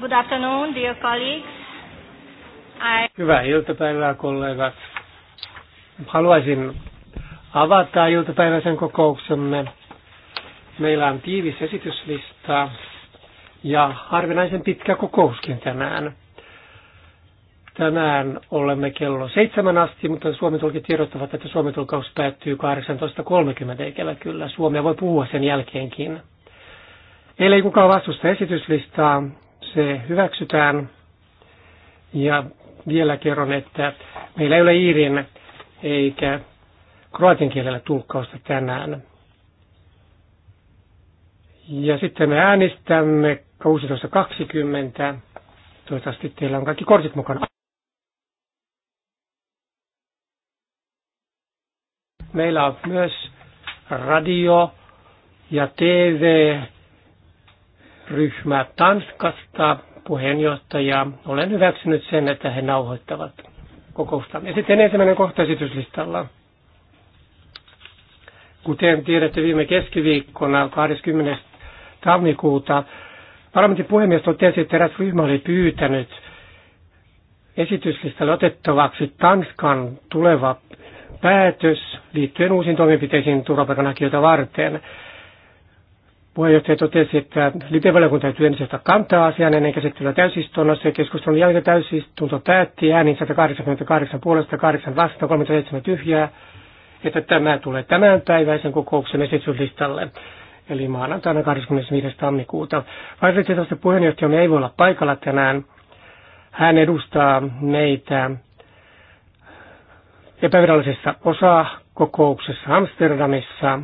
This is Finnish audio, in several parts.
Good afternoon, dear colleagues. I... Hyvää iltapäivää, kollegat. Haluaisin avata iltapäiväisen kokouksemme. Meillä on tiivis esityslista ja harvinaisen pitkä kokouskin tänään. Tänään olemme kello seitsemän asti, mutta Suomen tulkit tiedottavat, että Suomen tulkaus päättyy 18.30 eikä kyllä. Suomea voi puhua sen jälkeenkin. Eli kukaan vastusta esityslistaa, se hyväksytään. Ja vielä kerron, että meillä ei ole Iirin eikä kroatin kielellä tulkkausta tänään. Ja sitten me äänestämme 16.20. Toivottavasti teillä on kaikki kortit mukana. Meillä on myös radio ja TV ryhmä Tanskasta puheenjohtaja. Olen hyväksynyt sen, että he nauhoittavat kokousta. Ja sitten ensimmäinen kohta esityslistalla. Kuten tiedätte, viime keskiviikkona 20. tammikuuta parlamentin puhemies totesi, että eräs ryhmä oli pyytänyt esityslistalle otettavaksi Tanskan tuleva päätös liittyen uusiin toimenpiteisiin turvapaikanhakijoita varten puheenjohtaja totesi, että liitevaliokunta täytyy ensin ottaa kantaa asiaan ennen käsittelyä täysistunnossa. keskustelun jälkeen täysistunto päätti äänin 188 puolesta, 8 vastaan, 37 tyhjää, että tämä tulee tämän päiväisen kokouksen esityslistalle. Eli maanantaina 25. tammikuuta. Valitettavasti puheenjohtaja ei voi olla paikalla tänään. Hän edustaa meitä epävirallisessa kokouksessa Amsterdamissa –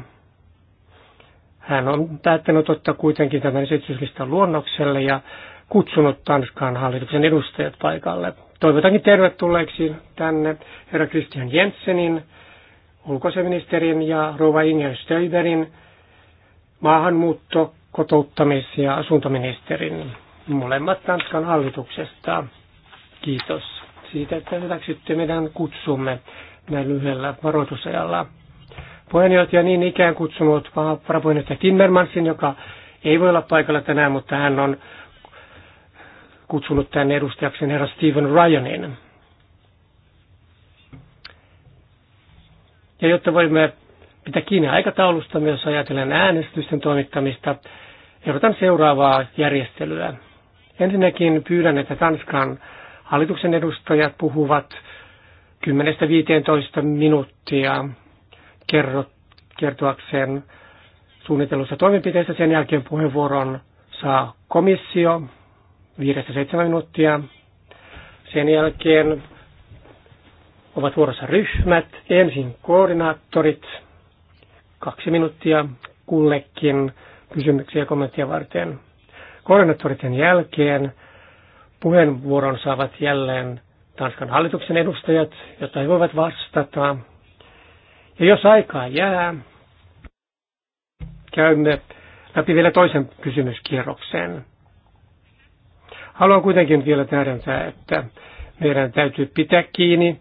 hän on päättänyt ottaa kuitenkin tämän esityslistan luonnokselle ja kutsunut Tanskan hallituksen edustajat paikalle. Toivotankin tervetulleeksi tänne herra Christian Jensenin, ulkoministerin ja rouva Inger Stöiberin, maahanmuutto, kotouttamis- ja asuntoministerin, molemmat Tanskan hallituksesta. Kiitos siitä, että hyväksytte meidän kutsumme näin lyhyellä varoitusajalla puheenjohtaja niin ikään kutsunut varapuheenjohtaja Timmermansin, joka ei voi olla paikalla tänään, mutta hän on kutsunut tänne edustajaksi herra Stephen Ryanin. Ja jotta voimme pitää kiinni aikataulusta, myös ajatellen äänestysten toimittamista, ehdotan seuraavaa järjestelyä. Ensinnäkin pyydän, että Tanskan hallituksen edustajat puhuvat 10-15 minuuttia kertoakseen suunnitellusta toimenpiteistä. Sen jälkeen puheenvuoron saa komissio 5-7 minuuttia. Sen jälkeen ovat vuorossa ryhmät, ensin koordinaattorit, kaksi minuuttia kullekin kysymyksiä ja kommenttia varten. Koordinaattoriten jälkeen puheenvuoron saavat jälleen Tanskan hallituksen edustajat, jotta he voivat vastata ja jos aikaa jää, käymme läpi vielä toisen kysymyskierroksen. Haluan kuitenkin vielä tähdentää, että meidän täytyy pitää kiinni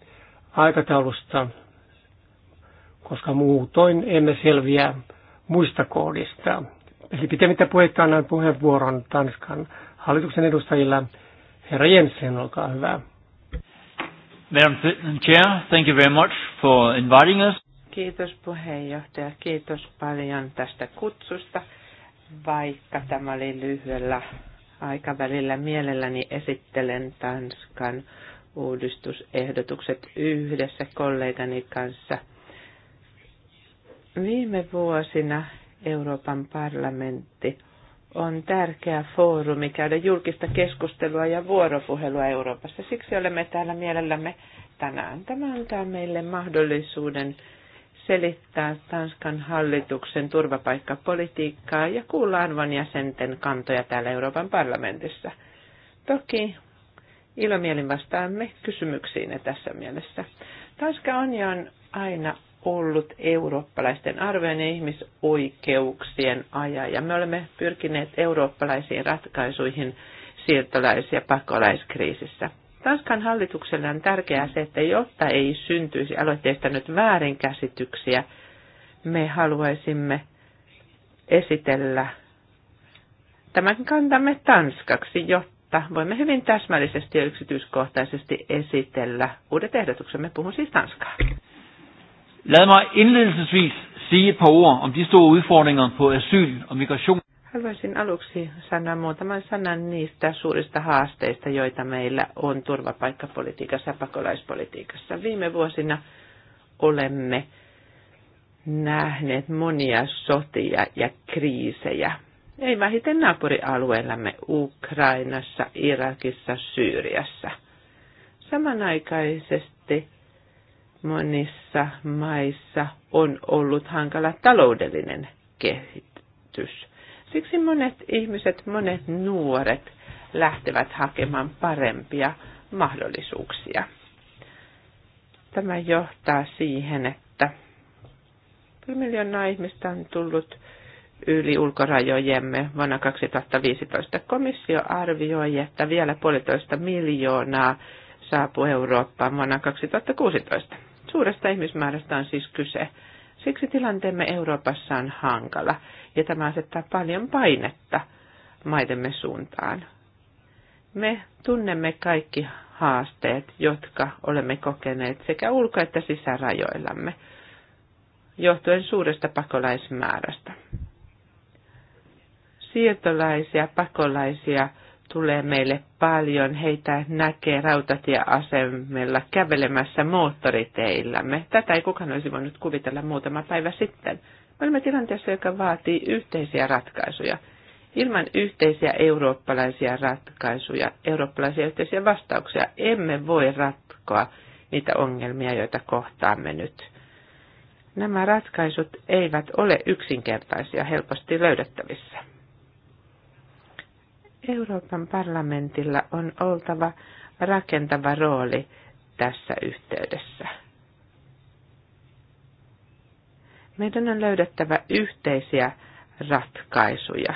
aikataulusta, koska muutoin emme selviä muista kohdista. Eli pitemmittä puhetta annan puheenvuoron Tanskan hallituksen edustajilla. Herra Jensen, olkaa hyvä. Madam Chair, thank you very much for inviting us. Kiitos puheenjohtaja, kiitos paljon tästä kutsusta. Vaikka tämä oli lyhyellä aikavälillä, mielelläni esittelen Tanskan uudistusehdotukset yhdessä kollegani kanssa. Viime vuosina Euroopan parlamentti on tärkeä foorumi käydä julkista keskustelua ja vuoropuhelua Euroopassa. Siksi olemme täällä mielellämme tänään. Tämä antaa meille mahdollisuuden selittää Tanskan hallituksen turvapaikkapolitiikkaa ja kuulla arvon jäsenten kantoja täällä Euroopan parlamentissa. Toki ilomielin vastaamme kysymyksiin tässä mielessä. Tanska on jo aina ollut eurooppalaisten arvojen ja ihmisoikeuksien aja, ja me olemme pyrkineet eurooppalaisiin ratkaisuihin siirtolais- ja pakolaiskriisissä. Tanskan hallitukselle on tärkeää se, että jotta ei syntyisi aloitteesta nyt väärinkäsityksiä, me haluaisimme esitellä tämän kantamme tanskaksi, jotta voimme hyvin täsmällisesti ja yksityiskohtaisesti esitellä uudet ehdotuksemme. Puhun siis tanskaa. Lad mig indledningsvis sige et par ord om de store udfordringer på asyl- og migration. Haluaisin aluksi sanoa muutaman sanan niistä suurista haasteista, joita meillä on turvapaikkapolitiikassa ja pakolaispolitiikassa. Viime vuosina olemme nähneet monia sotia ja kriisejä. Ei vähiten naapurialueellamme Ukrainassa, Irakissa, Syyriassa. Samanaikaisesti monissa maissa on ollut hankala taloudellinen kehitys. Siksi monet ihmiset, monet nuoret lähtevät hakemaan parempia mahdollisuuksia. Tämä johtaa siihen, että miljoonaa ihmistä on tullut yli ulkorajojemme vuonna 2015. Komissio arvioi, että vielä puolitoista miljoonaa saapuu Eurooppaan vuonna 2016. Suuresta ihmismäärästä on siis kyse. Siksi tilanteemme Euroopassa on hankala ja tämä asettaa paljon painetta maidemme suuntaan. Me tunnemme kaikki haasteet, jotka olemme kokeneet sekä ulko- että sisärajoillamme, johtuen suuresta pakolaismäärästä. Siirtolaisia, pakolaisia tulee meille paljon, heitä näkee rautatieasemilla kävelemässä moottoriteillämme. Tätä ei kukaan olisi voinut kuvitella muutama päivä sitten – Olemme tilanteessa, joka vaatii yhteisiä ratkaisuja. Ilman yhteisiä eurooppalaisia ratkaisuja, eurooppalaisia yhteisiä vastauksia emme voi ratkoa niitä ongelmia, joita kohtaamme nyt. Nämä ratkaisut eivät ole yksinkertaisia helposti löydettävissä. Euroopan parlamentilla on oltava rakentava rooli tässä yhteydessä. Meidän on löydettävä yhteisiä ratkaisuja.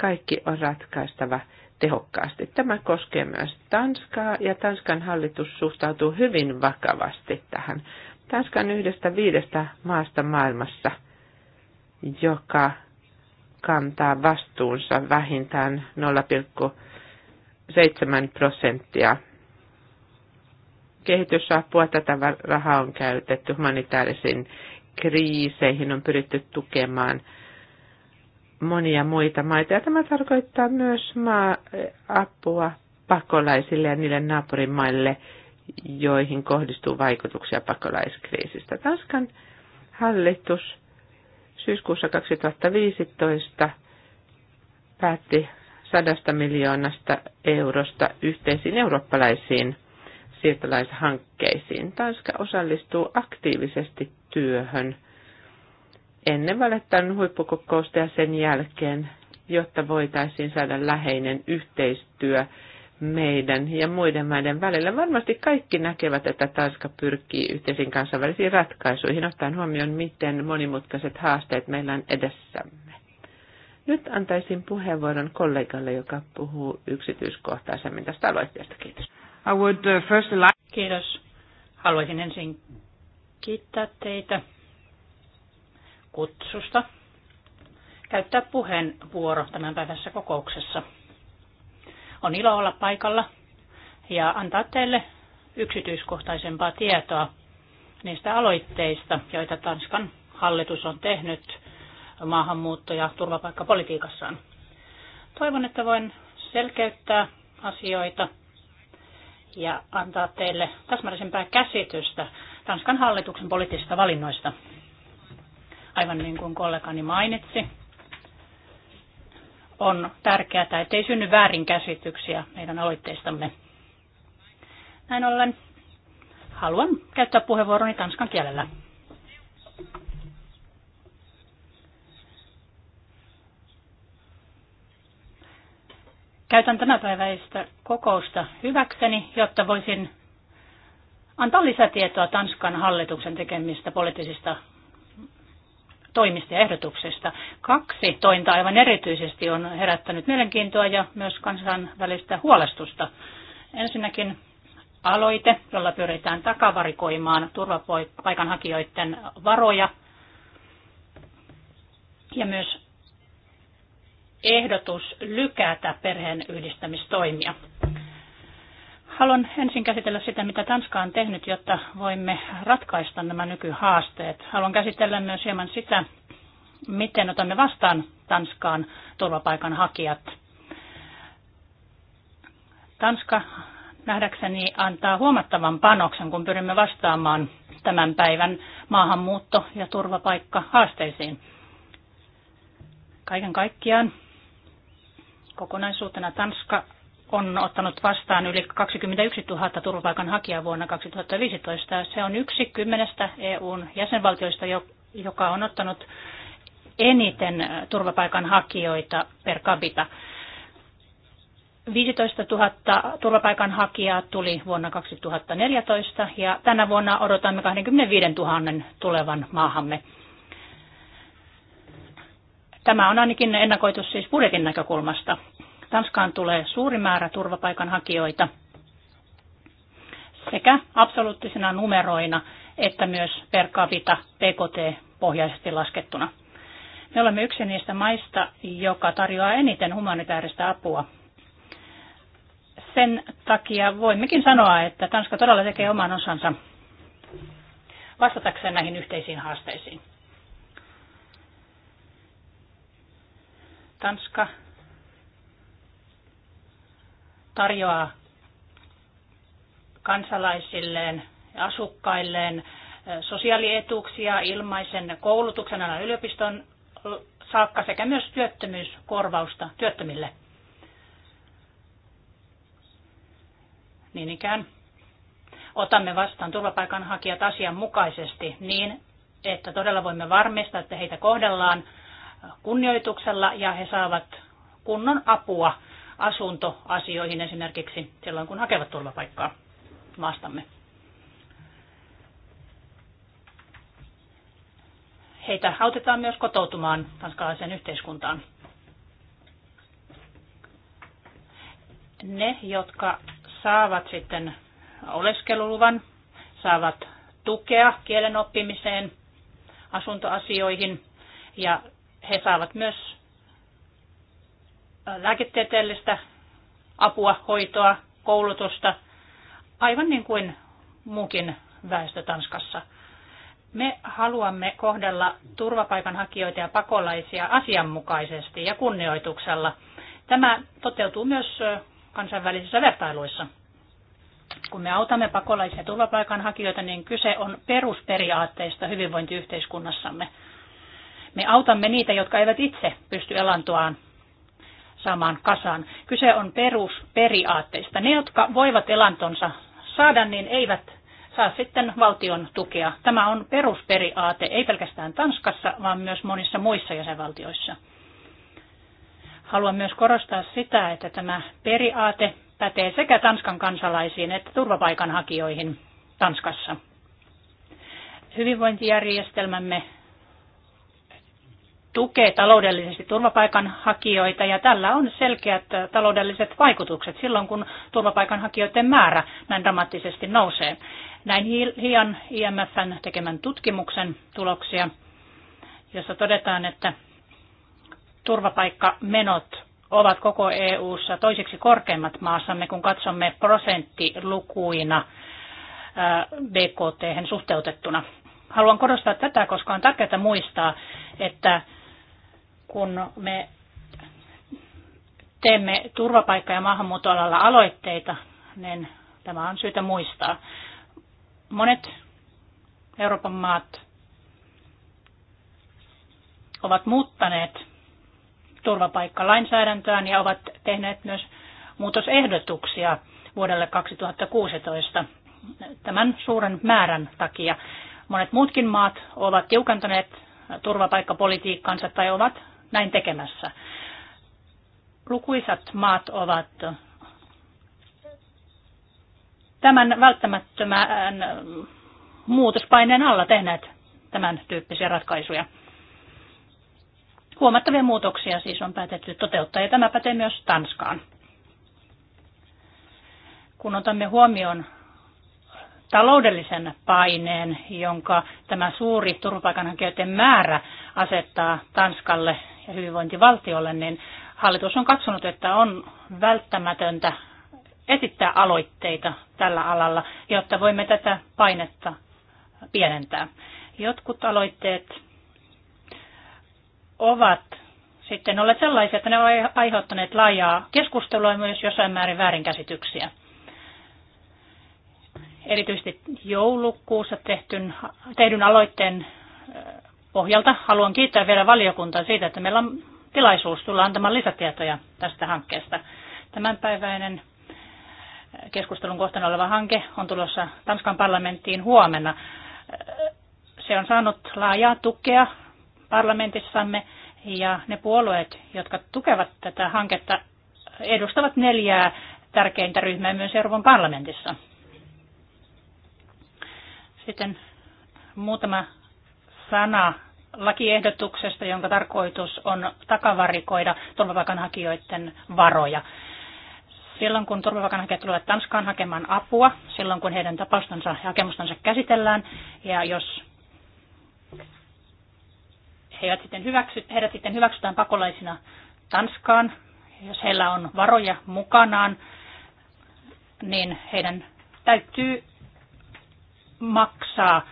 Kaikki on ratkaistava tehokkaasti. Tämä koskee myös Tanskaa ja Tanskan hallitus suhtautuu hyvin vakavasti tähän. Tanskan yhdestä viidestä maasta maailmassa, joka kantaa vastuunsa vähintään 0,7 prosenttia kehitysapua. Tätä rahaa on käytetty humanitaarisiin kriiseihin on pyritty tukemaan monia muita maita. Ja tämä tarkoittaa myös maa apua pakolaisille ja niille naapurimaille, joihin kohdistuu vaikutuksia pakolaiskriisistä. Tanskan hallitus syyskuussa 2015 päätti sadasta miljoonasta eurosta yhteisiin eurooppalaisiin siirtolaishankkeisiin. Tanska osallistuu aktiivisesti työhön ennen Valettan huippukokousta ja sen jälkeen, jotta voitaisiin saada läheinen yhteistyö meidän ja muiden maiden välillä. Varmasti kaikki näkevät, että Tanska pyrkii yhteisiin kansainvälisiin ratkaisuihin, ottaen huomioon, miten monimutkaiset haasteet meillä on edessämme. Nyt antaisin puheenvuoron kollegalle, joka puhuu yksityiskohtaisemmin tästä aloitteesta. Kiitos. I would, uh, first like... Kiitos. Haluaisin ensin kiittää teitä kutsusta käyttää puheenvuoro tämän päivässä kokouksessa. On ilo olla paikalla ja antaa teille yksityiskohtaisempaa tietoa niistä aloitteista, joita Tanskan hallitus on tehnyt maahanmuutto- ja turvapaikkapolitiikassaan. Toivon, että voin selkeyttää asioita ja antaa teille täsmällisempää käsitystä Tanskan hallituksen poliittisista valinnoista. Aivan niin kuin kollegani mainitsi, on tärkeää, ettei synny väärinkäsityksiä meidän aloitteistamme. Näin ollen haluan käyttää puheenvuoroni tanskan kielellä. Käytän tämänpäiväistä kokousta hyväkseni, jotta voisin antaa lisätietoa Tanskan hallituksen tekemistä poliittisista toimista ja ehdotuksista. Kaksi tointa aivan erityisesti on herättänyt mielenkiintoa ja myös kansainvälistä huolestusta. Ensinnäkin aloite, jolla pyritään takavarikoimaan turvapaikanhakijoiden varoja ja myös ehdotus lykätä perheen yhdistämistoimia. Haluan ensin käsitellä sitä, mitä Tanska on tehnyt, jotta voimme ratkaista nämä nykyhaasteet. Haluan käsitellä myös hieman sitä, miten otamme vastaan Tanskaan turvapaikan hakijat. Tanska nähdäkseni antaa huomattavan panoksen, kun pyrimme vastaamaan tämän päivän maahanmuutto- ja turvapaikkahaasteisiin. haasteisiin Kaiken kaikkiaan kokonaisuutena Tanska on ottanut vastaan yli 21 000 turvapaikanhakijaa vuonna 2015. Se on yksi kymmenestä EUn jäsenvaltioista, joka on ottanut eniten äh, turvapaikanhakijoita per capita. 15 000 turvapaikanhakijaa tuli vuonna 2014 ja tänä vuonna odotamme 25 000 tulevan maahamme. Tämä on ainakin ennakoitus siis budjetin näkökulmasta. Tanskaan tulee suuri määrä turvapaikanhakijoita sekä absoluuttisina numeroina että myös per capita PKT-pohjaisesti laskettuna. Me olemme yksi niistä maista, joka tarjoaa eniten humanitaarista apua. Sen takia voimmekin sanoa, että Tanska todella tekee oman osansa vastatakseen näihin yhteisiin haasteisiin. Tanska tarjoaa kansalaisilleen ja asukkailleen sosiaalietuuksia, ilmaisen koulutuksen alan yliopiston saakka sekä myös työttömyyskorvausta työttömille. Niin ikään otamme vastaan turvapaikanhakijat asianmukaisesti niin, että todella voimme varmistaa, että heitä kohdellaan kunnioituksella ja he saavat kunnon apua – asuntoasioihin esimerkiksi silloin, kun hakevat turvapaikkaa maastamme. Heitä autetaan myös kotoutumaan tanskalaiseen yhteiskuntaan. Ne, jotka saavat sitten oleskeluluvan, saavat tukea kielen oppimiseen, asuntoasioihin ja he saavat myös lääketieteellistä apua, hoitoa, koulutusta, aivan niin kuin muukin väestö Tanskassa. Me haluamme kohdella turvapaikanhakijoita ja pakolaisia asianmukaisesti ja kunnioituksella. Tämä toteutuu myös kansainvälisissä vertailuissa. Kun me autamme pakolaisia ja turvapaikanhakijoita, niin kyse on perusperiaatteista hyvinvointiyhteiskunnassamme. Me autamme niitä, jotka eivät itse pysty elantoaan saamaan kasaan. Kyse on perusperiaatteista. Ne, jotka voivat elantonsa saada, niin eivät saa sitten valtion tukea. Tämä on perusperiaate, ei pelkästään Tanskassa, vaan myös monissa muissa jäsenvaltioissa. Haluan myös korostaa sitä, että tämä periaate pätee sekä Tanskan kansalaisiin että turvapaikanhakijoihin Tanskassa. Hyvinvointijärjestelmämme tukee taloudellisesti turvapaikanhakijoita ja tällä on selkeät taloudelliset vaikutukset silloin, kun turvapaikanhakijoiden määrä näin dramaattisesti nousee. Näin hian IMFn tekemän tutkimuksen tuloksia, jossa todetaan, että turvapaikkamenot ovat koko EU:ssa toiseksi korkeimmat maassamme, kun katsomme prosenttilukuina BKT suhteutettuna. Haluan korostaa tätä, koska on tärkeää muistaa, että kun me teemme turvapaikka- ja maahanmuuttoalalla aloitteita, niin tämä on syytä muistaa. Monet Euroopan maat ovat muuttaneet turvapaikkalainsäädäntöään ja ovat tehneet myös muutosehdotuksia vuodelle 2016 tämän suuren määrän takia. Monet muutkin maat ovat tiukantaneet turvapaikkapolitiikkansa tai ovat näin tekemässä. Lukuisat maat ovat tämän välttämättömän muutospaineen alla tehneet tämän tyyppisiä ratkaisuja. Huomattavia muutoksia siis on päätetty toteuttaa ja tämä pätee myös Tanskaan. Kun otamme huomioon taloudellisen paineen, jonka tämä suuri turvapaikanhakijoiden määrä asettaa Tanskalle hyvinvointivaltiolle, niin hallitus on katsonut, että on välttämätöntä esittää aloitteita tällä alalla, jotta voimme tätä painetta pienentää. Jotkut aloitteet ovat sitten olleet sellaisia, että ne ovat aiheuttaneet laajaa keskustelua ja myös jossain määrin väärinkäsityksiä. Erityisesti joulukuussa tehtyn, tehdyn aloitteen pohjalta haluan kiittää vielä valiokuntaa siitä, että meillä on tilaisuus tulla antamaan lisätietoja tästä hankkeesta. Tämänpäiväinen keskustelun kohtana oleva hanke on tulossa Tanskan parlamenttiin huomenna. Se on saanut laajaa tukea parlamentissamme ja ne puolueet, jotka tukevat tätä hanketta, edustavat neljää tärkeintä ryhmää myös Euroopan parlamentissa. Sitten muutama sana lakiehdotuksesta, jonka tarkoitus on takavarikoida turvapaikanhakijoiden varoja. Silloin kun turvapaikanhakijat tulevat Tanskaan hakemaan apua, silloin kun heidän tapaustansa ja hakemustansa käsitellään, ja jos heidät sitten, hyväksy, heidät sitten hyväksytään pakolaisina Tanskaan, jos heillä on varoja mukanaan, niin heidän täytyy maksaa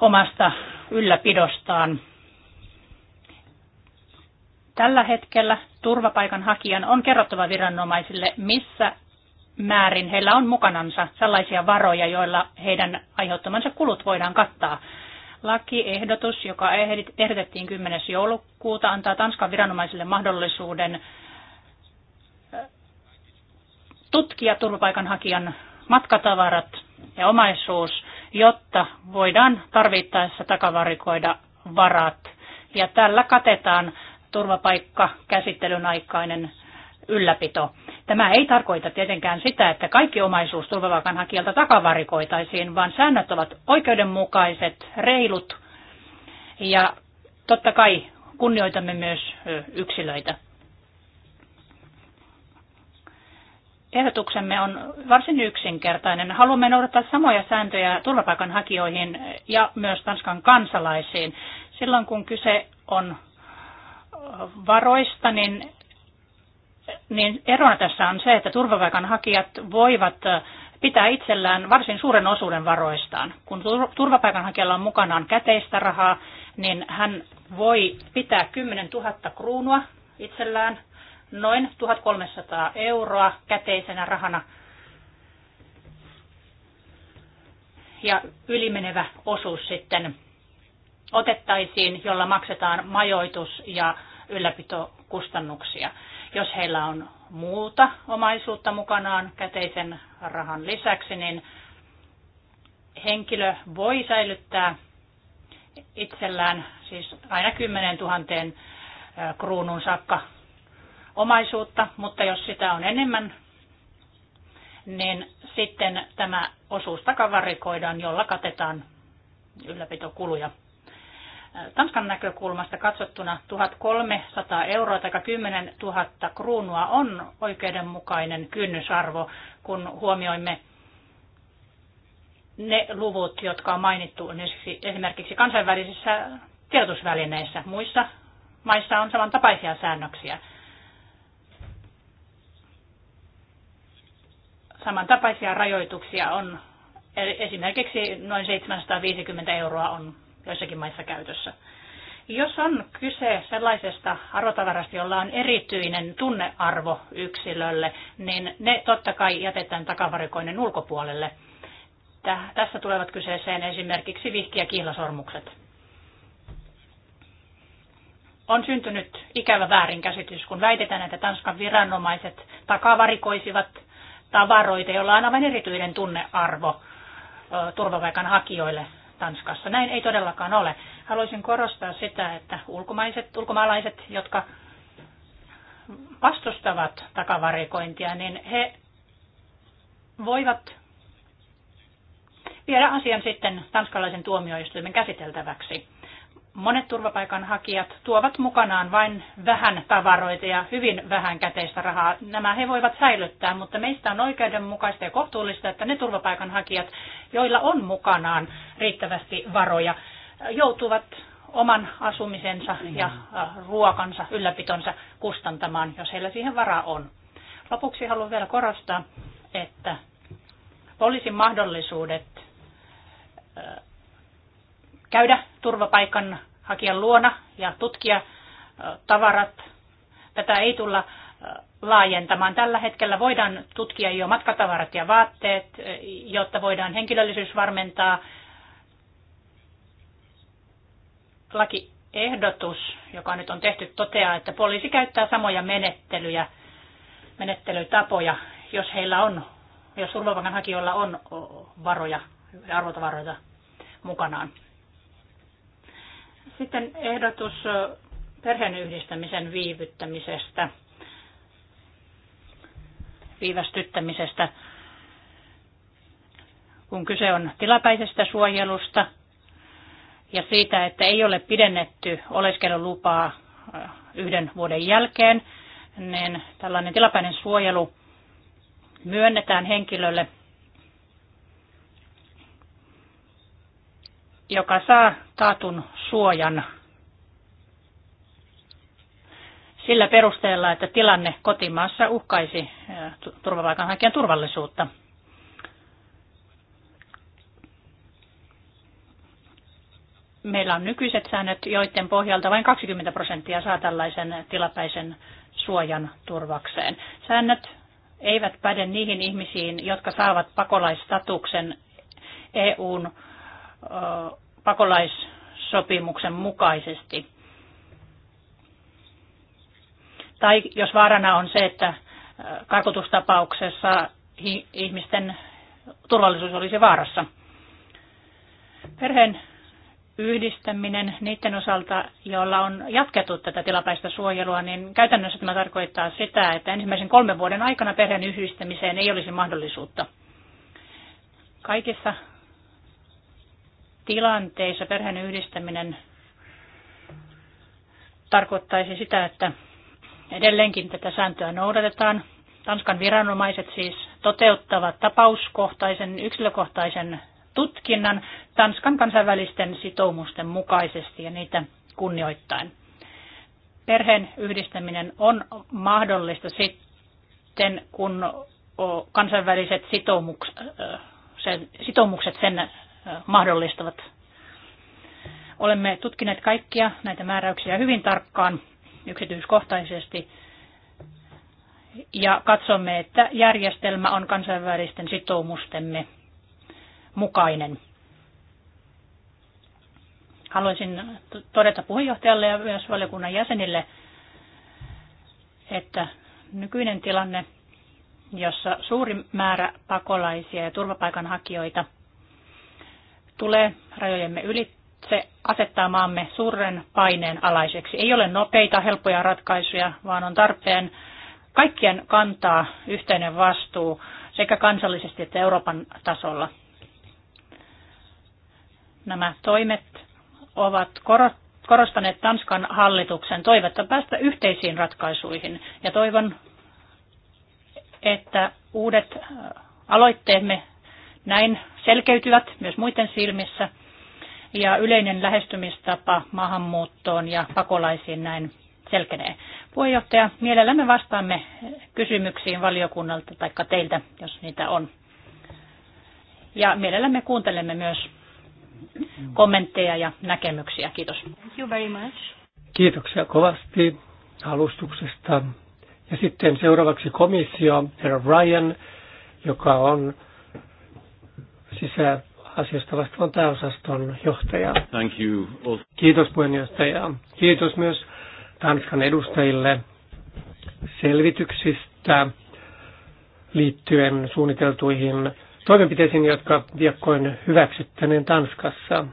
omasta ylläpidostaan. Tällä hetkellä turvapaikanhakijan on kerrottava viranomaisille, missä määrin heillä on mukanansa sellaisia varoja, joilla heidän aiheuttamansa kulut voidaan kattaa. Lakiehdotus, joka ehdotettiin 10. joulukuuta, antaa Tanskan viranomaisille mahdollisuuden tutkia turvapaikanhakijan matkatavarat ja omaisuus, jotta voidaan tarvittaessa takavarikoida varat. Ja tällä katetaan turvapaikka käsittelyn aikainen ylläpito. Tämä ei tarkoita tietenkään sitä, että kaikki omaisuus turvapaikanhakijalta takavarikoitaisiin, vaan säännöt ovat oikeudenmukaiset, reilut ja totta kai kunnioitamme myös yksilöitä. Ehdotuksemme on varsin yksinkertainen. Haluamme noudattaa samoja sääntöjä turvapaikanhakijoihin ja myös Tanskan kansalaisiin. Silloin kun kyse on varoista, niin, niin erona tässä on se, että turvapaikanhakijat voivat pitää itsellään varsin suuren osuuden varoistaan. Kun turvapaikanhakijalla on mukanaan käteistä rahaa, niin hän voi pitää 10 000 kruunua itsellään – noin 1300 euroa käteisenä rahana. Ja ylimenevä osuus sitten otettaisiin, jolla maksetaan majoitus- ja ylläpitokustannuksia. Jos heillä on muuta omaisuutta mukanaan käteisen rahan lisäksi, niin henkilö voi säilyttää itsellään siis aina 10 000 kruunun saakka omaisuutta, mutta jos sitä on enemmän, niin sitten tämä osuus takavarikoidaan, jolla katetaan ylläpitokuluja. Tanskan näkökulmasta katsottuna 1300 euroa tai 10 000 kruunua on oikeudenmukainen kynnysarvo, kun huomioimme ne luvut, jotka on mainittu esimerkiksi kansainvälisissä tiedotusvälineissä. Muissa maissa on samantapaisia säännöksiä. Samantapaisia rajoituksia on esimerkiksi noin 750 euroa on joissakin maissa käytössä. Jos on kyse sellaisesta arvotavarasta, jolla on erityinen tunnearvo yksilölle, niin ne totta kai jätetään takavarikoinen ulkopuolelle. Tässä tulevat kyseeseen esimerkiksi vihki- ja kihlasormukset. On syntynyt ikävä väärinkäsitys, kun väitetään, että Tanskan viranomaiset takavarikoisivat tavaroita, joilla on aivan erityinen tunnearvo hakijoille Tanskassa. Näin ei todellakaan ole. Haluaisin korostaa sitä, että ulkomaiset, ulkomaalaiset, jotka vastustavat takavarikointia, niin he voivat viedä asian sitten tanskalaisen tuomioistuimen käsiteltäväksi monet turvapaikanhakijat tuovat mukanaan vain vähän tavaroita ja hyvin vähän käteistä rahaa. Nämä he voivat säilyttää, mutta meistä on oikeudenmukaista ja kohtuullista, että ne turvapaikanhakijat, joilla on mukanaan riittävästi varoja, joutuvat oman asumisensa ja äh, ruokansa, ylläpitonsa kustantamaan, jos heillä siihen varaa on. Lopuksi haluan vielä korostaa, että poliisin mahdollisuudet äh, käydä turvapaikan hakijan luona ja tutkia tavarat. Tätä ei tulla laajentamaan. Tällä hetkellä voidaan tutkia jo matkatavarat ja vaatteet, jotta voidaan henkilöllisyys varmentaa. Lakiehdotus, joka nyt on tehty, toteaa, että poliisi käyttää samoja menettelyjä, menettelytapoja, jos heillä on, jos turvapaikanhakijoilla on varoja, arvotavaroita mukanaan. Sitten ehdotus yhdistämisen viivyttämisestä, viivästyttämisestä, kun kyse on tilapäisestä suojelusta ja siitä, että ei ole pidennetty oleskelulupaa yhden vuoden jälkeen, niin tällainen tilapäinen suojelu myönnetään henkilölle – joka saa taatun suojan sillä perusteella, että tilanne kotimaassa uhkaisi turvapaikanhakijan turvallisuutta. Meillä on nykyiset säännöt, joiden pohjalta vain 20 prosenttia saa tällaisen tilapäisen suojan turvakseen. Säännöt eivät päde niihin ihmisiin, jotka saavat pakolaistatuksen EUn pakolaissopimuksen mukaisesti. Tai jos vaarana on se, että karkotustapauksessa ihmisten turvallisuus olisi vaarassa. Perheen yhdistäminen niiden osalta, joilla on jatkettu tätä tilapäistä suojelua, niin käytännössä tämä tarkoittaa sitä, että ensimmäisen kolmen vuoden aikana perheen yhdistämiseen ei olisi mahdollisuutta. Kaikissa tilanteissa perheen yhdistäminen tarkoittaisi sitä, että edelleenkin tätä sääntöä noudatetaan. Tanskan viranomaiset siis toteuttavat tapauskohtaisen, yksilökohtaisen tutkinnan Tanskan kansainvälisten sitoumusten mukaisesti ja niitä kunnioittain. Perheen yhdistäminen on mahdollista sitten, kun kansainväliset sitoumukset sen, sitoumukset sen mahdollistavat. Olemme tutkineet kaikkia näitä määräyksiä hyvin tarkkaan yksityiskohtaisesti ja katsomme, että järjestelmä on kansainvälisten sitoumustemme mukainen. Haluaisin todeta puheenjohtajalle ja myös valiokunnan jäsenille, että nykyinen tilanne, jossa suuri määrä pakolaisia ja turvapaikanhakijoita – tulee rajojemme ylitse asettaa maamme suuren paineen alaiseksi. Ei ole nopeita, helppoja ratkaisuja, vaan on tarpeen kaikkien kantaa yhteinen vastuu sekä kansallisesti että Euroopan tasolla. Nämä toimet ovat korostaneet Tanskan hallituksen toivetta päästä yhteisiin ratkaisuihin ja toivon, että uudet aloitteemme näin selkeytyvät myös muiden silmissä ja yleinen lähestymistapa maahanmuuttoon ja pakolaisiin näin selkenee. Puheenjohtaja, mielellämme vastaamme kysymyksiin valiokunnalta tai teiltä, jos niitä on. Ja mielellämme kuuntelemme myös kommentteja ja näkemyksiä. Kiitos. Thank you very much. Kiitoksia kovasti alustuksesta. Ja sitten seuraavaksi komissio, herra Ryan, joka on sisäasioista vastaavan pääosaston johtajaa. Thank you. Kiitos puheenjohtaja. Kiitos myös Tanskan edustajille selvityksistä liittyen suunniteltuihin toimenpiteisiin, jotka viakkoin hyväksyttäneen Tanskassa.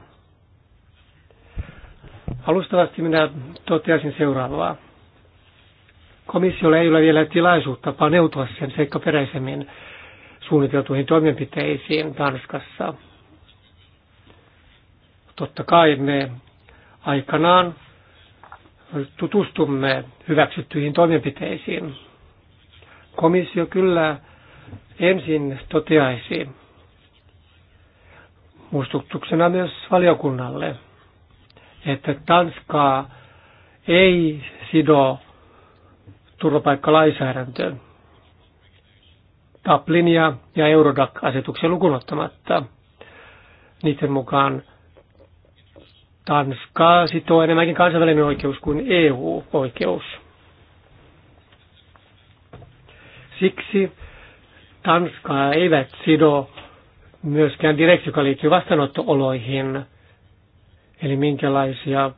Alustavasti minä toteaisin seuraavaa. Komissiolla ei ole vielä tilaisuutta paneutua sen seikkaperäisemmin suunniteltuihin toimenpiteisiin Tanskassa. Totta kai me aikanaan tutustumme hyväksyttyihin toimenpiteisiin. Komissio kyllä ensin toteaisi muistutuksena myös valiokunnalle, että Tanskaa ei sido turvapaikkalainsäädäntöön. Dublinia ja Eurodac-asetuksen lukunottamatta. Niiden mukaan Tanska sitoo enemmänkin kansainvälinen oikeus kuin EU-oikeus. Siksi Tanskaa eivät sido myöskään direkti, joka liittyy vastaanottooloihin, eli minkälaisia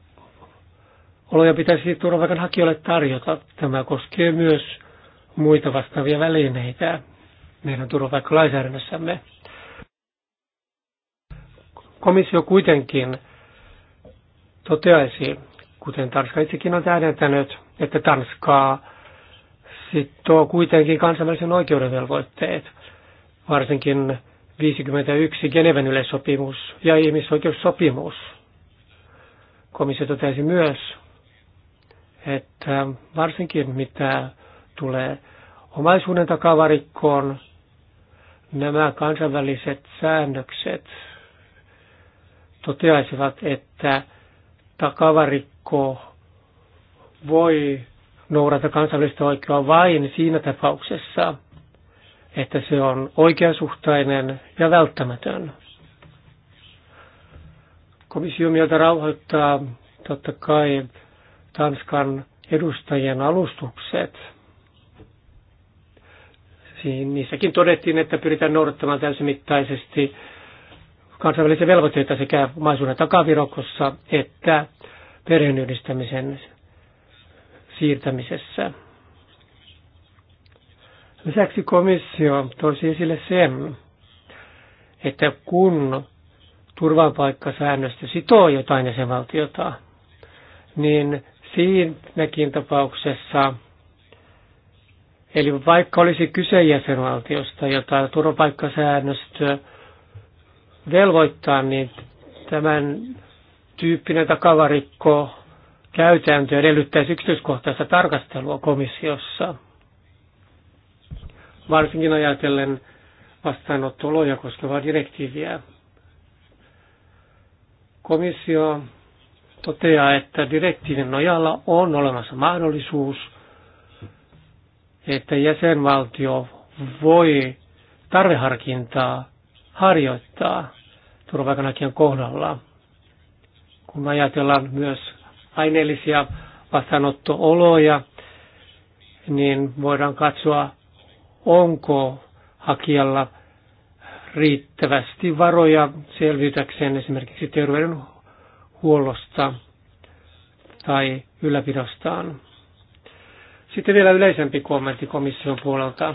oloja pitäisi turvapaikanhakijoille tarjota. Tämä koskee myös muita vastaavia välineitä meidän turvapaikkalainsäädännössämme. Komissio kuitenkin toteaisi, kuten Tanska itsekin on tähdentänyt, että Tanskaa sitoo kuitenkin kansainvälisen oikeuden velvoitteet, varsinkin 51 Geneven yleissopimus ja ihmisoikeussopimus. Komissio totesi myös, että varsinkin mitä tulee omaisuuden takavarikkoon, nämä kansainväliset säännökset toteaisivat, että takavarikko voi noudata kansainvälistä oikeutta vain siinä tapauksessa, että se on oikeasuhtainen ja välttämätön. Komissio mieltä rauhoittaa totta kai Tanskan edustajien alustukset – niin, niissäkin todettiin, että pyritään noudattamaan täysimittaisesti kansainvälisiä velvoitteita sekä omaisuuden takavirokossa että perheenyhdistämisen siirtämisessä. Lisäksi komissio toisi siis esille sen, että kun turvapaikkasäännöstö sitoo jotain jäsenvaltiota, niin siinäkin tapauksessa Eli vaikka olisi kyse jäsenvaltiosta, jota turvapaikkasäännöstö velvoittaa, niin tämän tyyppinen takavarikko käytäntö edellyttäisi yksityiskohtaista tarkastelua komissiossa. Varsinkin ajatellen vastaanottoloja koskevaa direktiiviä. Komissio toteaa, että direktiivin nojalla on olemassa mahdollisuus – että jäsenvaltio voi tarveharkintaa harjoittaa turvapaikanhakijan kohdalla. Kun ajatellaan myös aineellisia vastaanottooloja, niin voidaan katsoa, onko hakijalla riittävästi varoja selvitäkseen esimerkiksi terveydenhuollosta tai ylläpidostaan. Sitten vielä yleisempi kommentti komission puolelta.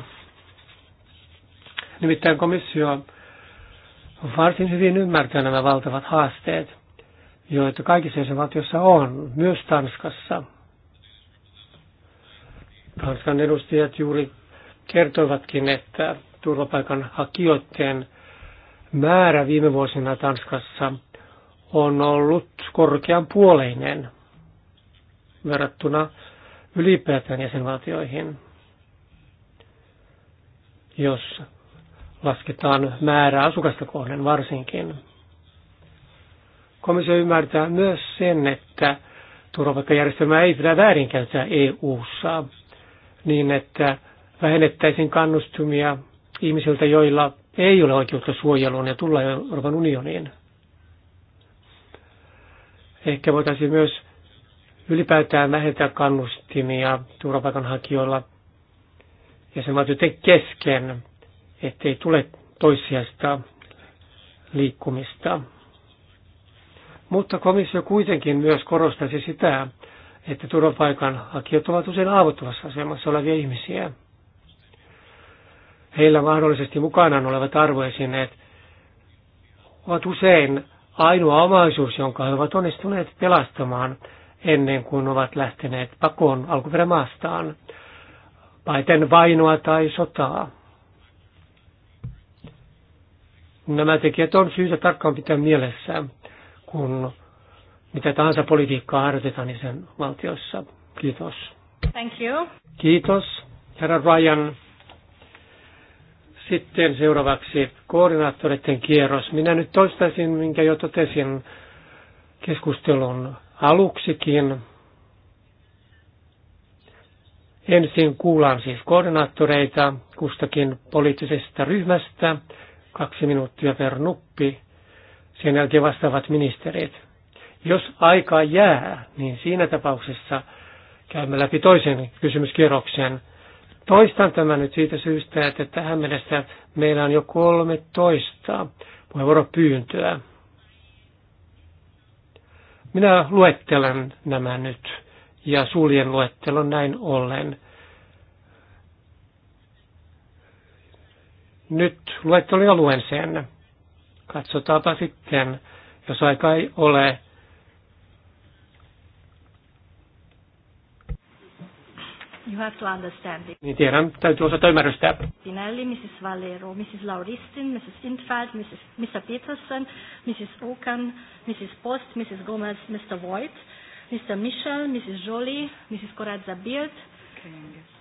Nimittäin komissio on varsin hyvin ymmärtää nämä valtavat haasteet, joita kaikissa jäsenvaltioissa on, myös Tanskassa. Tanskan edustajat juuri kertoivatkin, että turvapaikanhakijoiden määrä viime vuosina Tanskassa on ollut korkean puoleinen verrattuna ylipäätään jäsenvaltioihin. Jos lasketaan määrä asukasta kohden varsinkin. Komissio ymmärtää myös sen, että turvapaikkajärjestelmää ei pidä väärinkäyttää EU-ssa niin, että vähennettäisiin kannustumia ihmisiltä, joilla ei ole oikeutta suojeluun ja tulla Euroopan unioniin. Ehkä voitaisiin myös ylipäätään vähentää kannustimia turvapaikanhakijoilla jäsenvaltioiden kesken, ettei tule toissijaista liikkumista. Mutta komissio kuitenkin myös korostaisi sitä, että turvapaikanhakijat ovat usein haavoittuvassa asemassa olevia ihmisiä. Heillä mahdollisesti mukanaan olevat arvoesineet ovat usein ainoa omaisuus, jonka he ovat onnistuneet pelastamaan – ennen kuin ovat lähteneet pakoon alkuperämaastaan, paiten vainoa tai sotaa. Nämä tekijät on syytä tarkkaan pitää mielessä, kun mitä tahansa politiikkaa harjoitetaan niin sen valtiossa. Kiitos. Thank you. Kiitos, herra Ryan. Sitten seuraavaksi koordinaattoreiden kierros. Minä nyt toistaisin, minkä jo totesin keskustelun aluksikin. Ensin kuullaan siis koordinaattoreita kustakin poliittisesta ryhmästä, kaksi minuuttia per nuppi. Sen jälkeen vastaavat ministerit. Jos aika jää, niin siinä tapauksessa käymme läpi toisen kysymyskierroksen. Toistan tämän nyt siitä syystä, että tähän mennessä meillä on jo 13 puheenvuoropyyntöä. pyyntöä. Minä luettelen nämä nyt ja suljen luettelon näin ollen. Nyt luettelon ja luen sen. Katsotaanpa sitten, jos aika ei ole You have to understand it. Niin tiedän, täytyy osata ymmärrystä. Dinelli, Mrs. Valero, Mrs. Lauristin, Mrs. Intfeld, Mrs. Mr. Peterson, Mrs. Okan, Mrs. Post, Mrs. Gomez, Mr. Voigt, Mr. Michel, Mrs. Jolie, Mrs. Corazza Beard,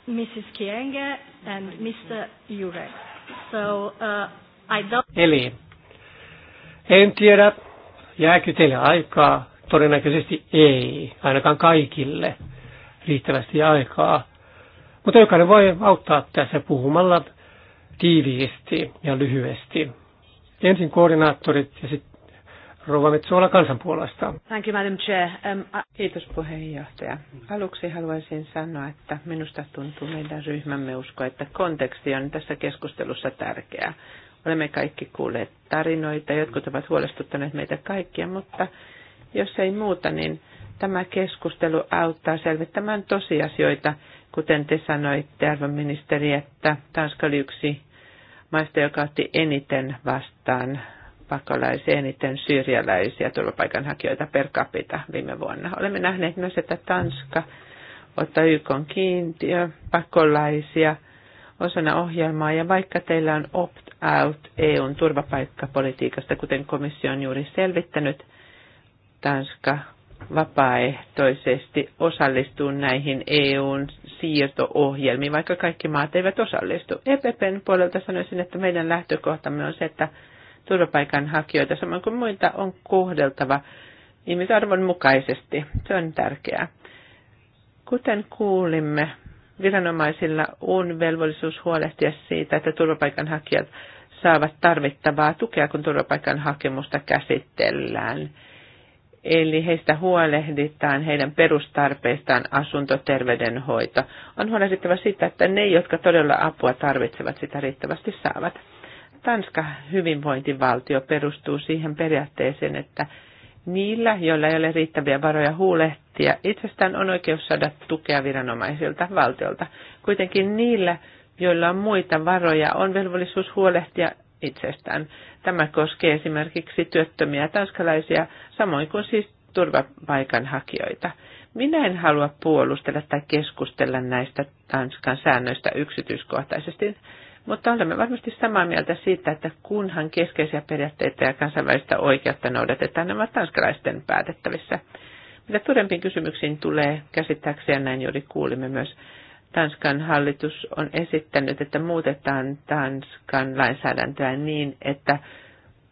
Mrs. Kienge and Mr. Jurek. So, uh, I don't... Eli, en tiedä, jääkö teille aikaa, todennäköisesti ei, ainakaan kaikille riittävästi aikaa. Mutta jokainen voi auttaa tässä puhumalla tiiviisti ja lyhyesti. Ensin koordinaattorit ja sitten Rova Metsuola kansan puolesta. Thank you, Madam Chair. Um, I... Kiitos puheenjohtaja. Aluksi haluaisin sanoa, että minusta tuntuu meidän ryhmämme usko, että konteksti on tässä keskustelussa tärkeää. Olemme kaikki kuulleet tarinoita, jotkut ovat huolestuttaneet meitä kaikkia, mutta jos ei muuta, niin tämä keskustelu auttaa selvittämään tosiasioita, Kuten te sanoitte, ministeri, että Tanska oli yksi maista, joka otti eniten vastaan pakolaisia, eniten syyrialaisia turvapaikanhakijoita per capita viime vuonna. Olemme nähneet myös, että Tanska ottaa YK kiintiö pakolaisia osana ohjelmaa, ja vaikka teillä on opt-out EUn turvapaikkapolitiikasta, kuten komissio on juuri selvittänyt, Tanska vapaaehtoisesti osallistua näihin EUn siirto-ohjelmiin, vaikka kaikki maat eivät osallistu. EPPn puolelta sanoisin, että meidän lähtökohtamme on se, että turvapaikanhakijoita samoin kuin muita on kohdeltava ihmisarvon mukaisesti. Se on tärkeää. Kuten kuulimme, viranomaisilla on velvollisuus huolehtia siitä, että turvapaikanhakijat saavat tarvittavaa tukea, kun turvapaikan hakemusta käsitellään Eli heistä huolehditaan heidän perustarpeistaan asuntoterveydenhoito. On huolehdittava sitä, että ne, jotka todella apua tarvitsevat, sitä riittävästi saavat. Tanska hyvinvointivaltio perustuu siihen periaatteeseen, että niillä, joilla ei ole riittäviä varoja huolehtia, itsestään on oikeus saada tukea viranomaisilta valtiolta. Kuitenkin niillä, joilla on muita varoja, on velvollisuus huolehtia itsestään. Tämä koskee esimerkiksi työttömiä tanskalaisia samoin kuin siis turvapaikanhakijoita. Minä en halua puolustella tai keskustella näistä Tanskan säännöistä yksityiskohtaisesti, mutta olemme varmasti samaa mieltä siitä, että kunhan keskeisiä periaatteita ja kansainvälistä oikeutta noudatetaan, nämä tanskalaisten päätettävissä. Mitä turempiin kysymyksiin tulee käsittääkseen, näin juuri kuulimme myös, Tanskan hallitus on esittänyt, että muutetaan Tanskan lainsäädäntöä niin, että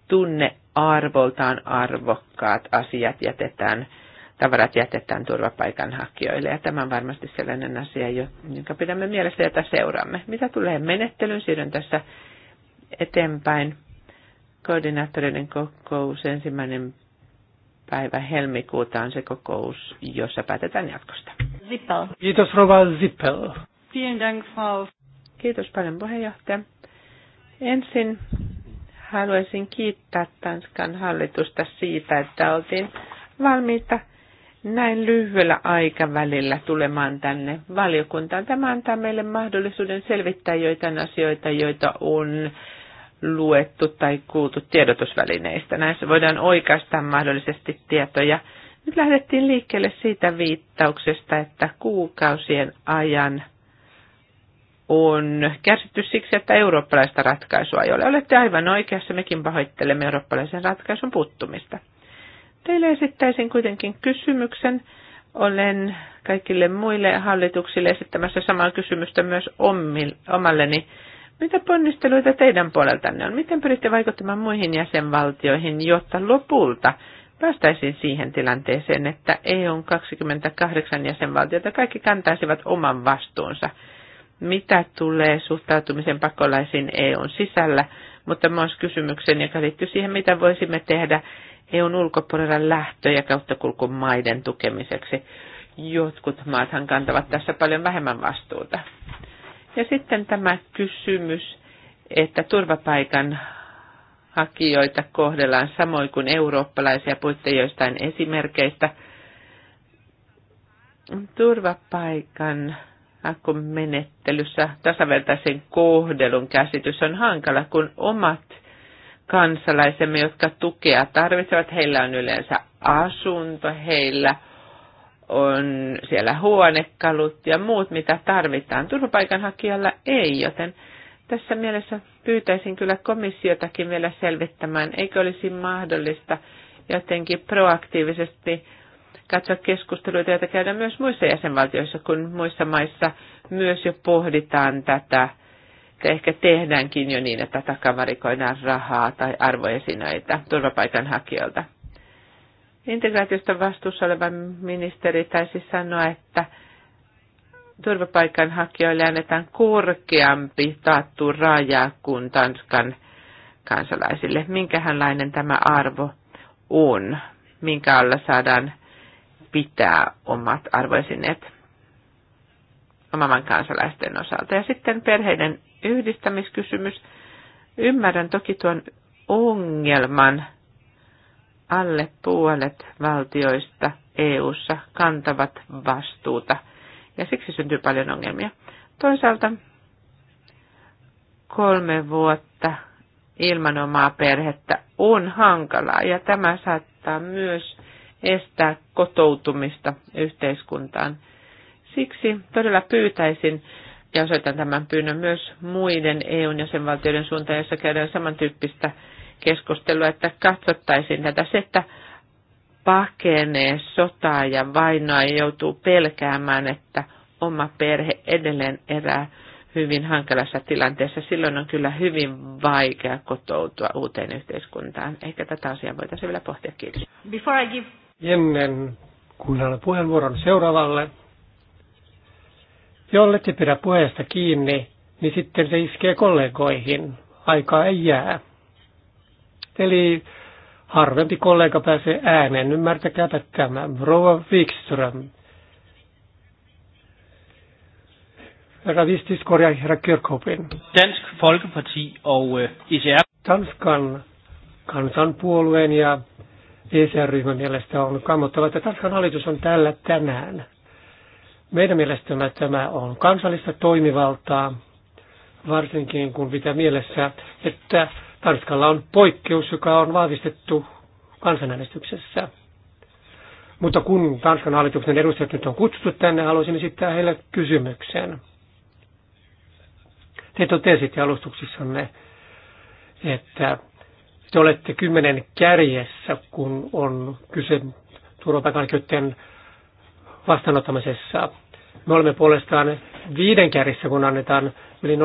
tunne arvoltaan arvokkaat asiat jätetään, tavarat jätetään turvapaikanhakijoille. Ja tämä on varmasti sellainen asia, jonka pidämme mielessä, jota seuraamme. Mitä tulee menettelyyn, siirryn tässä eteenpäin. Koordinaattoreiden kokous ensimmäinen päivä helmikuuta on se kokous, jossa päätetään jatkosta. Zippel. Kiitos Rova Zippel. Vielen Dank, Frau. Kiitos paljon puheenjohtaja. Ensin Haluaisin kiittää Tanskan hallitusta siitä, että oltiin valmiita näin lyhyellä aikavälillä tulemaan tänne valiokuntaan. Tämä antaa meille mahdollisuuden selvittää joitain asioita, joita on luettu tai kuultu tiedotusvälineistä. Näissä voidaan oikaista mahdollisesti tietoja. Nyt lähdettiin liikkeelle siitä viittauksesta, että kuukausien ajan – on kärsitty siksi, että eurooppalaista ratkaisua ei ole. Olette aivan oikeassa, mekin pahoittelemme eurooppalaisen ratkaisun puuttumista. Teille esittäisin kuitenkin kysymyksen. Olen kaikille muille hallituksille esittämässä samaa kysymystä myös omalleni. Mitä ponnisteluita teidän puoleltanne on? Miten pyritte vaikuttamaan muihin jäsenvaltioihin, jotta lopulta päästäisiin siihen tilanteeseen, että EUn 28 jäsenvaltiota kaikki kantaisivat oman vastuunsa – mitä tulee suhtautumisen pakolaisiin EUn sisällä, mutta myös kysymyksen, joka liittyy siihen, mitä voisimme tehdä EUn ulkopuolella lähtö- ja kauttakulkun maiden tukemiseksi. Jotkut maathan kantavat tässä paljon vähemmän vastuuta. Ja sitten tämä kysymys, että turvapaikan hakijoita kohdellaan samoin kuin eurooppalaisia puitte joistain esimerkkeistä. Turvapaikan menettelyssä tasavertaisen kohdelun käsitys on hankala, kun omat kansalaisemme, jotka tukea tarvitsevat, heillä on yleensä asunto, heillä on siellä huonekalut ja muut, mitä tarvitaan. Turvapaikanhakijalla ei, joten tässä mielessä pyytäisin kyllä komissiotakin vielä selvittämään, eikö olisi mahdollista jotenkin proaktiivisesti katsoa keskusteluita, joita käydään myös muissa jäsenvaltioissa, kun muissa maissa myös jo pohditaan tätä, että ehkä tehdäänkin jo niin, että takavarikoidaan rahaa tai arvoesineitä turvapaikanhakijoilta. Integraatiosta vastuussa oleva ministeri taisi sanoa, että turvapaikanhakijoille annetaan korkeampi taattu raja kuin Tanskan kansalaisille. Minkälainen tämä arvo on? Minkä alla saadaan pitää omat arvoesineet oman kansalaisten osalta. Ja sitten perheiden yhdistämiskysymys. Ymmärrän toki tuon ongelman. Alle puolet valtioista EU:ssa kantavat vastuuta ja siksi syntyy paljon ongelmia. Toisaalta kolme vuotta ilman omaa perhettä on hankalaa ja tämä saattaa myös estää kotoutumista yhteiskuntaan. Siksi todella pyytäisin ja osoitan tämän pyynnön myös muiden EUn jäsenvaltioiden suuntaan, jossa käydään samantyyppistä keskustelua, että katsottaisiin tätä se, että pakenee sotaa ja vainoa ja joutuu pelkäämään, että oma perhe edelleen erää hyvin hankalassa tilanteessa. Silloin on kyllä hyvin vaikea kotoutua uuteen yhteiskuntaan. Ehkä tätä asiaa voitaisiin vielä pohtia. Kiitos. Before I give ennen kuin annan puheenvuoron seuraavalle, te pidä puheesta kiinni, niin sitten se iskee kollegoihin. Aikaa ei jää. Eli harvempi kollega pääsee ääneen. Ymmärtäkääpä tämä. Rova Wikström. Herra Vistis herra Kirkhopin. Dansk Folkeparti og ICR. Øh, Tanskan kansanpuolueen ja ECR-ryhmän mielestä on kammottava, että Tanskan hallitus on tällä tänään. Meidän mielestämme tämä on kansallista toimivaltaa, varsinkin kun pitää mielessä, että Tanskalla on poikkeus, joka on vahvistettu kansanäänestyksessä. Mutta kun Tanskan hallituksen edustajat nyt on kutsuttu tänne, haluaisin esittää heille kysymyksen. Te totesitte alustuksissanne, että te olette kymmenen kärjessä, kun on kyse turvapaikanhakijoiden vastaanottamisessa. Me olemme puolestaan viiden kärjessä, kun annetaan yli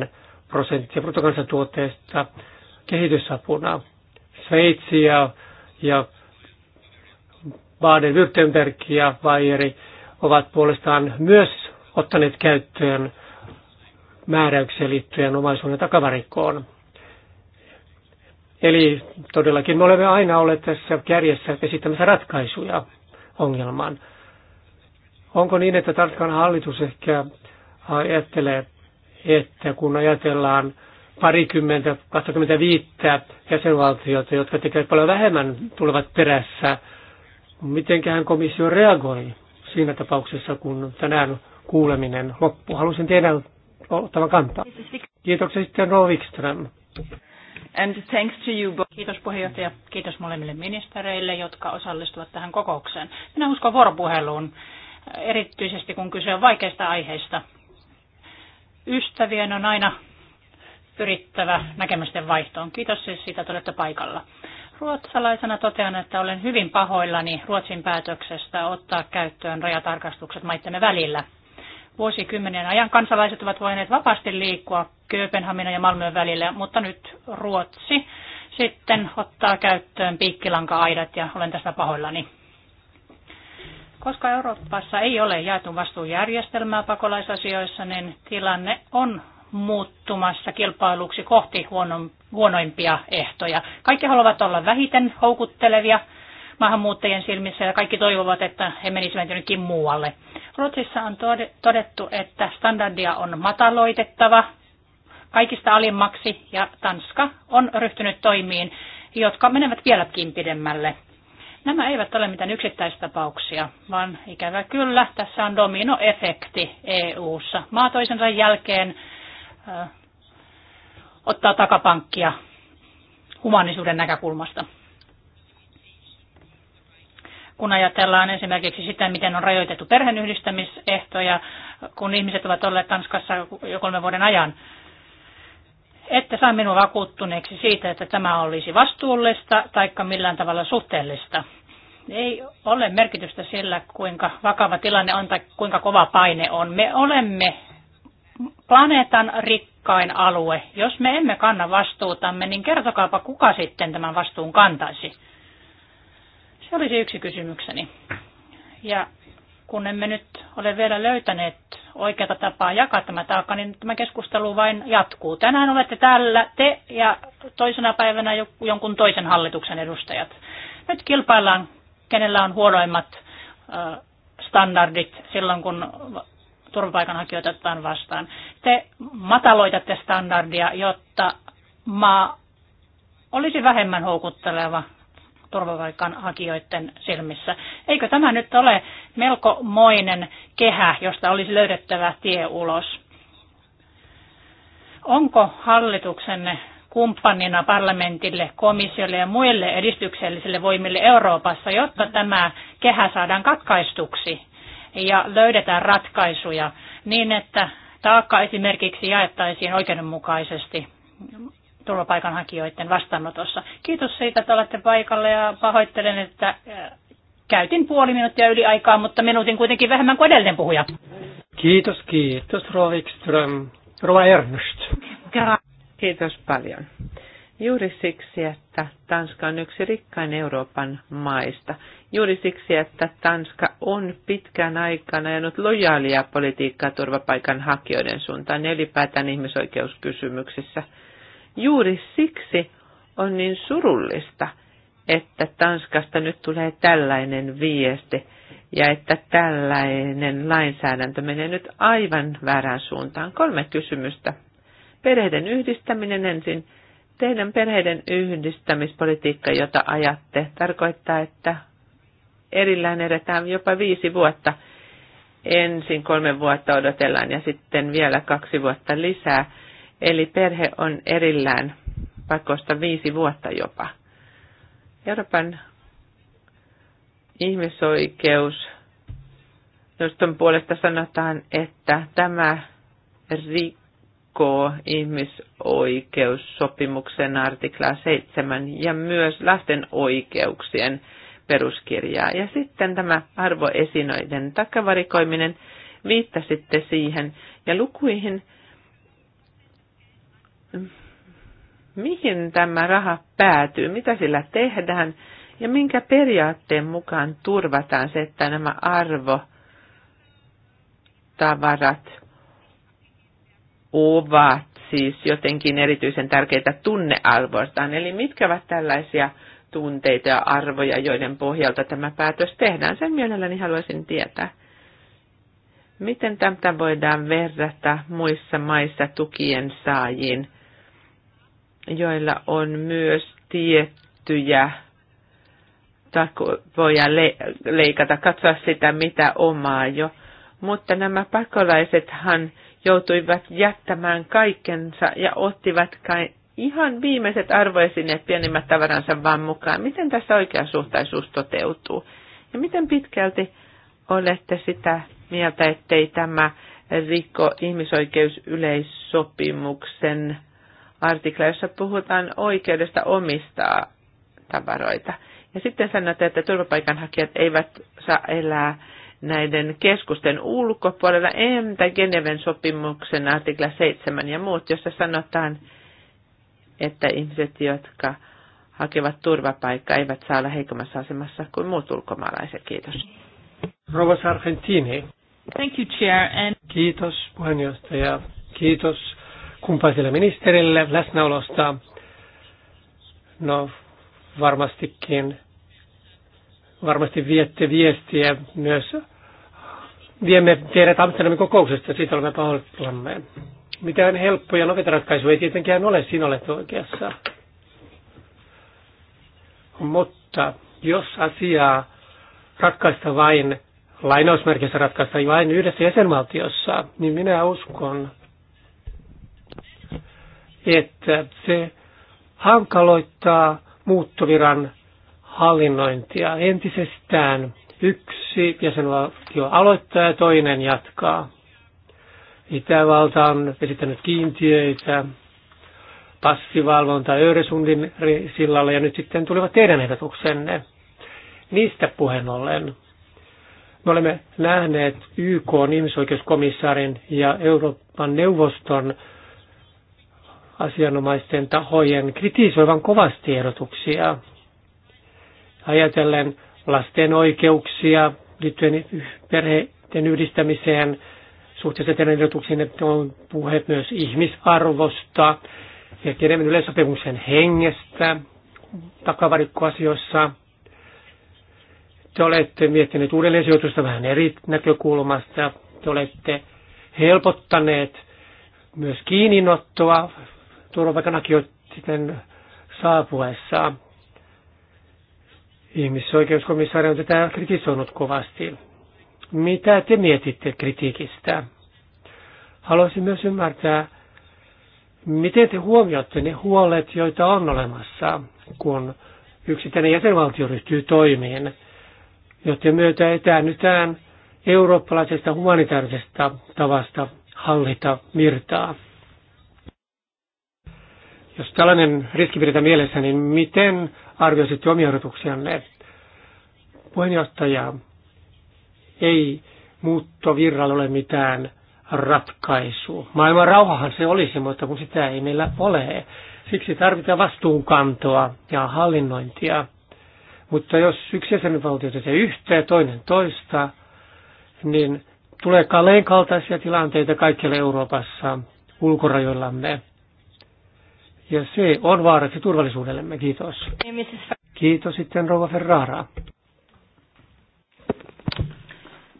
0,7 prosenttia bruttokansantuotteesta kehitysapuna. Sveitsi ja, ja Baden-Württemberg ja Bayeri ovat puolestaan myös ottaneet käyttöön määräyksiä liittyen omaisuuden takavarikkoon. Eli todellakin me olemme aina olleet tässä kärjessä esittämässä ratkaisuja ongelmaan. Onko niin, että Tanskan hallitus ehkä ajattelee, että kun ajatellaan parikymmentä, 25 jäsenvaltiota, jotka tekevät paljon vähemmän, tulevat perässä, mitenköhän komissio reagoi siinä tapauksessa, kun tänään kuuleminen loppuu? Haluaisin teidän ottavan kantaa. Kiitoksia sitten Rovikström. And thanks to you both. Kiitos puheenjohtaja, kiitos molemmille ministereille, jotka osallistuvat tähän kokoukseen. Minä uskon vuoropuheluun, erityisesti kun kyse on vaikeista aiheista. Ystävien on aina pyrittävä näkemysten vaihtoon. Kiitos siis siitä, että olette paikalla. Ruotsalaisena totean, että olen hyvin pahoillani Ruotsin päätöksestä ottaa käyttöön rajatarkastukset maittemme välillä. Vuosikymmenen ajan kansalaiset ovat voineet vapaasti liikkua Kööpenhaminan ja Malmön välillä, mutta nyt Ruotsi sitten ottaa käyttöön piikkilanka-aidat ja olen tästä pahoillani. Koska Euroopassa ei ole jaetun vastuujärjestelmää pakolaisasioissa, niin tilanne on muuttumassa kilpailuksi kohti huono, huonoimpia ehtoja. Kaikki haluavat olla vähiten houkuttelevia maahanmuuttajien silmissä ja kaikki toivovat, että he menisivät jonnekin muualle. Ruotsissa on todettu, että standardia on mataloitettava kaikista alimmaksi ja Tanska on ryhtynyt toimiin, jotka menevät vieläkin pidemmälle. Nämä eivät ole mitään yksittäistapauksia, vaan ikävä kyllä tässä on dominoefekti EU-ssa. Maa toisensa jälkeen ö, ottaa takapankkia humanisuuden näkökulmasta kun ajatellaan esimerkiksi sitä, miten on rajoitettu perheenyhdistämisehtoja, kun ihmiset ovat olleet Tanskassa jo kolmen vuoden ajan ette saa minua vakuuttuneeksi siitä, että tämä olisi vastuullista tai millään tavalla suhteellista. Ei ole merkitystä sillä, kuinka vakava tilanne on tai kuinka kova paine on. Me olemme planeetan rikkain alue. Jos me emme kanna vastuutamme, niin kertokaapa, kuka sitten tämän vastuun kantaisi. Se olisi yksi kysymykseni. Ja kun emme nyt ole vielä löytäneet oikeata tapaa jakaa tämä taakka, niin tämä keskustelu vain jatkuu. Tänään olette täällä te ja toisena päivänä jonkun toisen hallituksen edustajat. Nyt kilpaillaan, kenellä on huonoimmat standardit silloin, kun turvapaikanhakijoita otetaan vastaan. Te mataloitatte standardia, jotta maa olisi vähemmän houkutteleva turvapaikan hakijoiden silmissä. Eikö tämä nyt ole melko moinen kehä, josta olisi löydettävä tie ulos? Onko hallituksenne kumppanina parlamentille, komissiolle ja muille edistyksellisille voimille Euroopassa, jotta tämä kehä saadaan katkaistuksi ja löydetään ratkaisuja niin, että taakka esimerkiksi jaettaisiin oikeudenmukaisesti turvapaikanhakijoiden vastaanotossa. Kiitos siitä, että olette paikalla ja pahoittelen, että äh, käytin puoli minuuttia yli aikaa, mutta minuutin kuitenkin vähemmän kuin edellinen puhuja. Kiitos, kiitos Rovikström. Rova Ernst. Kiitos paljon. Juuri siksi, että Tanska on yksi rikkain Euroopan maista. Juuri siksi, että Tanska on pitkän aikana ajanut lojaalia politiikkaa turvapaikanhakijoiden suuntaan eli ylipäätään ihmisoikeuskysymyksissä – Juuri siksi on niin surullista, että Tanskasta nyt tulee tällainen viesti ja että tällainen lainsäädäntö menee nyt aivan väärään suuntaan. Kolme kysymystä. Perheiden yhdistäminen ensin. Teidän perheiden yhdistämispolitiikka, jota ajatte, tarkoittaa, että erillään edetään jopa viisi vuotta. Ensin kolme vuotta odotellaan ja sitten vielä kaksi vuotta lisää Eli perhe on erillään pakosta viisi vuotta jopa. Euroopan ihmisoikeus neuvoston puolesta sanotaan, että tämä rikkoo ihmisoikeussopimuksen artiklaa 7 ja myös lasten oikeuksien peruskirjaa. Ja sitten tämä arvoesinoiden takavarikoiminen, viittasitte siihen ja lukuihin – mihin tämä raha päätyy, mitä sillä tehdään ja minkä periaatteen mukaan turvataan se, että nämä arvotavarat ovat siis jotenkin erityisen tärkeitä tunnearvoistaan. Eli mitkä ovat tällaisia tunteita ja arvoja, joiden pohjalta tämä päätös tehdään. Sen mielelläni haluaisin tietää. Miten tämä voidaan verrata muissa maissa tukien saajiin? joilla on myös tiettyjä tapoja leikata, katsoa sitä, mitä omaa jo. Mutta nämä pakolaisethan joutuivat jättämään kaikkensa ja ottivat kai ihan viimeiset arvoesineet pienimmät tavaransa vaan mukaan. Miten tässä oikeasuhtaisuus toteutuu? Ja miten pitkälti olette sitä mieltä, ettei tämä rikko ihmisoikeusyleissopimuksen artikla, jossa puhutaan oikeudesta omistaa tavaroita. Ja sitten sanotte, että turvapaikanhakijat eivät saa elää näiden keskusten ulkopuolella, entä Geneven sopimuksen artikla 7 ja muut, jossa sanotaan, että ihmiset, jotka hakevat turvapaikkaa, eivät saa olla heikommassa asemassa kuin muut ulkomaalaiset. Kiitos. Rouva Sargentini. Thank you, Chair. And... Kiitos puheenjohtaja. Kiitos kumpaiselle ministerille läsnäolosta. No varmastikin, varmasti viette viestiä myös. Viemme teidät Amsterdamin kokouksesta, siitä olemme pahoillamme. Mitään helppoja nopeita ratkaisuja ei tietenkään ole, sinä olet oikeassa. Mutta jos asiaa ratkaista vain, lainausmerkissä ratkaista vain yhdessä jäsenvaltiossa, niin minä uskon, että se hankaloittaa muuttoviran hallinnointia entisestään. Yksi jäsenvaltio aloittaa ja toinen jatkaa. Itävalta on esittänyt kiintiöitä, passivalvonta Öresundin sillalla ja nyt sitten tulevat teidän ehdotuksenne. Niistä puheen ollen. Me olemme nähneet YK ihmisoikeuskomissaarin ja Euroopan neuvoston asianomaisten tahojen kritisoivan kovasti ehdotuksia. Ajatellen lasten oikeuksia liittyen perheiden yhdistämiseen, suhteessa teidän ehdotuksiin, että on puhe myös ihmisarvosta ja kenen yleisopimuksen hengestä takavarikkoasioissa. Te olette miettineet uudelleen sijoitusta vähän eri näkökulmasta. Te olette helpottaneet myös kiininottoa turvapaikanhakijat sitten saapuessaan. Ihmisoikeuskomissaari on tätä kritisoinut kovasti. Mitä te mietitte kritiikistä? Haluaisin myös ymmärtää, miten te huomioitte ne huolet, joita on olemassa, kun yksittäinen jäsenvaltio ryhtyy toimiin, joten myötä etäännytään eurooppalaisesta humanitaarisesta tavasta hallita virtaa. Jos tällainen riski pidetään mielessä, niin miten arvioisitte omia odotuksianne? Puheenjohtaja, ei muuttovirralla ole mitään ratkaisu. Maailman rauhahan se olisi, mutta kun sitä ei meillä ole. Siksi tarvitaan vastuunkantoa ja hallinnointia. Mutta jos yksi jäsenvaltio se yhteen ja toinen toista, niin tulee kalleen kaltaisia tilanteita kaikkialla Euroopassa ulkorajoillamme. Ja se on vaaraksi turvallisuudellemme. Kiitos. Kiitos sitten Rova Ferrara.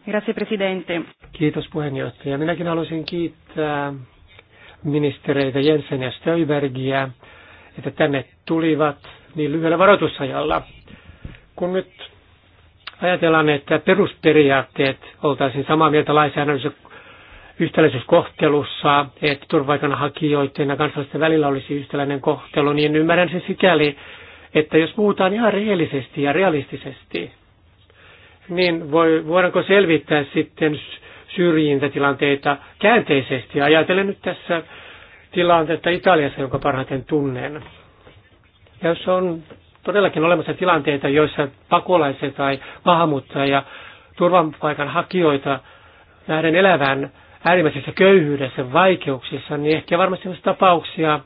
Grazie Presidente. Kiitos puheenjohtaja. Minäkin haluaisin kiittää ministereitä Jensen ja Stöybergiä, että tänne tulivat niin lyhyellä varoitusajalla. Kun nyt ajatellaan, että perusperiaatteet oltaisiin samaa mieltä lainsäädännössä yhtäläisyyskohtelussa, että turvaikanhakijoiden ja kansalaisten välillä olisi yhtäläinen kohtelu, niin ymmärrän se sikäli, että jos puhutaan ihan rehellisesti ja realistisesti, niin voi, voidaanko selvittää sitten syrjintätilanteita käänteisesti. Ajatellen nyt tässä tilanteetta Italiassa, jonka parhaiten tunnen. Ja jos on todellakin olemassa tilanteita, joissa pakolaisia tai maahanmuuttajia, turvapaikanhakijoita nähden elävän äärimmäisessä köyhyydessä, vaikeuksissa, niin ehkä varmasti myös tapauksia.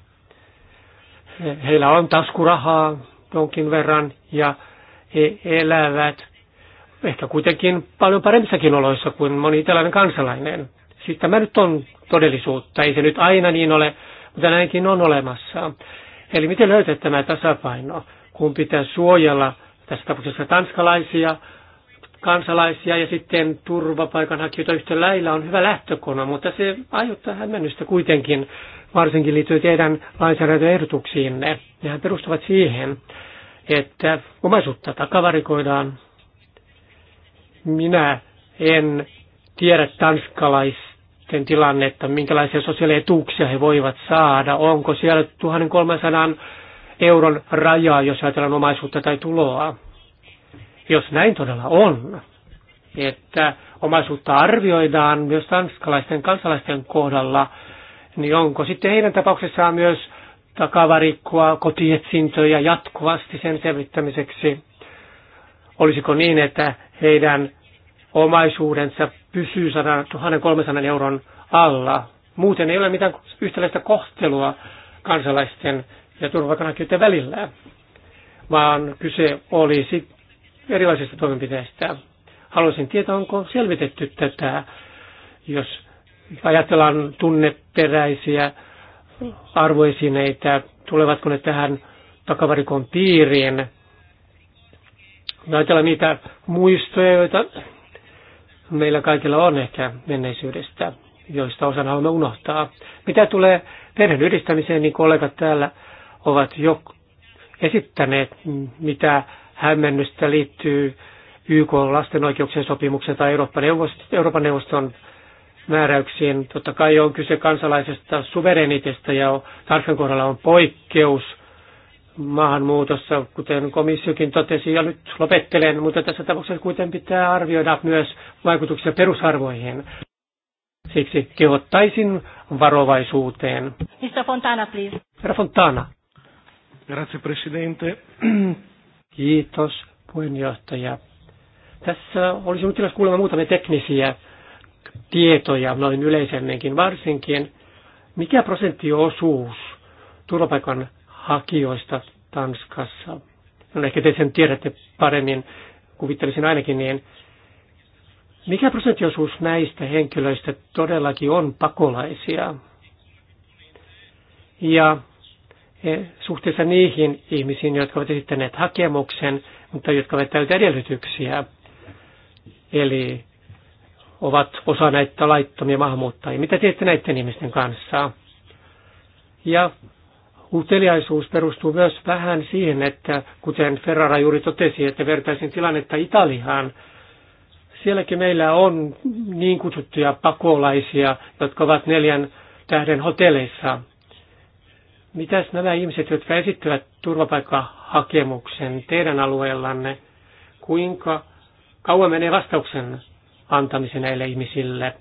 Heillä on taskurahaa jonkin verran ja he elävät ehkä kuitenkin paljon paremmissakin oloissa kuin moni italainen kansalainen. Siis tämä nyt on todellisuutta, ei se nyt aina niin ole, mutta näinkin on olemassa. Eli miten löytää tämä tasapaino, kun pitää suojella tässä tapauksessa tanskalaisia, kansalaisia ja sitten turvapaikanhakijoita yhtä lailla on hyvä lähtökona, mutta se aiheuttaa hämmennystä kuitenkin, varsinkin liittyen teidän lainsäädäntöehdotuksiinne. Nehän perustuvat siihen, että omaisuutta takavarikoidaan. Minä en tiedä tanskalaisten tilannetta, minkälaisia sosiaalietuuksia he voivat saada. Onko siellä 1300 euron rajaa, jos ajatellaan omaisuutta tai tuloa? Jos näin todella on, että omaisuutta arvioidaan myös tanskalaisten kansalaisten kohdalla, niin onko sitten heidän tapauksessaan myös takavarikkoa, kotietsintöjä jatkuvasti sen selvittämiseksi? Olisiko niin, että heidän omaisuudensa pysyy 100, 1300 euron alla? Muuten ei ole mitään yhtäläistä kohtelua kansalaisten ja turvakanakkeiden välillä, vaan kyse olisi erilaisista toimenpiteistä. Haluaisin tietää, onko selvitetty tätä, jos ajatellaan tunneperäisiä arvoesineitä, tulevatko ne tähän takavarikon piiriin. Ajatellaan niitä muistoja, joita meillä kaikilla on ehkä menneisyydestä, joista osan haluamme unohtaa. Mitä tulee perheen yhdistämiseen, niin kollegat täällä ovat jo esittäneet, mitä hämmennystä liittyy YK lasten oikeuksien sopimuksen tai Euroopan neuvoston, Euroopan neuvoston määräyksiin. Totta kai on kyse kansalaisesta suvereniteetistä ja tarkan kohdalla on poikkeus maahanmuutossa, kuten komissiokin totesi, ja nyt lopettelen, mutta tässä tapauksessa kuitenkin pitää arvioida myös vaikutuksia perusarvoihin. Siksi kehottaisin varovaisuuteen. Mr. Fontana, please. Herra Fontana. Grazie, Presidente. Kiitos puheenjohtaja. Tässä olisi nyt tilas kuulemma muutamia teknisiä tietoja noin yleisemminkin, varsinkin mikä prosenttiosuus turvapaikan hakijoista Tanskassa, no ehkä te sen tiedätte paremmin, kuvittelisin ainakin niin, mikä prosenttiosuus näistä henkilöistä todellakin on pakolaisia? Ja suhteessa niihin ihmisiin, jotka ovat esittäneet hakemuksen, mutta jotka ovat täytä edellytyksiä. Eli ovat osa näitä laittomia maahanmuuttajia. Mitä teette näiden ihmisten kanssa? Ja uteliaisuus perustuu myös vähän siihen, että kuten Ferrara juuri totesi, että vertaisin tilannetta Italiaan. Sielläkin meillä on niin kutsuttuja pakolaisia, jotka ovat neljän tähden hotelleissa Mitäs nämä ihmiset, jotka esittävät turvapaikkahakemuksen teidän alueellanne, kuinka kauan menee vastauksen antamisen näille ihmisille?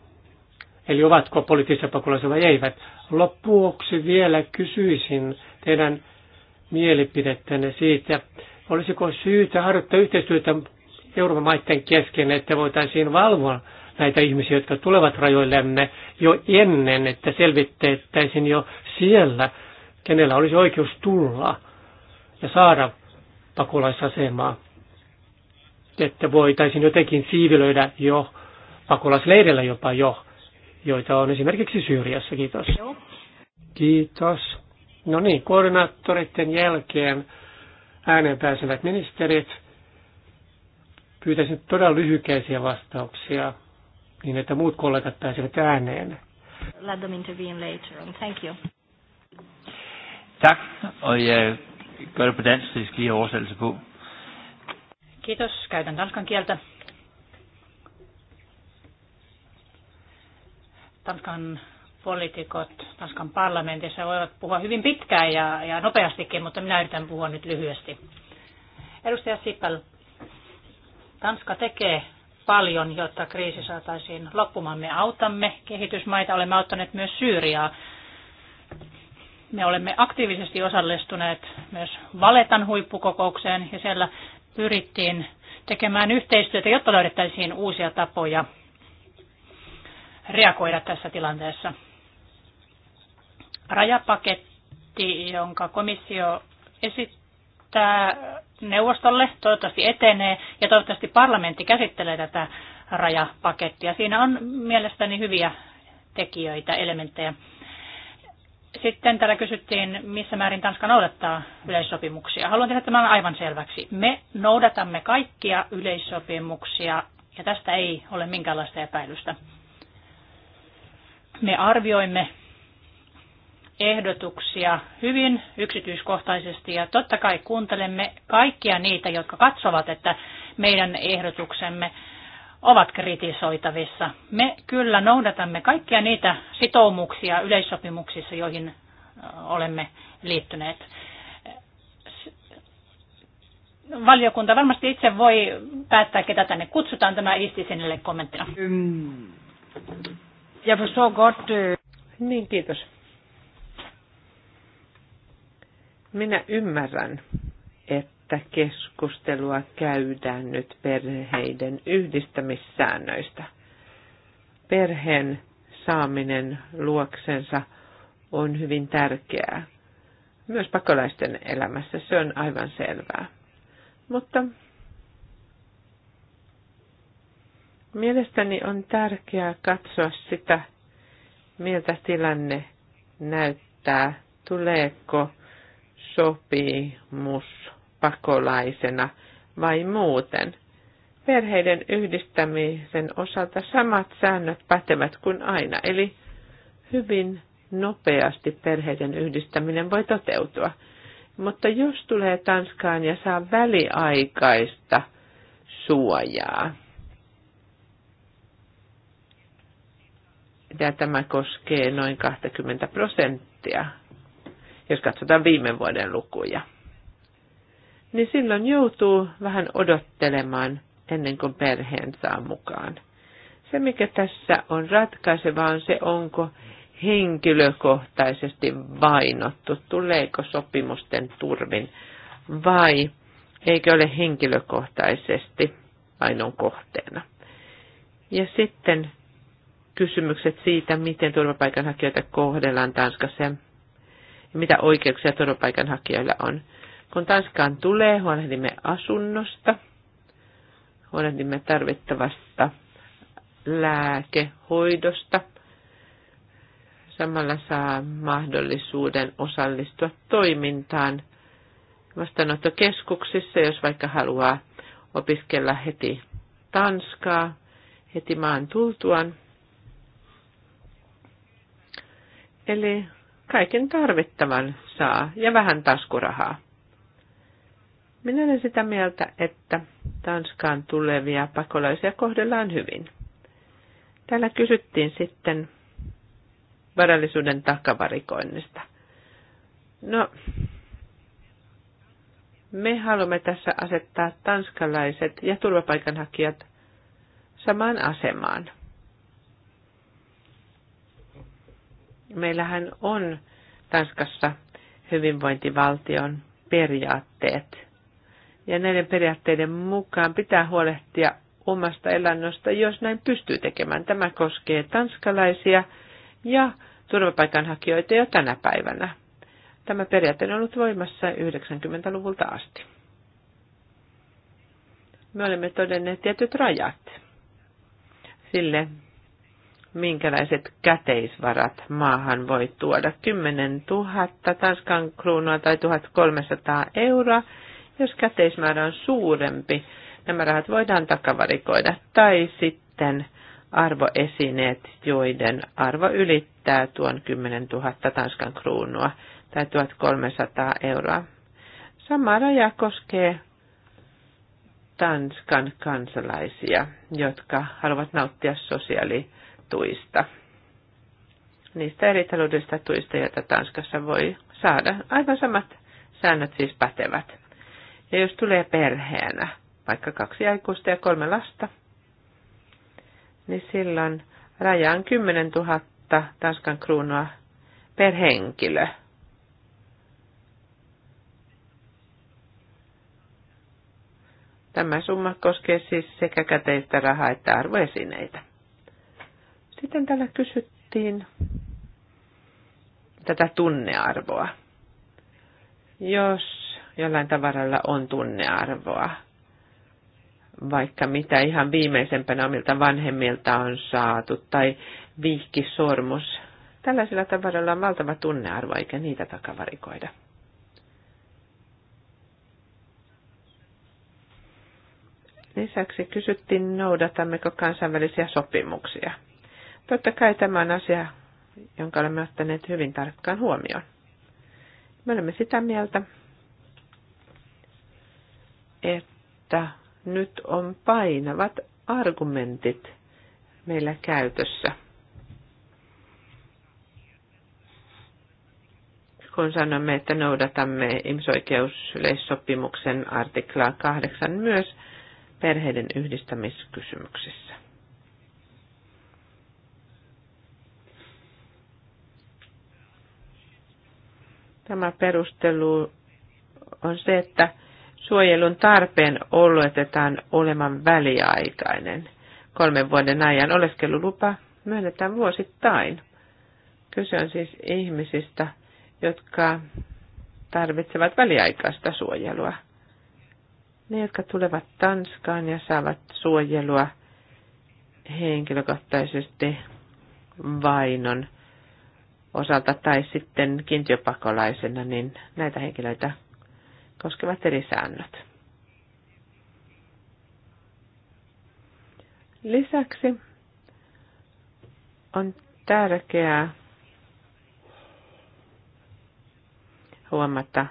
Eli ovatko poliittisia pakolaisia vai eivät? Loppuksi vielä kysyisin teidän mielipidettänne siitä, olisiko syytä harjoittaa yhteistyötä Euroopan maiden kesken, että voitaisiin valvoa näitä ihmisiä, jotka tulevat rajoillemme jo ennen, että selvittäisiin jo siellä kenellä olisi oikeus tulla ja saada pakolaisasemaa, että voitaisiin jotenkin siivilöidä jo pakolaisleireillä jopa jo, joita on esimerkiksi Syyriassa. Kiitos. Joo. Kiitos. No niin, koordinaattoritten jälkeen ääneen pääsevät ministerit. Pyytäisin todella lyhykäisiä vastauksia, niin että muut kollegat pääsevät ääneen. Let them intervene later on. Thank you. Tak, og jeg gør det på dansk, så I skal lige have oversættelse på. Kiitos, käytän tanskan kieltä. Tanskan poliitikot Tanskan parlamentissa voivat puhua hyvin pitkään ja, ja nopeastikin, mutta minä yritän puhua nyt lyhyesti. Edustaja Sipel, Tanska tekee paljon, jotta kriisi saataisiin loppumaan. Me autamme kehitysmaita, olemme auttaneet myös Syyriaa. Me olemme aktiivisesti osallistuneet myös Valetan huippukokoukseen ja siellä pyrittiin tekemään yhteistyötä, jotta löydettäisiin uusia tapoja reagoida tässä tilanteessa. Rajapaketti, jonka komissio esittää neuvostolle, toivottavasti etenee ja toivottavasti parlamentti käsittelee tätä rajapakettia. Siinä on mielestäni hyviä tekijöitä, elementtejä. Sitten täällä kysyttiin, missä määrin Tanska noudattaa yleissopimuksia. Haluan tehdä tämän aivan selväksi. Me noudatamme kaikkia yleissopimuksia ja tästä ei ole minkäänlaista epäilystä. Me arvioimme ehdotuksia hyvin yksityiskohtaisesti ja totta kai kuuntelemme kaikkia niitä, jotka katsovat, että meidän ehdotuksemme ovat kritisoitavissa. Me kyllä noudatamme kaikkia niitä sitoumuksia yleissopimuksissa, joihin olemme liittyneet. Valiokunta varmasti itse voi päättää, ketä tänne kutsutaan. Tämä isti sinille kommenttina. Mm. Ja so good. Niin, kiitos. Minä ymmärrän, että että keskustelua käydään nyt perheiden yhdistämissäännöistä. Perheen saaminen luoksensa on hyvin tärkeää. Myös pakolaisten elämässä se on aivan selvää. Mutta mielestäni on tärkeää katsoa sitä, miltä tilanne näyttää, tuleeko sopimus pakolaisena vai muuten. Perheiden yhdistämisen osalta samat säännöt pätevät kuin aina, eli hyvin nopeasti perheiden yhdistäminen voi toteutua. Mutta jos tulee Tanskaan ja saa väliaikaista suojaa, ja tämä koskee noin 20 prosenttia, jos katsotaan viime vuoden lukuja niin silloin joutuu vähän odottelemaan ennen kuin perheen saa mukaan. Se, mikä tässä on ratkaiseva on se, onko henkilökohtaisesti vainottu, tuleeko sopimusten turvin vai eikö ole henkilökohtaisesti vainon kohteena. Ja sitten kysymykset siitä, miten turvapaikanhakijoita kohdellaan Tanskassa ja mitä oikeuksia turvapaikanhakijoilla on. Kun Tanskaan tulee, huolehdimme asunnosta, huolehdimme tarvittavasta lääkehoidosta. Samalla saa mahdollisuuden osallistua toimintaan vastaanottokeskuksissa, jos vaikka haluaa opiskella heti Tanskaa, heti maan tultuaan. Eli kaiken tarvittavan saa ja vähän taskurahaa. Minä olen sitä mieltä, että Tanskaan tulevia pakolaisia kohdellaan hyvin. Täällä kysyttiin sitten varallisuuden takavarikoinnista. No, me haluamme tässä asettaa tanskalaiset ja turvapaikanhakijat samaan asemaan. Meillähän on Tanskassa hyvinvointivaltion periaatteet ja näiden periaatteiden mukaan pitää huolehtia omasta elannosta, jos näin pystyy tekemään. Tämä koskee tanskalaisia ja turvapaikanhakijoita jo tänä päivänä. Tämä periaate on ollut voimassa 90-luvulta asti. Me olemme todenneet tietyt rajat sille, minkälaiset käteisvarat maahan voi tuoda. 10 000 Tanskan kruunua tai 1300 euroa jos käteismäärä on suurempi, nämä rahat voidaan takavarikoida. Tai sitten arvoesineet, joiden arvo ylittää tuon 10 000 Tanskan kruunua tai 1300 euroa. Sama raja koskee Tanskan kansalaisia, jotka haluavat nauttia sosiaalituista. Niistä eri taloudellisista tuista, joita Tanskassa voi saada. Aivan samat säännöt siis pätevät. Ja jos tulee perheenä, vaikka kaksi aikuista ja kolme lasta, niin silloin raja on 10 000 Tanskan kruunua per henkilö. Tämä summa koskee siis sekä käteistä rahaa että arvoesineitä. Sitten täällä kysyttiin tätä tunnearvoa. Jos jollain tavaralla on tunnearvoa, vaikka mitä ihan viimeisempänä omilta vanhemmilta on saatu, tai sormus Tällaisilla tavaroilla on valtava tunnearvo, eikä niitä takavarikoida. Lisäksi kysyttiin, noudatammeko kansainvälisiä sopimuksia. Totta kai tämä on asia, jonka olemme ottaneet hyvin tarkkaan huomioon. Me olemme sitä mieltä, että nyt on painavat argumentit meillä käytössä. kun sanomme, että noudatamme ihmisoikeusyleissopimuksen artiklaa 8 myös perheiden yhdistämiskysymyksissä. Tämä perustelu on se, että suojelun tarpeen oletetaan olevan väliaikainen. Kolmen vuoden ajan oleskelulupa myönnetään vuosittain. Kyse on siis ihmisistä, jotka tarvitsevat väliaikaista suojelua. Ne, jotka tulevat Tanskaan ja saavat suojelua henkilökohtaisesti vainon osalta tai sitten kiintiöpakolaisena, niin näitä henkilöitä koskevat eri säännöt. Lisäksi on tärkeää huomata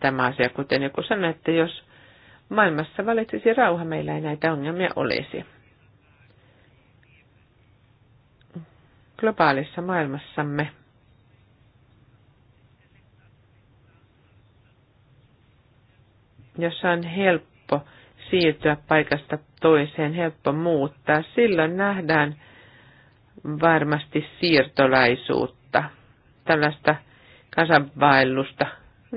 tämä asia, kuten joku sanoi, että jos maailmassa valitsisi rauha, meillä ei näitä ongelmia olisi. Globaalissa maailmassamme – jossa on helppo siirtyä paikasta toiseen, helppo muuttaa. Silloin nähdään varmasti siirtolaisuutta, tällaista kasanvaellusta.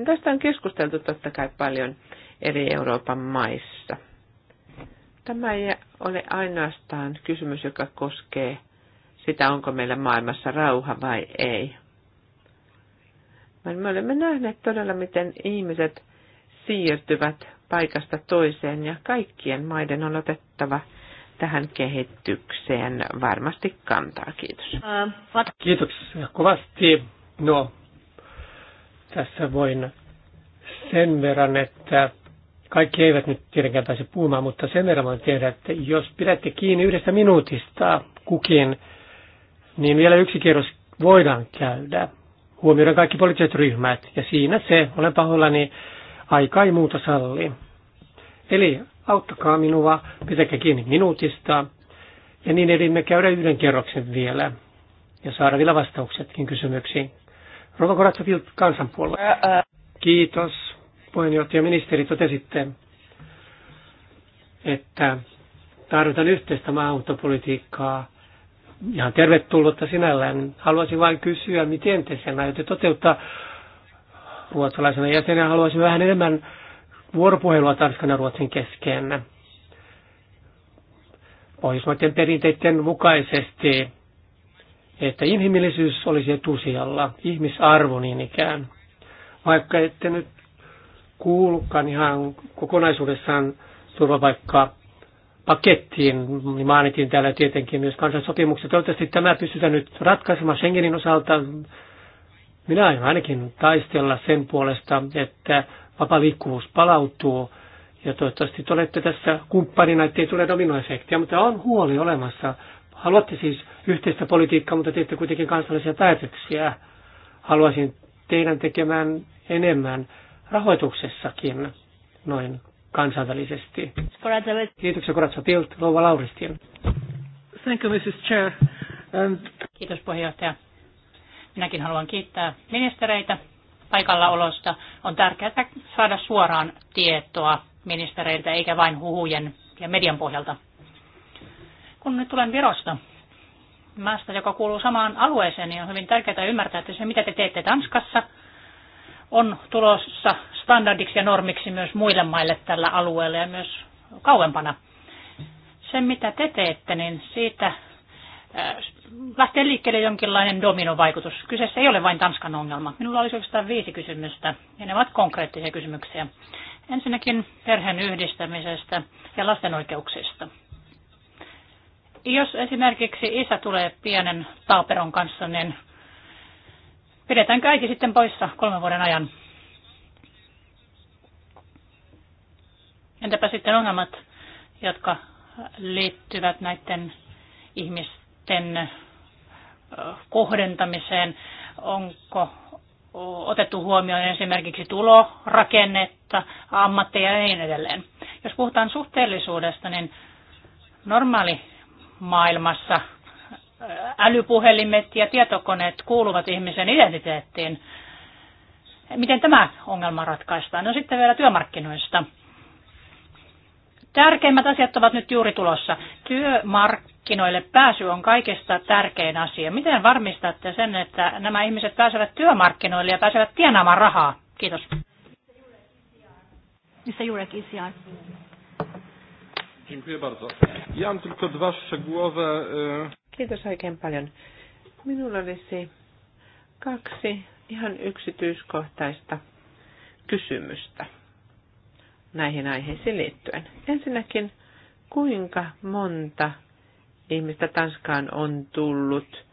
Tästä on keskusteltu totta kai paljon eri Euroopan maissa. Tämä ei ole ainoastaan kysymys, joka koskee sitä, onko meillä maailmassa rauha vai ei. Me olemme nähneet todella, miten ihmiset siirtyvät paikasta toiseen ja kaikkien maiden on otettava tähän kehitykseen varmasti kantaa. Kiitos. Kiitoksia kovasti. No, tässä voin sen verran, että kaikki eivät nyt tietenkään taisi puhumaan, mutta sen verran voin tehdä, että jos pidätte kiinni yhdestä minuutista kukin, niin vielä yksi kierros voidaan käydä. Huomioidaan kaikki poliittiset ryhmät. Ja siinä se, olen pahoillani, Aika ei muuta salli. Eli auttakaa minua, pitäkää kiinni minuutista. Ja niin elimme käydä yhden kerroksen vielä ja saada vielä vastauksetkin kysymyksiin. Rova Koratsafilt kansanpuolue. Kiitos, puheenjohtaja ministeri, totesitte, että tarvitaan yhteistä maahanmuuttopolitiikkaa. Ihan tervetullutta sinällään. Haluaisin vain kysyä, miten te sen aiotte toteuttaa ruotsalaisena jäsenenä haluaisin vähän enemmän vuoropuhelua Tanskan ja Ruotsin kesken. Pohjoismaiden perinteiden mukaisesti, että inhimillisyys olisi etusijalla, ihmisarvo niin ikään. Vaikka ette nyt kuulukaan ihan kokonaisuudessaan turvapaikka pakettiin, niin mainitin täällä tietenkin myös kansansopimukset. Toivottavasti tämä pystytään nyt ratkaisemaan Schengenin osalta minä aion ainakin taistella sen puolesta, että vapaa liikkuvuus palautuu ja toivottavasti te olette tässä kumppanina, ettei tule dominoefektiä, mutta on huoli olemassa. Haluatte siis yhteistä politiikkaa, mutta teette kuitenkin kansallisia päätöksiä. Haluaisin teidän tekemään enemmän rahoituksessakin noin kansainvälisesti. Kiitoksia Koratsa Pilt, Rouva Lauristin. Thank you, Mrs. Chair. And... Kiitos puheenjohtaja. Minäkin haluan kiittää ministereitä paikallaolosta. On tärkeää saada suoraan tietoa ministereiltä eikä vain huhujen ja median pohjalta. Kun nyt tulen Virosta, maasta, joka kuuluu samaan alueeseen, niin on hyvin tärkeää ymmärtää, että se mitä te teette Tanskassa on tulossa standardiksi ja normiksi myös muille maille tällä alueella ja myös kauempana. Se mitä te teette, niin siitä Äh, lähtee liikkeelle jonkinlainen dominovaikutus. Kyseessä ei ole vain Tanskan ongelma. Minulla olisi oikeastaan viisi kysymystä, ja ne ovat konkreettisia kysymyksiä. Ensinnäkin perheen yhdistämisestä ja lasten oikeuksista. Jos esimerkiksi isä tulee pienen taaperon kanssa, niin pidetäänkö äiti sitten poissa kolmen vuoden ajan? Entäpä sitten ongelmat, jotka liittyvät näiden ihmisten sitten kohdentamiseen? Onko otettu huomioon esimerkiksi tulorakennetta, ammatteja ja niin edelleen? Jos puhutaan suhteellisuudesta, niin normaali maailmassa älypuhelimet ja tietokoneet kuuluvat ihmisen identiteettiin. Miten tämä ongelma ratkaistaan? No sitten vielä työmarkkinoista. Tärkeimmät asiat ovat nyt juuri tulossa. Työmark- työmarkkinoille pääsy on kaikesta tärkein asia. Miten varmistatte sen, että nämä ihmiset pääsevät työmarkkinoille ja pääsevät tienaamaan rahaa? Kiitos. Missä Jurek, ECR. Dziękuję bardzo. Ja mam tylko dwa szczegółowe... E, Kiitos oikein paljon. Minulla olisi kaksi ihan yksityiskohtaista kysymystä näihin aiheisiin liittyen. Ensinnäkin, kuinka monta ihmistä Tanskaan on tullut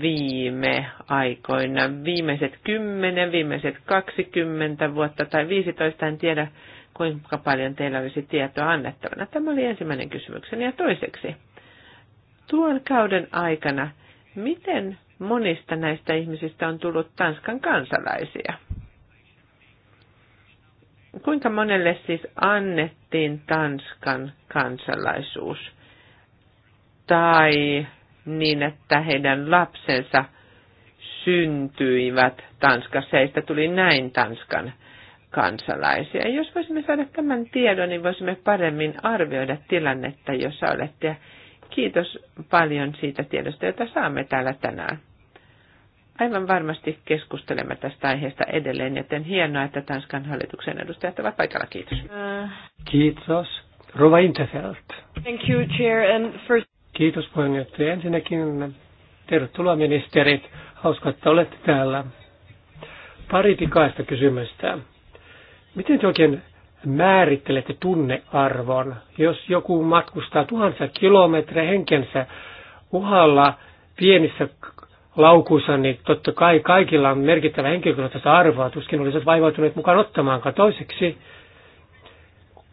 viime aikoina, viimeiset 10, viimeiset 20 vuotta tai 15, en tiedä kuinka paljon teillä olisi tietoa annettavana. Tämä oli ensimmäinen kysymykseni. Ja toiseksi, tuon kauden aikana, miten monista näistä ihmisistä on tullut Tanskan kansalaisia? Kuinka monelle siis annettiin Tanskan kansalaisuus? tai niin, että heidän lapsensa syntyivät Tanskassa. Heistä tuli näin Tanskan kansalaisia. Jos voisimme saada tämän tiedon, niin voisimme paremmin arvioida tilannetta, jossa olette. Kiitos paljon siitä tiedosta, jota saamme täällä tänään. Aivan varmasti keskustelemme tästä aiheesta edelleen, joten hienoa, että Tanskan hallituksen edustajat ovat paikalla. Kiitos. Kiitos. Rova Interfeld. Thank you, Chair. And first... Kiitos puheenjohtaja. Ensinnäkin tervetuloa ministerit. Hauska, että olette täällä. Pari pikaista kysymystä. Miten te oikein määrittelette tunnearvon, jos joku matkustaa tuhansia kilometriä henkensä uhalla pienissä laukuissa, niin totta kai kaikilla on merkittävä henkilökohtaista arvoa, tuskin olisit vaivautuneet mukaan ottamaankaan. Toiseksi,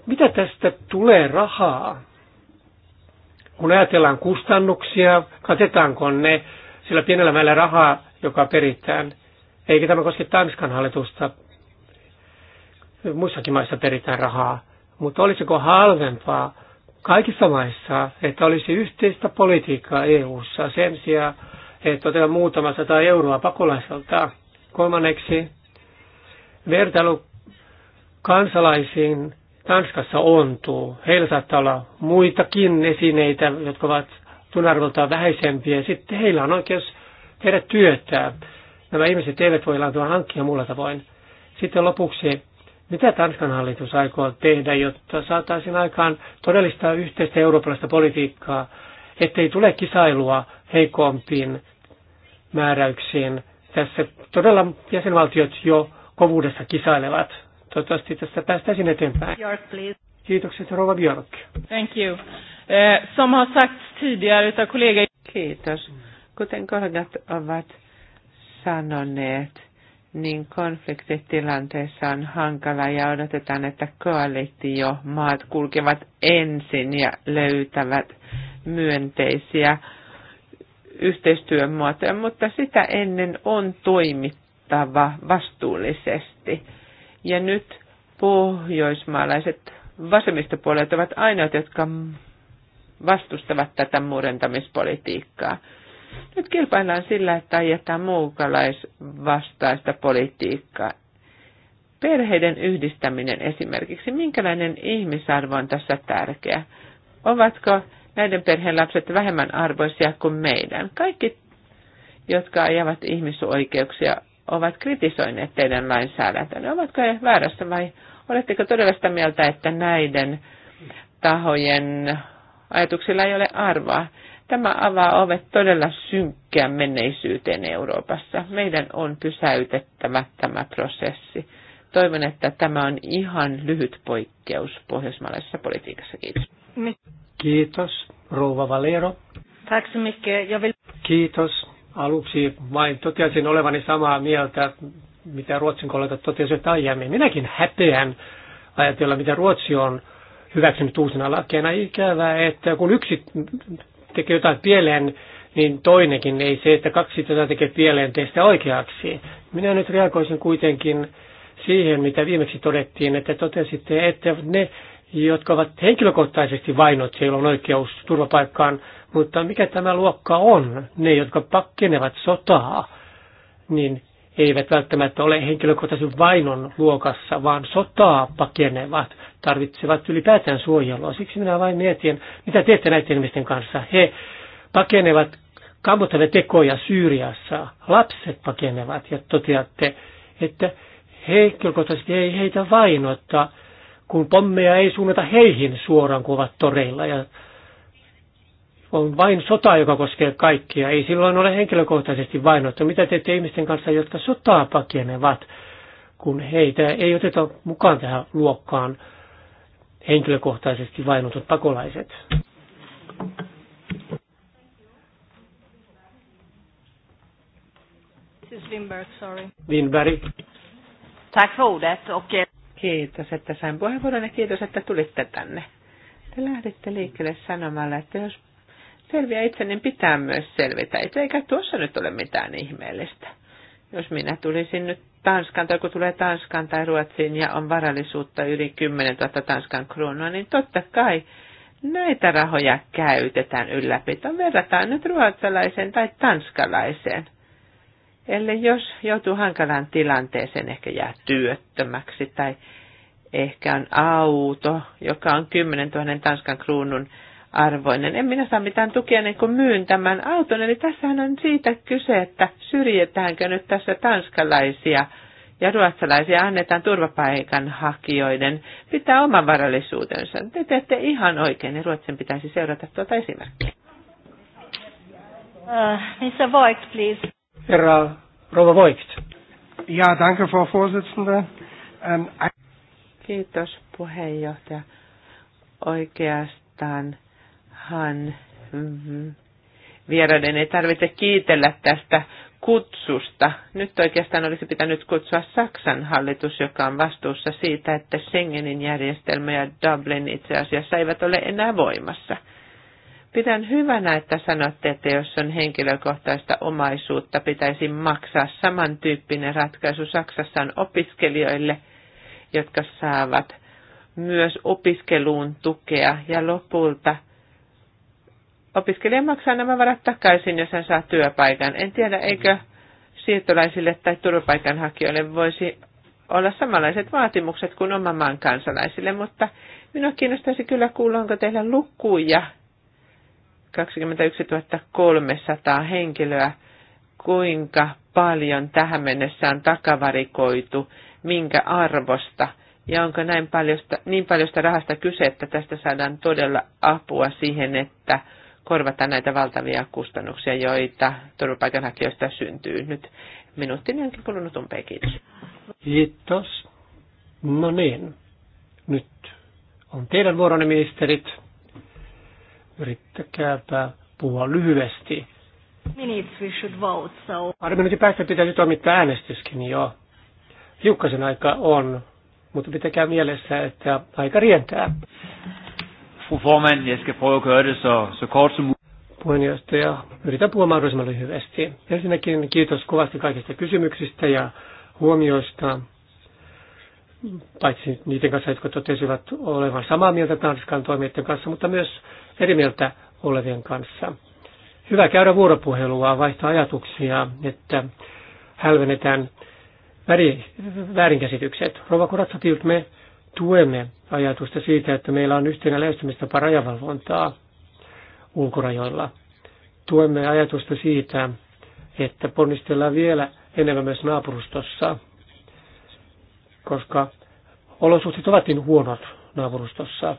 mitä tästä tulee rahaa? kun ajatellaan kustannuksia, katetaanko ne sillä pienellä määllä rahaa, joka peritään. Eikä tämä koske Tanskan hallitusta. Muissakin maissa peritään rahaa. Mutta olisiko halvempaa kaikissa maissa, että olisi yhteistä politiikkaa EU-ssa sen sijaan, että otetaan muutama sata euroa pakolaiselta. Kolmanneksi vertailu kansalaisiin Tanskassa ontuu. Heillä saattaa olla muitakin esineitä, jotka ovat tunarvoltaan vähäisempiä. Sitten heillä on oikeus tehdä työtä. Nämä ihmiset eivät voi laantua hankkia muulla tavoin. Sitten lopuksi, mitä Tanskan hallitus aikoo tehdä, jotta saataisiin aikaan todellista yhteistä eurooppalaista politiikkaa, ettei tule kisailua heikompiin määräyksiin. Tässä todella jäsenvaltiot jo kovuudessa kisailevat. Toivottavasti tässä päästäisiin eteenpäin. Björk, please. Kiitokset, Rova Björk. Thank you. Eh, som har sagt tidigare utav kollega... Kiitos. Kuten kollegat ovat sanoneet, niin konfliktitilanteessa on hankala ja odotetaan, että koalitio maat kulkevat ensin ja löytävät myönteisiä yhteistyömuotoja, mutta sitä ennen on toimittava vastuullisesti ja nyt pohjoismaalaiset vasemmistopuolet ovat ainoat, jotka vastustavat tätä murentamispolitiikkaa. Nyt kilpaillaan sillä, että ajetaan muukalaisvastaista politiikkaa. Perheiden yhdistäminen esimerkiksi, minkälainen ihmisarvo on tässä tärkeä? Ovatko näiden perheen lapset vähemmän arvoisia kuin meidän? Kaikki, jotka ajavat ihmisoikeuksia, ovat kritisoineet teidän lainsäädäntönne. Ovatko he väärässä vai oletteko todella sitä mieltä, että näiden tahojen ajatuksilla ei ole arvoa? Tämä avaa ovet todella synkkään menneisyyteen Euroopassa. Meidän on pysäytettävä tämä prosessi. Toivon, että tämä on ihan lyhyt poikkeus pohjoismaalaisessa politiikassa. Kiitos. Kiitos, rouva Valero. Kiitos. Aluksi vain totesin olevani samaa mieltä, mitä Ruotsin kollegat totesivat aiemmin. Minäkin häpeän ajatella, mitä Ruotsi on hyväksynyt uusina lakeina. Ikävää, että kun yksi tekee jotain pieleen, niin toinenkin ei se, että kaksi tätä tekee pieleen, tee sitä oikeaksi. Minä nyt reagoisin kuitenkin siihen, mitä viimeksi todettiin, että totesitte, että ne, jotka ovat henkilökohtaisesti vainot, siellä on oikeus turvapaikkaan, mutta mikä tämä luokka on? Ne, jotka pakkenevat sotaa, niin eivät välttämättä ole henkilökohtaisen vainon luokassa, vaan sotaa pakenevat, tarvitsevat ylipäätään suojelua. Siksi minä vain mietin, mitä teette näiden ihmisten kanssa. He pakenevat kammottavia tekoja Syyriassa, lapset pakenevat ja toteatte, että henkilökohtaisesti ei heitä vainota, kun pommeja ei suunnata heihin suoraan, kun ovat toreilla ja on vain sota, joka koskee kaikkia. Ei silloin ole henkilökohtaisesti vainottu. Mitä teette ihmisten kanssa, jotka sotaa pakenevat, kun heitä ei oteta mukaan tähän luokkaan henkilökohtaisesti vainotut pakolaiset? Winberg, sorry. Eh, kiitos, että sain puheenvuoron ja kiitos, että tulitte tänne. Te lähditte liikkeelle sanomalla, että jos selviä itse, niin pitää myös selvitä itse, eikä tuossa nyt ole mitään ihmeellistä. Jos minä tulisin nyt Tanskan tai kun tulee Tanskan tai Ruotsiin ja on varallisuutta yli 10 000 Tanskan kruunua, niin totta kai näitä rahoja käytetään ylläpitoon. Verrataan nyt ruotsalaiseen tai tanskalaiseen. Eli jos joutuu hankalaan tilanteeseen, ehkä jää työttömäksi tai ehkä on auto, joka on 10 000 Tanskan kruunun arvoinen. En minä saa mitään tukia ennen kuin myyn tämän auton. Eli tässähän on siitä kyse, että syrjetäänkö nyt tässä tanskalaisia ja ruotsalaisia annetaan turvapaikan hakijoiden pitää oman varallisuutensa. Te teette ihan oikein niin Ruotsin pitäisi seurata tuota esimerkkiä. Uh, Mr. Voigt, please. Herra Rova Voigt. Ja, danke, Frau Vorsitzende. Um, I... Kiitos, puheenjohtaja. oikeastaan Ihan vieraiden ei tarvitse kiitellä tästä kutsusta. Nyt oikeastaan olisi pitänyt kutsua Saksan hallitus, joka on vastuussa siitä, että Schengenin järjestelmä ja Dublin itse asiassa eivät ole enää voimassa. Pidän hyvänä, että sanotte, että jos on henkilökohtaista omaisuutta, pitäisi maksaa samantyyppinen ratkaisu Saksassa on opiskelijoille, jotka saavat myös opiskeluun tukea ja lopulta – opiskelija maksaa nämä varat takaisin, jos hän saa työpaikan. En tiedä, eikö siirtolaisille tai turvapaikanhakijoille voisi olla samanlaiset vaatimukset kuin oman maan kansalaisille, mutta minua kiinnostaisi kyllä kuulla, onko teillä lukuja 21 300 henkilöä, kuinka paljon tähän mennessä on takavarikoitu, minkä arvosta ja onko näin paljosta, niin paljosta rahasta kyse, että tästä saadaan todella apua siihen, että korvata näitä valtavia kustannuksia, joita turvapaikanhakijoista syntyy. Nyt minuutin onkin kulunut umpeen, kiitos. Kiitos. No niin, nyt on teidän vuoronne ministerit. Yrittäkääpä puhua lyhyesti. Minutes we should vote, so... Pari minuutin päästä pitäisi toimittaa äänestyskin jo. Hiukkasen aika on, mutta pitäkää mielessä, että aika rientää formand, jeg skal prøve at gøre det så, så kort som muligt. Puheenjohtaja, yritän puhua mahdollisimman lyhyesti. Ensinnäkin kiitos kovasti kaikista kysymyksistä ja huomioista, paitsi niiden kanssa, jotka totesivat olevan samaa mieltä Tanskan toimijoiden kanssa, mutta myös eri mieltä olevien kanssa. Hyvä käydä vuoropuhelua, vaihtaa ajatuksia, että hälvennetään väärinkäsitykset. Rova Kuratsa tuemme ajatusta siitä, että meillä on yhtenä lähestymistapa rajavalvontaa ulkorajoilla. Tuemme ajatusta siitä, että ponnistellaan vielä enemmän myös naapurustossa, koska olosuhteet ovat niin huonot naapurustossa.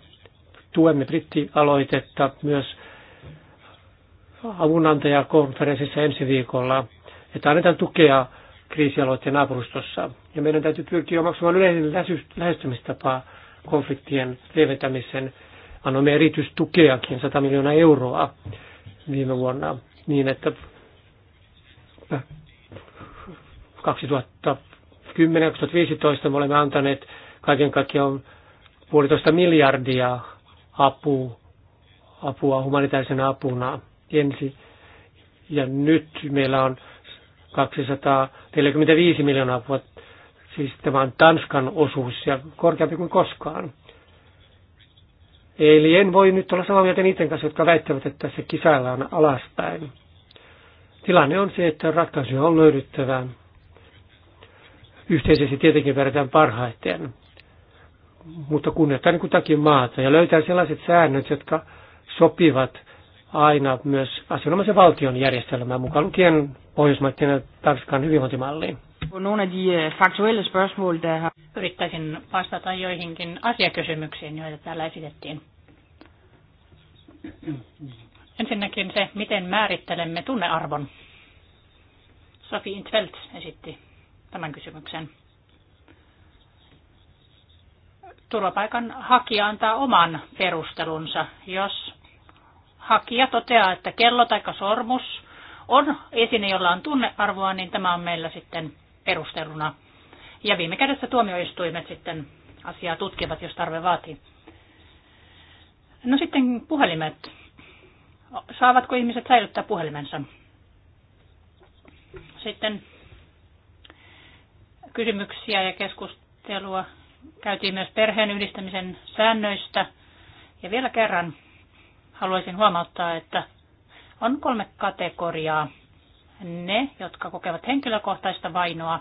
Tuemme brittialoitetta myös avunantajakonferenssissa ensi viikolla, että annetaan tukea kriisialueiden naapurustossa. Ja meidän täytyy pyrkiä omaksumaan yleinen lähestymistapa konfliktien lieventämisen. Annoimme erityistukeakin 100 miljoonaa euroa viime vuonna niin, että 2010-2015 me olemme antaneet kaiken kaikkiaan puolitoista miljardia apua, apua humanitaarisen apuna ensi. Ja nyt meillä on 245 miljoonaa vuotta. Siis tämä on Tanskan osuus ja korkeampi kuin koskaan. Eli en voi nyt olla samaa mieltä niiden kanssa, jotka väittävät, että se kisailla on alaspäin. Tilanne on se, että ratkaisuja on löydyttävä. Yhteisesti tietenkin verrataan parhaiten, mutta kunnioittaa niin takia maata ja löytää sellaiset säännöt, jotka sopivat – aina myös asianomaisen valtion järjestelmään, mukaan lukien Pohjoismaiden ja Tanskan hyvinvointimalliin. Øh, faktuelle der har... Yrittäisin vastata joihinkin asiakysymyksiin, joita täällä esitettiin. Ensinnäkin se, miten määrittelemme tunnearvon. Sofi Intveld esitti tämän kysymyksen. Turvapaikan hakija antaa oman perustelunsa, jos hakija toteaa, että kello tai sormus on esine, jolla on tunnearvoa, niin tämä on meillä sitten perusteluna. Ja viime kädessä tuomioistuimet sitten asiaa tutkivat, jos tarve vaatii. No sitten puhelimet. Saavatko ihmiset säilyttää puhelimensa? Sitten kysymyksiä ja keskustelua käytiin myös perheen yhdistämisen säännöistä. Ja vielä kerran haluaisin huomauttaa, että on kolme kategoriaa. Ne, jotka kokevat henkilökohtaista vainoa,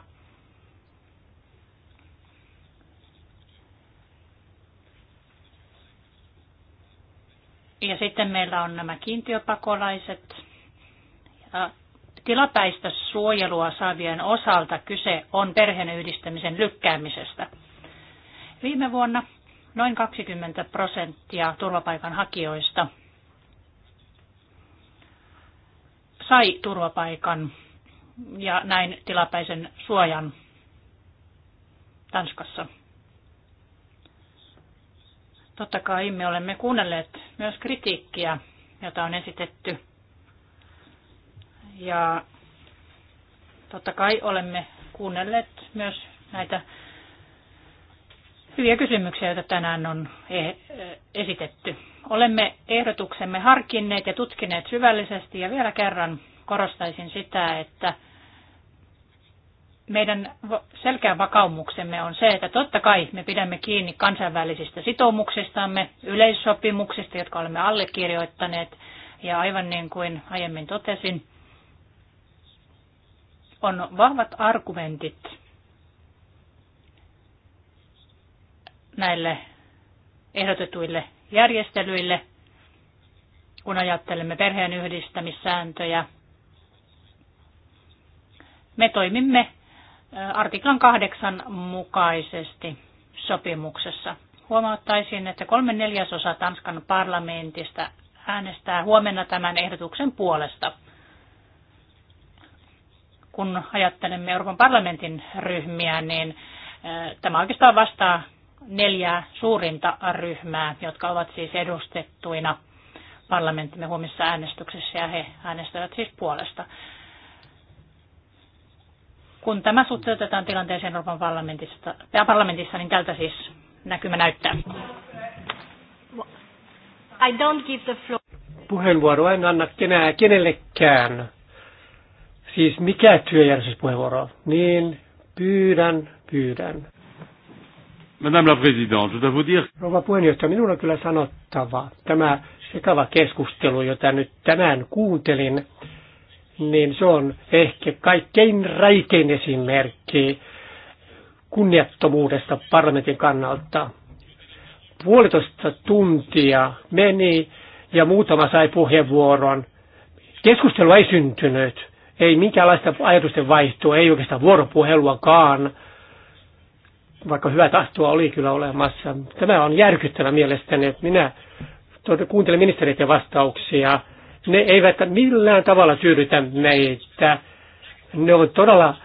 Ja sitten meillä on nämä kiintiöpakolaiset. Ja tilapäistä suojelua saavien osalta kyse on perheenyhdistämisen lykkäämisestä. Viime vuonna noin 20 prosenttia turvapaikanhakijoista sai turvapaikan ja näin tilapäisen suojan Tanskassa. Totta kai me olemme kuunnelleet myös kritiikkiä, jota on esitetty. Ja totta kai olemme kuunnelleet myös näitä hyviä kysymyksiä, joita tänään on e- esitetty. Olemme ehdotuksemme harkinneet ja tutkineet syvällisesti ja vielä kerran korostaisin sitä, että meidän selkeä vakaumuksemme on se, että totta kai me pidämme kiinni kansainvälisistä sitoumuksistamme, yleissopimuksista, jotka olemme allekirjoittaneet. Ja aivan niin kuin aiemmin totesin, on vahvat argumentit näille ehdotetuille järjestelyille, kun ajattelemme perheen yhdistämissääntöjä. Me toimimme artiklan kahdeksan mukaisesti sopimuksessa. Huomauttaisin, että kolme neljäsosa Tanskan parlamentista äänestää huomenna tämän ehdotuksen puolesta. Kun ajattelemme Euroopan parlamentin ryhmiä, niin tämä oikeastaan vastaa neljää suurinta ryhmää, jotka ovat siis edustettuina parlamenttimme huomissa äänestyksessä ja he äänestävät siis puolesta. Kun tämä suhteutetaan tilanteeseen Euroopan parlamentissa, parlamentissa niin tältä siis näkymä näyttää. I don't give the floor. Puheenvuoro en anna kenää kenellekään. Siis mikä työjärjestyspuheenvuoro? Niin pyydän, pyydän. Madame la Présidente, je dois vous dire... Rouva puheenjohtaja, minulla on kyllä sanottava. Tämä sekava keskustelu, jota nyt tänään kuuntelin, niin se on ehkä kaikkein räikein esimerkki kunniattomuudesta parlamentin kannalta. Puolitoista tuntia meni ja muutama sai puheenvuoron. Keskustelua ei syntynyt, ei minkäänlaista ajatusten vaihtoa, ei oikeastaan vuoropuheluakaan vaikka hyvää tahtoa oli kyllä olemassa. Tämä on järkyttävä mielestäni, että minä tuota, kuuntelen ministeriöiden vastauksia. Ne eivät millään tavalla tyydytä meitä. Ne ovat todella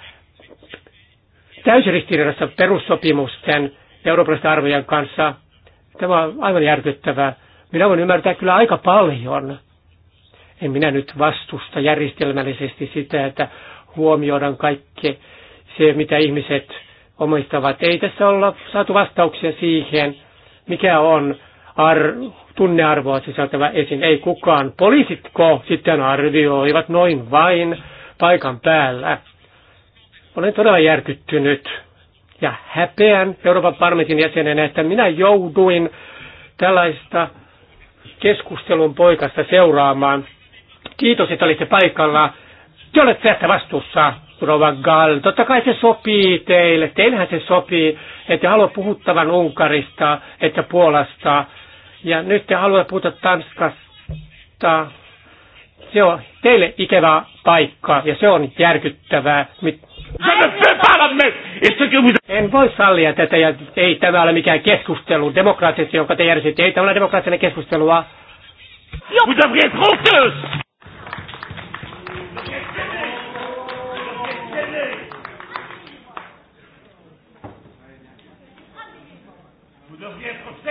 täysin ristiriidassa perussopimusten ja eurooppalaisten arvojen kanssa. Tämä on aivan järkyttävää. Minä voin ymmärtää kyllä aika paljon. En minä nyt vastusta järjestelmällisesti sitä, että huomioidaan kaikki se, mitä ihmiset omistavat. Ei tässä olla saatu vastauksia siihen, mikä on ar- tunnearvoa sisältävä esiin. Ei kukaan. Poliisitko sitten arvioivat noin vain paikan päällä. Olen todella järkyttynyt ja häpeän Euroopan parlamentin jäsenenä, että minä jouduin tällaista keskustelun poikasta seuraamaan. Kiitos, että olitte paikalla. Te olette tästä vastuussa. Rova Gall, totta kai se sopii teille, teillähän se sopii, että halua puhuttavan Unkarista, että Puolasta. Ja nyt te haluatte puhuta Tanskasta. Se on teille ikävä paikka ja se on järkyttävää. Mit... En voi sallia tätä ja ei tämä ole mikään keskustelu demokraattisesti, jonka te järjestitte. Ei tämä ole demokraattinen keskustelua. Jop. I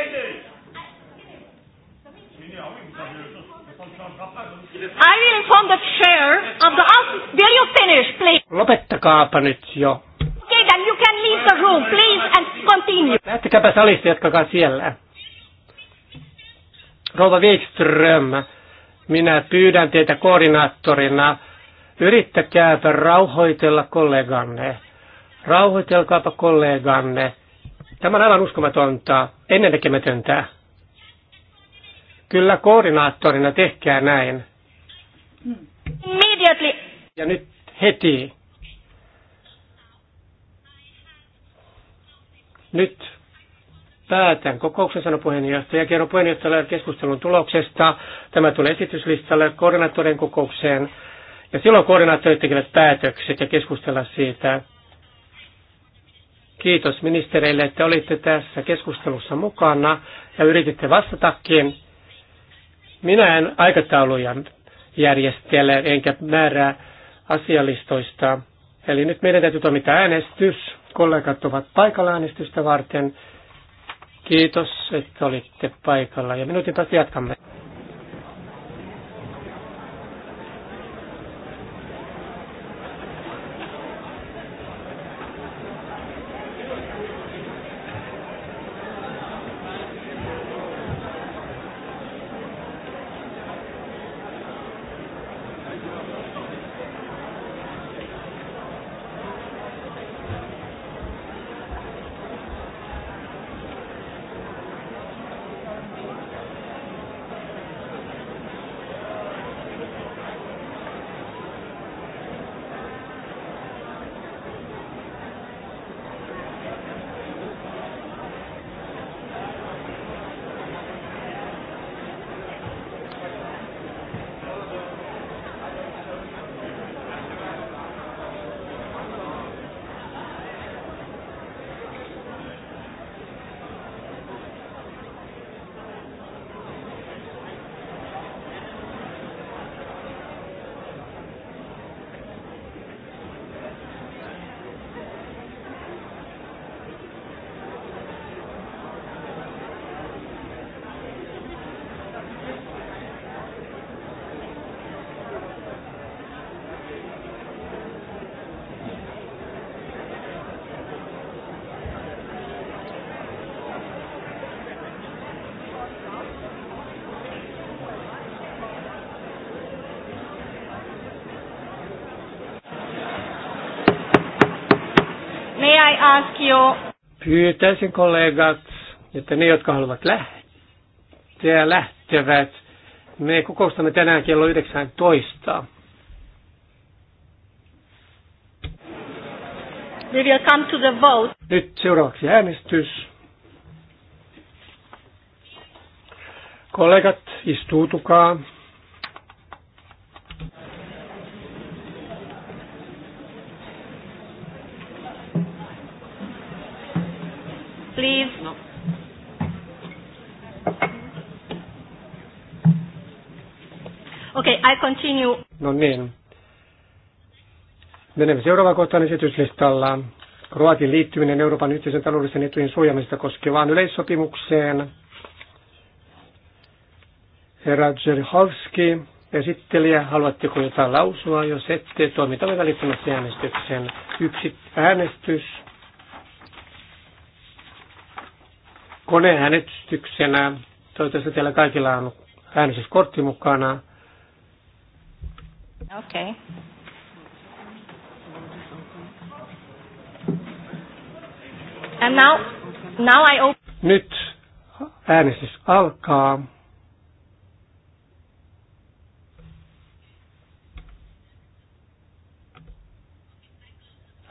will inform the chair of the office. Will you finish, please? Lopettakaapa nyt jo. Okay, then you can leave the room, please, and continue. Lähtekääpä salista, jatkakaa siellä. Rouva Wikström, minä pyydän teitä koordinaattorina, yrittäkääpä rauhoitella kolleganne. Rauhoitelkaapa kolleganne. Tämä on aivan uskomatonta, ennennäkemätöntä. Kyllä koordinaattorina tehkää näin. Immediately. Ja nyt heti. Nyt päätän kokouksen puheenjohtaja. Kerron puheenjohtajalle keskustelun tuloksesta. Tämä tulee esityslistalle koordinaattorin kokoukseen. Ja silloin koordinaattorit tekevät päätökset ja keskustella siitä. Kiitos ministereille, että olitte tässä keskustelussa mukana ja yrititte vastatakin. Minä en aikatauluja järjestele enkä määrää asialistoista. Eli nyt meidän täytyy toimita äänestys. Kollegat ovat paikalla äänestystä varten. Kiitos, että olitte paikalla ja minuutin päästä jatkamme. Pyytäisin kollegat, että ne, jotka haluavat lähteä, lähtevät. Me kokoustamme tänään kello 19. We will come to the vote. Nyt seuraavaksi äänestys. Kollegat, istuutukaa. niin. Menemme seuraavaan kohtaan esityslistalla. Kroatin liittyminen Euroopan yhteisen taloudellisen etujen suojamista koskevaan yleissopimukseen. Herra Zerhovski, esittelijä, haluatteko jotain lausua? Jos ette, toimitamme välittömästi äänestyksen. Yksi äänestys. Koneäänestyksenä. Toivottavasti teillä kaikilla on äänestyskortti mukana. Okay. And now, now I open. Nyt äänestys alkaa.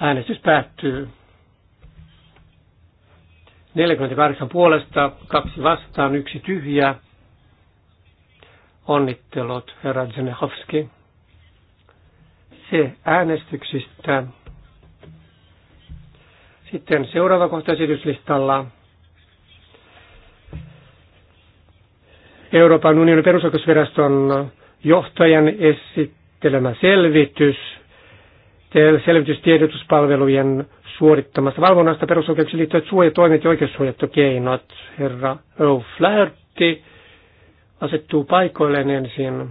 Äänestys päättyy. 48 puolesta, kaksi vastaan, yksi tyhjä. Onnittelut, herra Zenehovski itse äänestyksistä. Sitten seuraava kohta esityslistalla. Euroopan unionin perusoikeusviraston johtajan esittelemä selvitys selvitystiedotuspalvelujen suorittamasta valvonnasta perusoikeuksien liittyvät suojatoimet ja oikeussuojattokeinot. Herra O'Flaherty asettuu paikoilleen ensin.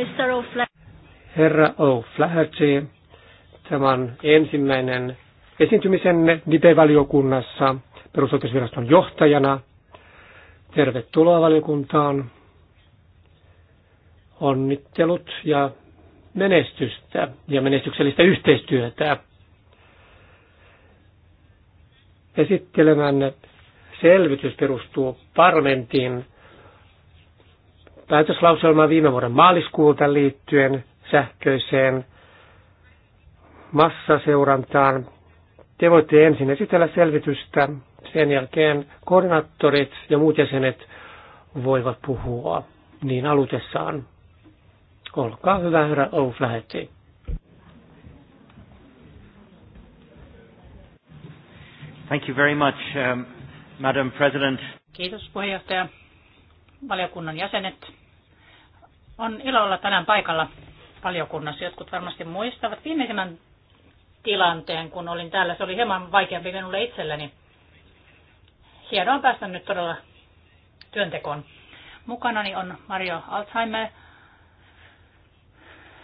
Mr. Herra O'Flaherty, tämä on ensimmäinen esiintymisenne nipe valiokunnassa perusoikeusviraston johtajana. Tervetuloa valiokuntaan. Onnittelut ja menestystä ja menestyksellistä yhteistyötä. Esittelemänne selvitys perustuu parlamentin päätöslauselmaa viime vuoden maaliskuulta liittyen sähköiseen massaseurantaan. Te voitte ensin esitellä selvitystä, sen jälkeen koordinaattorit ja muut jäsenet voivat puhua niin alutessaan. Olkaa hyvä, herra Ouf lähetti. Thank you very much, um, Madam President. Kiitos puheenjohtaja, valiokunnan jäsenet, on ilo olla tänään paikalla valiokunnassa. Jotkut varmasti muistavat viimeisimmän tilanteen, kun olin täällä. Se oli hieman vaikeampi minulle itselleni. Hienoa päästä nyt todella työntekoon. Mukanani on Mario Alzheimer.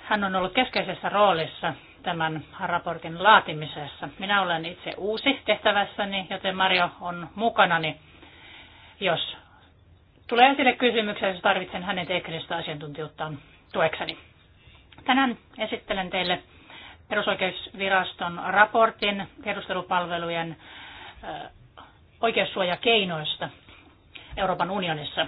Hän on ollut keskeisessä roolissa tämän raportin laatimisessa. Minä olen itse uusi tehtävässäni, joten Mario on mukanani, jos tulee esille kysymyksiä, jos tarvitsen hänen teknistä asiantuntijuuttaan tuekseni. Tänään esittelen teille perusoikeusviraston raportin tiedustelupalvelujen oikeussuojakeinoista Euroopan unionissa.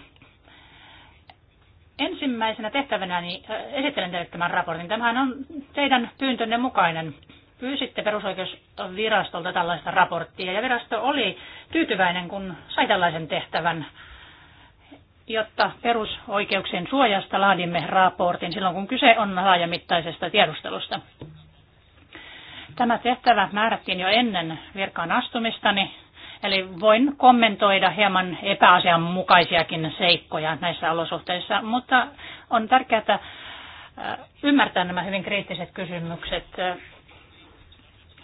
Ensimmäisenä tehtävänä niin esittelen teille tämän raportin. Tämähän on teidän pyyntönne mukainen. Pyysitte perusoikeusvirastolta tällaista raporttia ja virasto oli tyytyväinen, kun sai tällaisen tehtävän jotta perusoikeuksien suojasta laadimme raportin silloin, kun kyse on laajamittaisesta tiedustelusta. Tämä tehtävä määrättiin jo ennen virkaan astumistani, eli voin kommentoida hieman epäasianmukaisiakin seikkoja näissä olosuhteissa, mutta on tärkeää äh, ymmärtää nämä hyvin kriittiset kysymykset. Äh,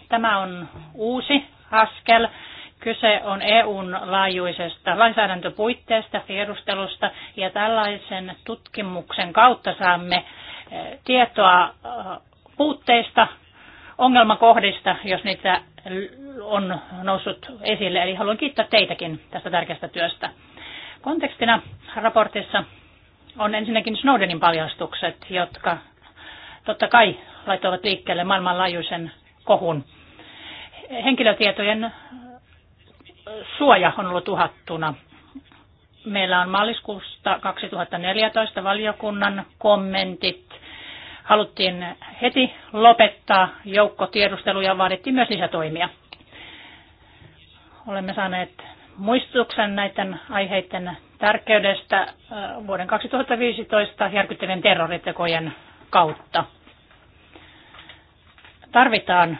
tämä on uusi askel Kyse on EUn laajuisesta lainsäädäntöpuitteesta, tiedustelusta ja tällaisen tutkimuksen kautta saamme eh, tietoa eh, puutteista, ongelmakohdista, jos niitä on noussut esille. Eli haluan kiittää teitäkin tästä tärkeästä työstä. Kontekstina raportissa on ensinnäkin Snowdenin paljastukset, jotka totta kai laittoivat liikkeelle maailmanlaajuisen kohun. Henkilötietojen suoja on ollut uhattuna. Meillä on maaliskuusta 2014 valiokunnan kommentit. Haluttiin heti lopettaa joukkotiedustelu ja vaadittiin myös lisätoimia. Olemme saaneet muistutuksen näiden aiheiden tärkeydestä vuoden 2015 järkyttävien terroritekojen kautta. Tarvitaan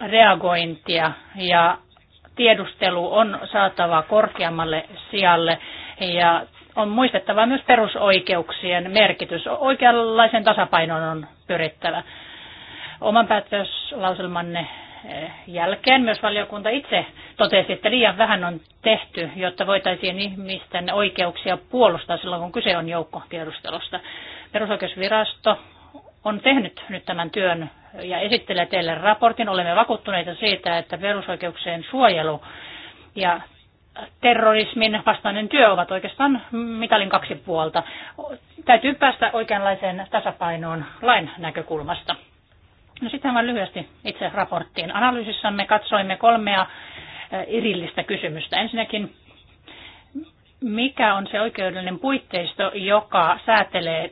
reagointia ja tiedustelu on saatava korkeammalle sijalle ja on muistettava myös perusoikeuksien merkitys. Oikeanlaisen tasapainon on pyrittävä. Oman päätöslauselmanne eh, jälkeen myös valiokunta itse totesi, että liian vähän on tehty, jotta voitaisiin ihmisten oikeuksia puolustaa silloin, kun kyse on joukkotiedustelusta. Perusoikeusvirasto on tehnyt nyt tämän työn ja esittelee teille raportin. Olemme vakuuttuneita siitä, että perusoikeuksien suojelu ja terrorismin vastainen työ ovat oikeastaan mitalin kaksi puolta. Täytyy päästä oikeanlaiseen tasapainoon lain näkökulmasta. No sitten vain lyhyesti itse raporttiin. Analyysissamme katsoimme kolmea erillistä kysymystä. Ensinnäkin mikä on se oikeudellinen puitteisto, joka säätelee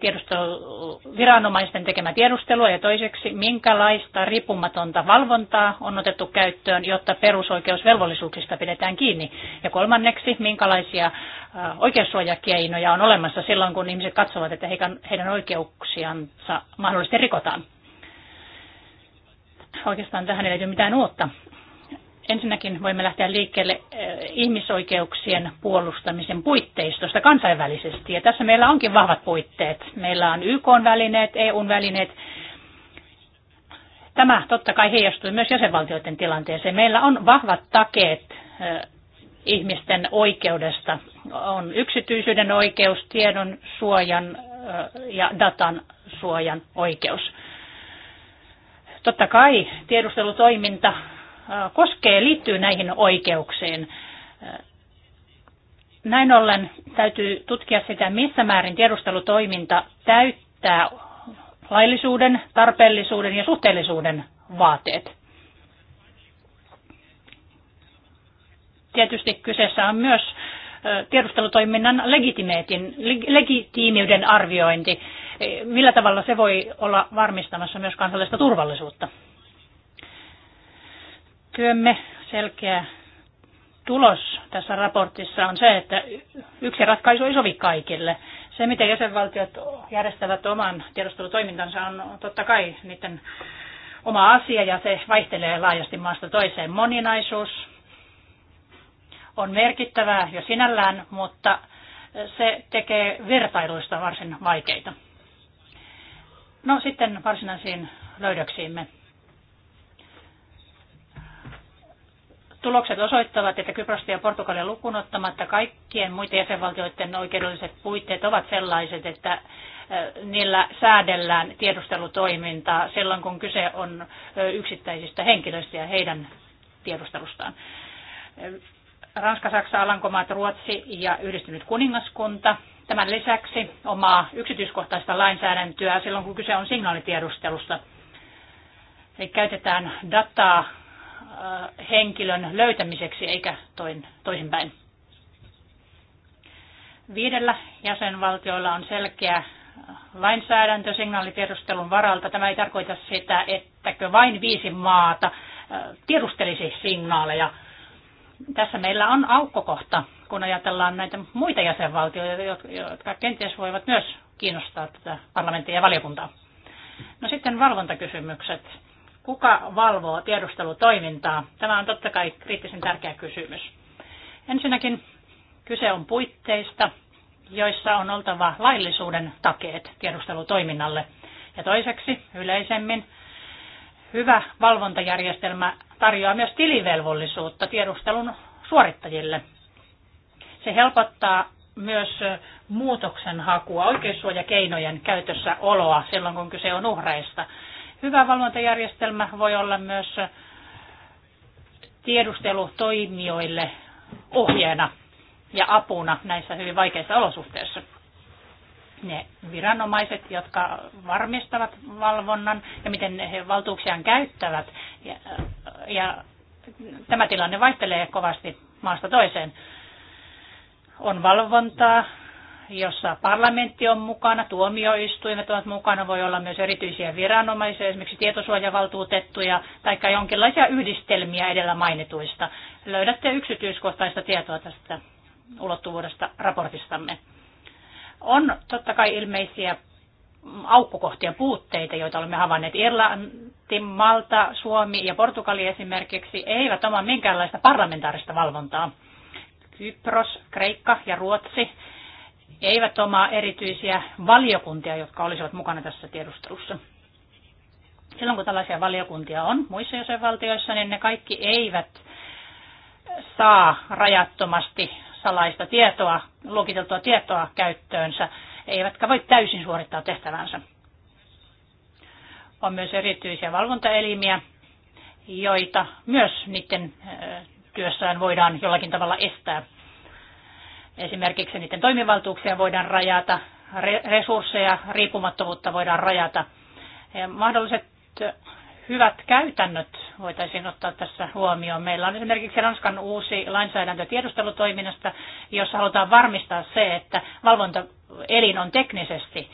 viranomaisten tekemää tiedustelua ja toiseksi, minkälaista riippumatonta valvontaa on otettu käyttöön, jotta perusoikeusvelvollisuuksista pidetään kiinni. Ja kolmanneksi, minkälaisia äh, oikeussuojakeinoja on olemassa silloin, kun ihmiset katsovat, että heidän oikeuksiansa mahdollisesti rikotaan. Oikeastaan tähän ei löydy mitään uutta. Ensinnäkin voimme lähteä liikkeelle eh, ihmisoikeuksien puolustamisen puitteistosta kansainvälisesti. Ja tässä meillä onkin vahvat puitteet. Meillä on YK-välineet, EU-välineet. Tämä totta kai heijastui myös jäsenvaltioiden tilanteeseen. Meillä on vahvat takeet eh, ihmisten oikeudesta. On yksityisyyden oikeus, tiedon suojan eh, ja datan suojan oikeus. Totta kai tiedustelutoiminta koskee, liittyy näihin oikeuksiin. Näin ollen täytyy tutkia sitä, missä määrin tiedustelutoiminta täyttää laillisuuden, tarpeellisuuden ja suhteellisuuden vaateet. Tietysti kyseessä on myös tiedustelutoiminnan legitiimiyden arviointi. Millä tavalla se voi olla varmistamassa myös kansallista turvallisuutta? Työmme selkeä tulos tässä raportissa on se, että yksi ratkaisu ei sovi kaikille. Se, miten jäsenvaltiot järjestävät oman tiedustelutoimintansa, on totta kai niiden oma asia ja se vaihtelee laajasti maasta toiseen. Moninaisuus on merkittävää jo sinällään, mutta se tekee vertailuista varsin vaikeita. No sitten varsinaisiin löydöksiimme. Tulokset osoittavat, että Kyprosta ja Portugalia lukuun ottamatta kaikkien muiden jäsenvaltioiden oikeudelliset puitteet ovat sellaiset, että niillä säädellään tiedustelutoimintaa silloin, kun kyse on yksittäisistä henkilöistä ja heidän tiedustelustaan. Ranska, Saksa, Alankomaat, Ruotsi ja yhdistynyt kuningaskunta. Tämän lisäksi omaa yksityiskohtaista lainsäädäntöä silloin, kun kyse on signaalitiedustelusta. Eli käytetään dataa Äh, henkilön löytämiseksi eikä toisinpäin. Viidellä jäsenvaltiolla on selkeä lainsäädäntö signaalitiedustelun varalta. Tämä ei tarkoita sitä, ettäkö vain viisi maata äh, tiedustelisi signaaleja. Tässä meillä on aukkokohta, kun ajatellaan näitä muita jäsenvaltioita, jotka kenties voivat myös kiinnostaa tätä parlamenttia ja valiokuntaa. No sitten valvontakysymykset Kuka valvoo tiedustelutoimintaa? Tämä on totta kai kriittisen tärkeä kysymys. Ensinnäkin kyse on puitteista, joissa on oltava laillisuuden takeet tiedustelutoiminnalle. Ja toiseksi yleisemmin hyvä valvontajärjestelmä tarjoaa myös tilivelvollisuutta tiedustelun suorittajille. Se helpottaa myös muutoksen hakua oikeussuojakeinojen käytössä oloa silloin, kun kyse on uhreista. Hyvä valvontajärjestelmä voi olla myös tiedustelutoimijoille ohjeena ja apuna näissä hyvin vaikeissa olosuhteissa. Ne viranomaiset, jotka varmistavat valvonnan ja miten he valtuuksiaan käyttävät. Ja, ja tämä tilanne vaihtelee kovasti maasta toiseen. On valvontaa, jossa parlamentti on mukana, tuomioistuimet ovat mukana, voi olla myös erityisiä viranomaisia, esimerkiksi tietosuojavaltuutettuja tai jonkinlaisia yhdistelmiä edellä mainituista. Löydätte yksityiskohtaista tietoa tästä ulottuvuudesta raportistamme. On totta kai ilmeisiä aukkokohtia puutteita, joita olemme havainneet. Irlanti, Malta, Suomi ja Portugali esimerkiksi eivät oma minkäänlaista parlamentaarista valvontaa. Kypros, Kreikka ja Ruotsi eivät omaa erityisiä valiokuntia, jotka olisivat mukana tässä tiedustelussa. Silloin kun tällaisia valiokuntia on muissa jäsenvaltioissa, niin ne kaikki eivät saa rajattomasti salaista tietoa, luokiteltua tietoa käyttöönsä, eivätkä voi täysin suorittaa tehtävänsä. On myös erityisiä valvontaelimiä, joita myös niiden työssään voidaan jollakin tavalla estää. Esimerkiksi niiden toimivaltuuksia voidaan rajata, resursseja, riippumattomuutta voidaan rajata. Ja mahdolliset hyvät käytännöt voitaisiin ottaa tässä huomioon. Meillä on esimerkiksi Ranskan uusi lainsäädäntö tiedustelutoiminnasta, jossa halutaan varmistaa se, että valvontaelin on teknisesti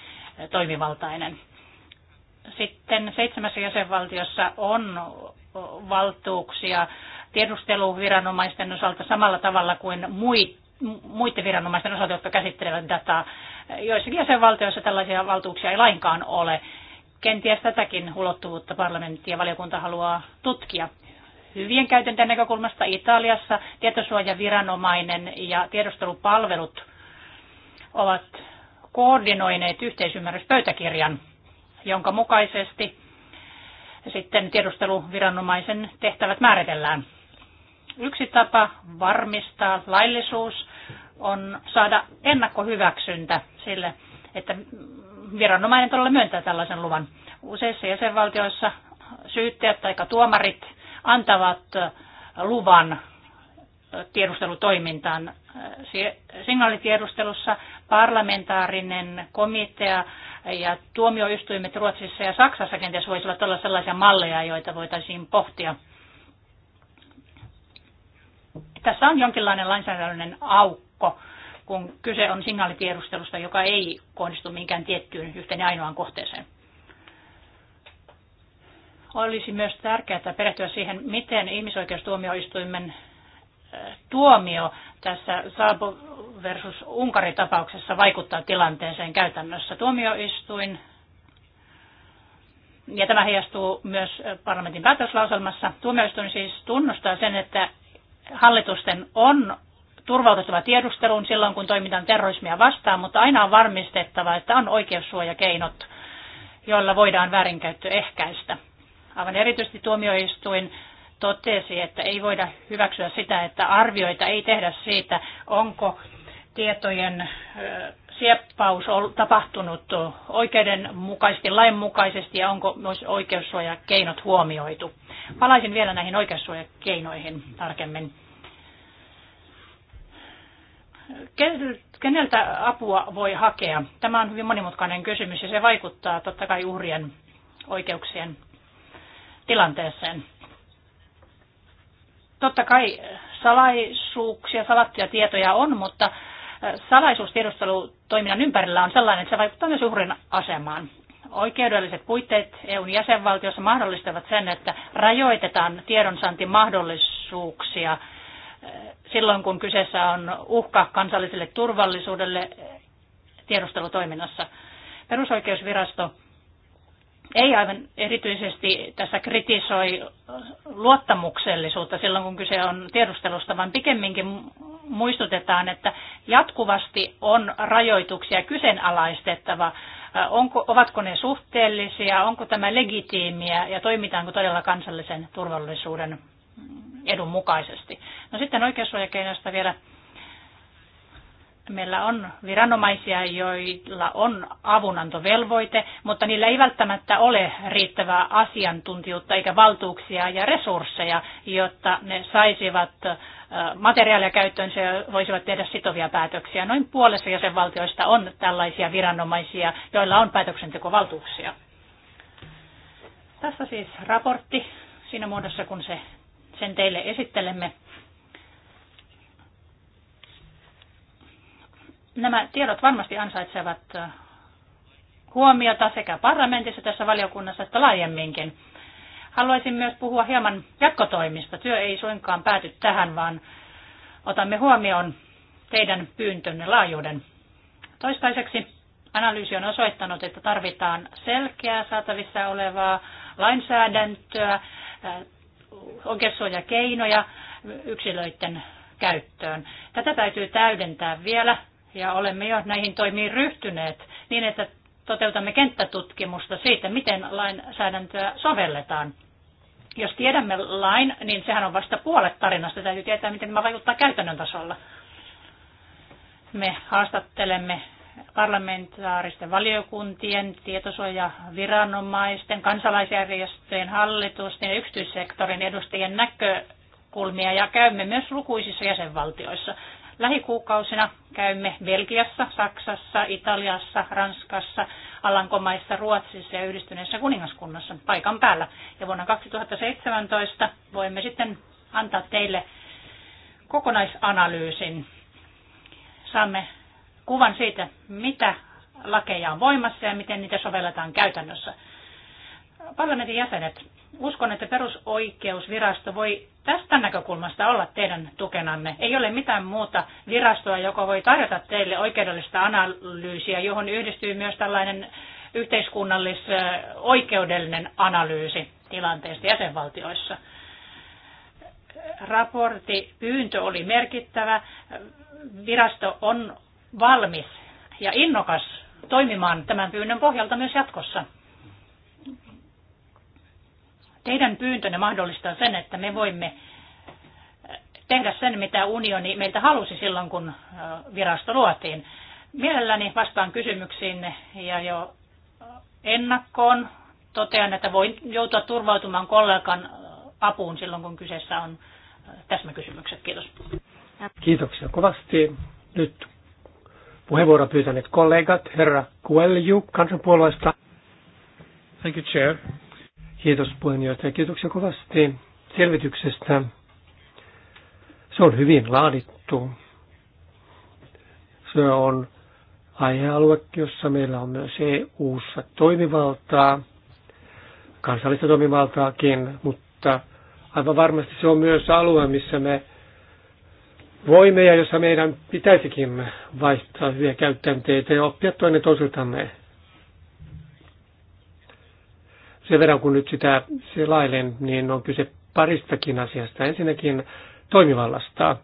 toimivaltainen. Sitten seitsemässä jäsenvaltiossa on valtuuksia tiedusteluviranomaisten osalta samalla tavalla kuin muita muiden viranomaisten osalta, jotka käsittelevät dataa. Joissakin jäsenvaltioissa tällaisia valtuuksia ei lainkaan ole. Kenties tätäkin ulottuvuutta parlamentti ja valiokunta haluaa tutkia. Hyvien käytäntöjen näkökulmasta Italiassa tietosuojaviranomainen ja tiedustelupalvelut ovat koordinoineet yhteisymmärryspöytäkirjan, jonka mukaisesti sitten tiedusteluviranomaisen tehtävät määritellään. Yksi tapa varmistaa laillisuus on saada ennakkohyväksyntä sille, että viranomainen todella myöntää tällaisen luvan. Useissa jäsenvaltioissa syyttäjät tai tuomarit antavat luvan tiedustelutoimintaan. Signaalitiedustelussa parlamentaarinen komitea ja tuomioistuimet Ruotsissa ja Saksassa kenties voisivat olla sellaisia malleja, joita voitaisiin pohtia tässä on jonkinlainen lainsäädännöllinen aukko, kun kyse on signaalitiedustelusta, joka ei kohdistu minkään tiettyyn yhteen ainoaan kohteeseen. Olisi myös tärkeää perehtyä siihen, miten ihmisoikeustuomioistuimen tuomio tässä Saabo versus Unkarin tapauksessa vaikuttaa tilanteeseen käytännössä. Tuomioistuin ja tämä heijastuu myös parlamentin päätöslauselmassa. Tuomioistuin siis tunnustaa sen, että Hallitusten on turvautettava tiedusteluun silloin, kun toimitaan terrorismia vastaan, mutta aina on varmistettava, että on oikeussuojakeinot, joilla voidaan väärinkäyttö ehkäistä. Aivan erityisesti tuomioistuin totesi, että ei voida hyväksyä sitä, että arvioita ei tehdä siitä, onko tietojen sieppaus on tapahtunut oikeudenmukaisesti, lainmukaisesti ja onko myös oikeussuojakeinot huomioitu? Palaisin vielä näihin oikeussuojakeinoihin tarkemmin. Keneltä apua voi hakea? Tämä on hyvin monimutkainen kysymys ja se vaikuttaa totta kai uhrien oikeuksien tilanteeseen. Totta kai salaisuuksia, salattuja tietoja on, mutta salaisuustiedustelutoiminnan ympärillä on sellainen, että se vaikuttaa myös uhrin asemaan. Oikeudelliset puitteet EUn jäsenvaltiossa mahdollistavat sen, että rajoitetaan tiedonsaantimahdollisuuksia eh, silloin, kun kyseessä on uhka kansalliselle turvallisuudelle eh, tiedustelutoiminnassa. Perusoikeusvirasto ei aivan erityisesti tässä kritisoi luottamuksellisuutta silloin, kun kyse on tiedustelusta, vaan pikemminkin muistutetaan, että jatkuvasti on rajoituksia kyseenalaistettava. Onko, ovatko ne suhteellisia, onko tämä legitiimiä ja toimitaanko todella kansallisen turvallisuuden edun mukaisesti. No sitten oikeussuojakeinoista vielä Meillä on viranomaisia, joilla on avunantovelvoite, mutta niillä ei välttämättä ole riittävää asiantuntijuutta eikä valtuuksia ja resursseja, jotta ne saisivat materiaalia käyttöön ja voisivat tehdä sitovia päätöksiä. Noin puolessa jäsenvaltioista on tällaisia viranomaisia, joilla on päätöksentekovaltuuksia. Tässä siis raportti siinä muodossa, kun se, sen teille esittelemme. Nämä tiedot varmasti ansaitsevat huomiota sekä parlamentissa tässä valiokunnassa että laajemminkin. Haluaisin myös puhua hieman jatkotoimista. Työ ei suinkaan pääty tähän, vaan otamme huomioon teidän pyyntönne laajuuden. Toistaiseksi analyysi on osoittanut, että tarvitaan selkeää saatavissa olevaa lainsäädäntöä, oikeussuojakeinoja yksilöiden käyttöön. Tätä täytyy täydentää vielä ja olemme jo näihin toimiin ryhtyneet niin, että toteutamme kenttätutkimusta siitä, miten lainsäädäntöä sovelletaan. Jos tiedämme lain, niin sehän on vasta puolet tarinasta. Täytyy tietää, miten tämä vaikuttaa käytännön tasolla. Me haastattelemme parlamentaaristen valiokuntien, tietosuojaviranomaisten, kansalaisjärjestöjen, hallitusten ja yksityissektorin edustajien näkökulmia ja käymme myös lukuisissa jäsenvaltioissa. Lähikuukausina käymme Belgiassa, Saksassa, Italiassa, Ranskassa, Alankomaissa, Ruotsissa ja Yhdistyneessä kuningaskunnassa paikan päällä. Ja vuonna 2017 voimme sitten antaa teille kokonaisanalyysin. Saamme kuvan siitä, mitä lakeja on voimassa ja miten niitä sovelletaan käytännössä. Parlamentin jäsenet uskon, että perusoikeusvirasto voi tästä näkökulmasta olla teidän tukenanne. Ei ole mitään muuta virastoa, joka voi tarjota teille oikeudellista analyysiä, johon yhdistyy myös tällainen yhteiskunnallis-oikeudellinen analyysi tilanteesta jäsenvaltioissa. Raportti, pyyntö oli merkittävä. Virasto on valmis ja innokas toimimaan tämän pyynnön pohjalta myös jatkossa. Teidän pyyntönne mahdollistaa sen, että me voimme äh, tehdä sen, mitä unioni meiltä halusi silloin, kun äh, virasto luotiin. Mielelläni vastaan kysymyksiin ja jo äh, ennakkoon totean, että voin joutua turvautumaan kollegan apuun silloin, kun kyseessä on täsmäkysymykset. Kiitos. Kiitoksia kovasti. Nyt puheenvuoron pyytäneet kollegat, herra Kuelju kansanpuolueesta. Thank you, Chair. Kiitos puheenjohtaja. Kiitoksia kovasti selvityksestä. Se on hyvin laadittu. Se on aihealue, jossa meillä on myös EU-ssa toimivaltaa, kansallista toimivaltaakin, mutta aivan varmasti se on myös alue, missä me voimme ja jossa meidän pitäisikin vaihtaa hyviä käytänteitä ja oppia toinen toisiltamme sen verran kun nyt sitä selailen, niin on kyse paristakin asiasta. Ensinnäkin toimivallasta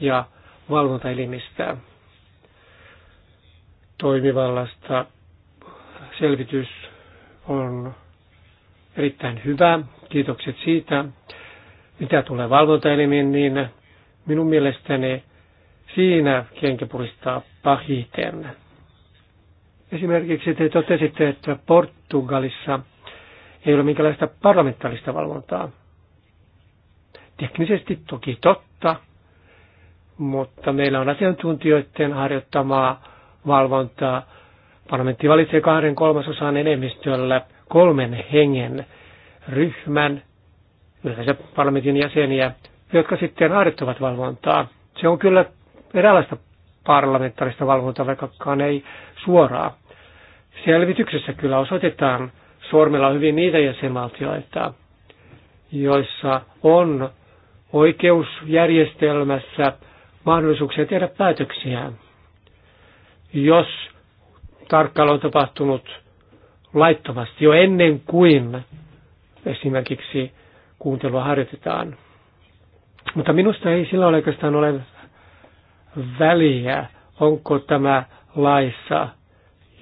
ja valvontaelimistä. Toimivallasta selvitys on erittäin hyvä. Kiitokset siitä. Mitä tulee valvontaelimiin, niin minun mielestäni siinä kenkä puristaa pahiten. Esimerkiksi te totesitte, että Portugalissa ei ole minkäänlaista parlamentaarista valvontaa. Teknisesti toki totta, mutta meillä on asiantuntijoiden harjoittamaa valvontaa. Parlamentti valitsee kahden kolmasosan enemmistöllä kolmen hengen ryhmän, yleensä parlamentin jäseniä, jotka sitten harjoittavat valvontaa. Se on kyllä eräänlaista parlamentaarista valvontaa, vaikkakaan ei suoraa. Selvityksessä kyllä osoitetaan, sormella hyvin niitä jäsenvaltioita, joissa on oikeusjärjestelmässä mahdollisuuksia tehdä päätöksiä. Jos tarkkailu on tapahtunut laittomasti jo ennen kuin esimerkiksi kuuntelua harjoitetaan. Mutta minusta ei sillä oikeastaan ole väliä, onko tämä laissa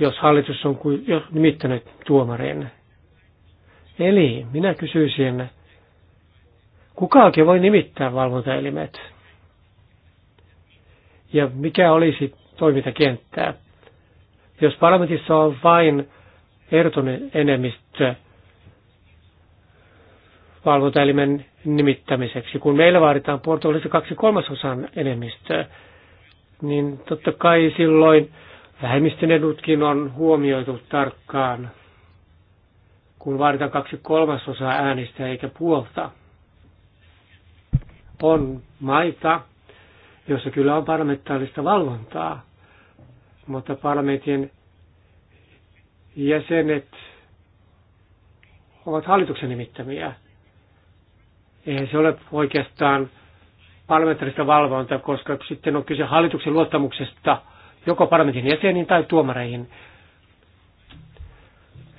jos hallitus on jo nimittänyt tuomarin. Eli minä kysyisin, kuka oikein voi nimittää valvontaelimet? Ja mikä olisi toimintakenttää? Jos parlamentissa on vain ehdotunut enemmistö valvontaelimen nimittämiseksi, kun meillä vaaditaan Portugalissa kaksi kolmasosan enemmistöä, niin totta kai silloin Vähemmistön edutkin on huomioitu tarkkaan, kun vaaditaan kaksi kolmasosaa äänistä eikä puolta. On maita, jossa kyllä on parlamentaarista valvontaa, mutta parlamentin jäsenet ovat hallituksen nimittämiä. Eihän se ole oikeastaan parlamentaarista valvontaa, koska sitten on kyse hallituksen luottamuksesta – joko parlamentin jäseniin tai tuomareihin.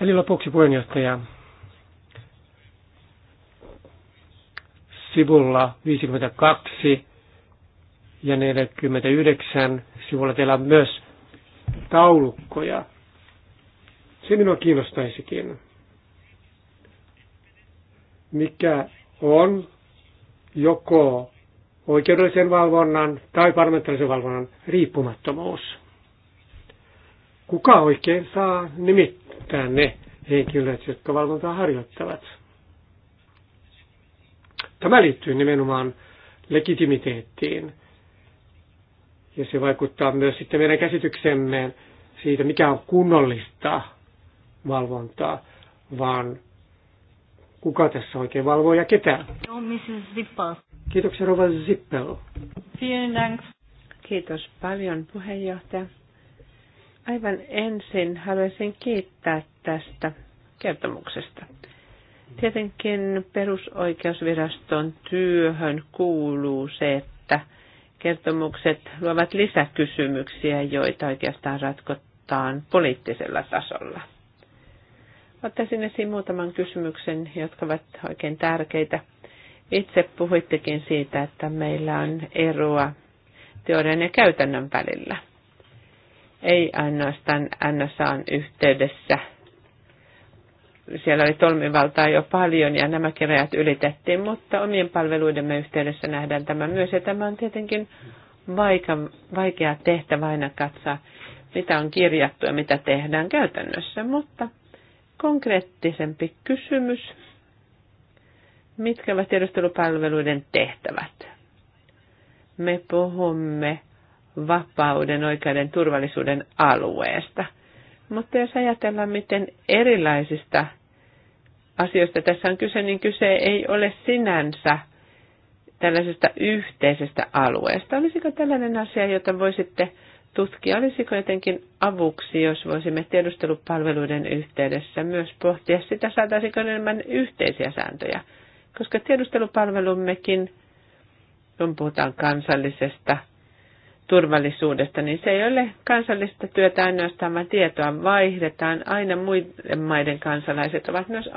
Eli lopuksi puheenjohtaja sivulla 52 ja 49 sivulla teillä on myös taulukkoja. Se minua kiinnostaisikin. Mikä on joko oikeudellisen valvonnan tai parlamentaarisen valvonnan riippumattomuus. Kuka oikein saa nimittää ne henkilöt, jotka valvontaa harjoittavat? Tämä liittyy nimenomaan legitimiteettiin. Ja se vaikuttaa myös sitten meidän käsityksemme siitä, mikä on kunnollista valvontaa, vaan kuka tässä oikein valvoo ja ketä. No, Mrs. Kiitoksia Rova Zippel. Vielen Dank. Kiitos paljon puheenjohtaja. Aivan ensin haluaisin kiittää tästä kertomuksesta. Tietenkin perusoikeusviraston työhön kuuluu se, että kertomukset luovat lisäkysymyksiä, joita oikeastaan ratkotaan poliittisella tasolla. Ottaisin esiin muutaman kysymyksen, jotka ovat oikein tärkeitä. Itse puhuittekin siitä, että meillä on eroa teorian ja käytännön välillä. Ei ainoastaan NSAn yhteydessä. Siellä oli toimivaltaa jo paljon ja nämä rajat ylitettiin, mutta omien palveluidemme yhteydessä nähdään tämä myös. Ja tämä on tietenkin vaikea, vaikea tehtävä aina katsoa, mitä on kirjattu ja mitä tehdään käytännössä, mutta konkreettisempi kysymys Mitkä ovat tiedustelupalveluiden tehtävät? Me puhumme vapauden, oikeuden, turvallisuuden alueesta. Mutta jos ajatellaan, miten erilaisista asioista tässä on kyse, niin kyse ei ole sinänsä tällaisesta yhteisestä alueesta. Olisiko tällainen asia, jota voisitte tutkia? Olisiko jotenkin avuksi, jos voisimme tiedustelupalveluiden yhteydessä myös pohtia sitä, saataisiko enemmän yhteisiä sääntöjä? koska tiedustelupalvelummekin, kun puhutaan kansallisesta turvallisuudesta, niin se ei ole kansallista työtä ainoastaan, vaan tietoa vaihdetaan. Aina muiden maiden kansalaiset ovat myös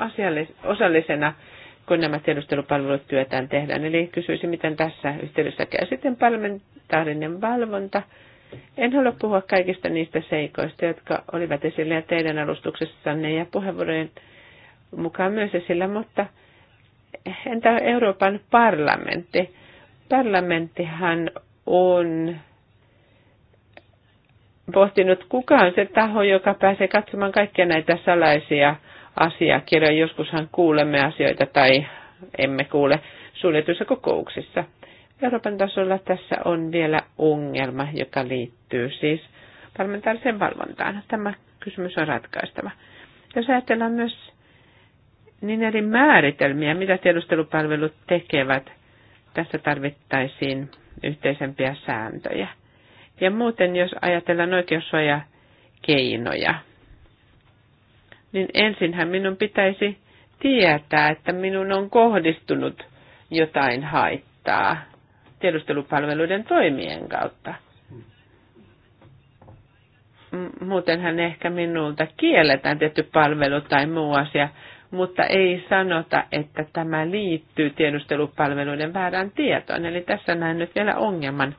osallisena, kun nämä tiedustelupalvelut työtään tehdään. Eli kysyisin, miten tässä yhteydessä käy sitten parlamentaarinen valvonta. En halua puhua kaikista niistä seikoista, jotka olivat esillä teidän alustuksessanne ja puheenvuorojen mukaan myös esillä, mutta – entä Euroopan parlamentti? Parlamenttihan on pohtinut, kuka on se taho, joka pääsee katsomaan kaikkia näitä salaisia asiakirjoja. Joskushan kuulemme asioita tai emme kuule suljetuissa kokouksissa. Euroopan tasolla tässä on vielä ongelma, joka liittyy siis parlamentaariseen valvontaan. Tämä kysymys on ratkaistava. Jos ajatellaan myös niin eri määritelmiä, mitä tiedustelupalvelut tekevät. Tässä tarvittaisiin yhteisempiä sääntöjä. Ja muuten, jos ajatellaan oikeussuojakeinoja, niin ensinhän minun pitäisi tietää, että minun on kohdistunut jotain haittaa tiedustelupalveluiden toimien kautta. Muutenhan ehkä minulta kielletään tietty palvelu tai muu asia, mutta ei sanota, että tämä liittyy tiedustelupalveluiden väärään tietoon. Eli tässä näen nyt vielä ongelman,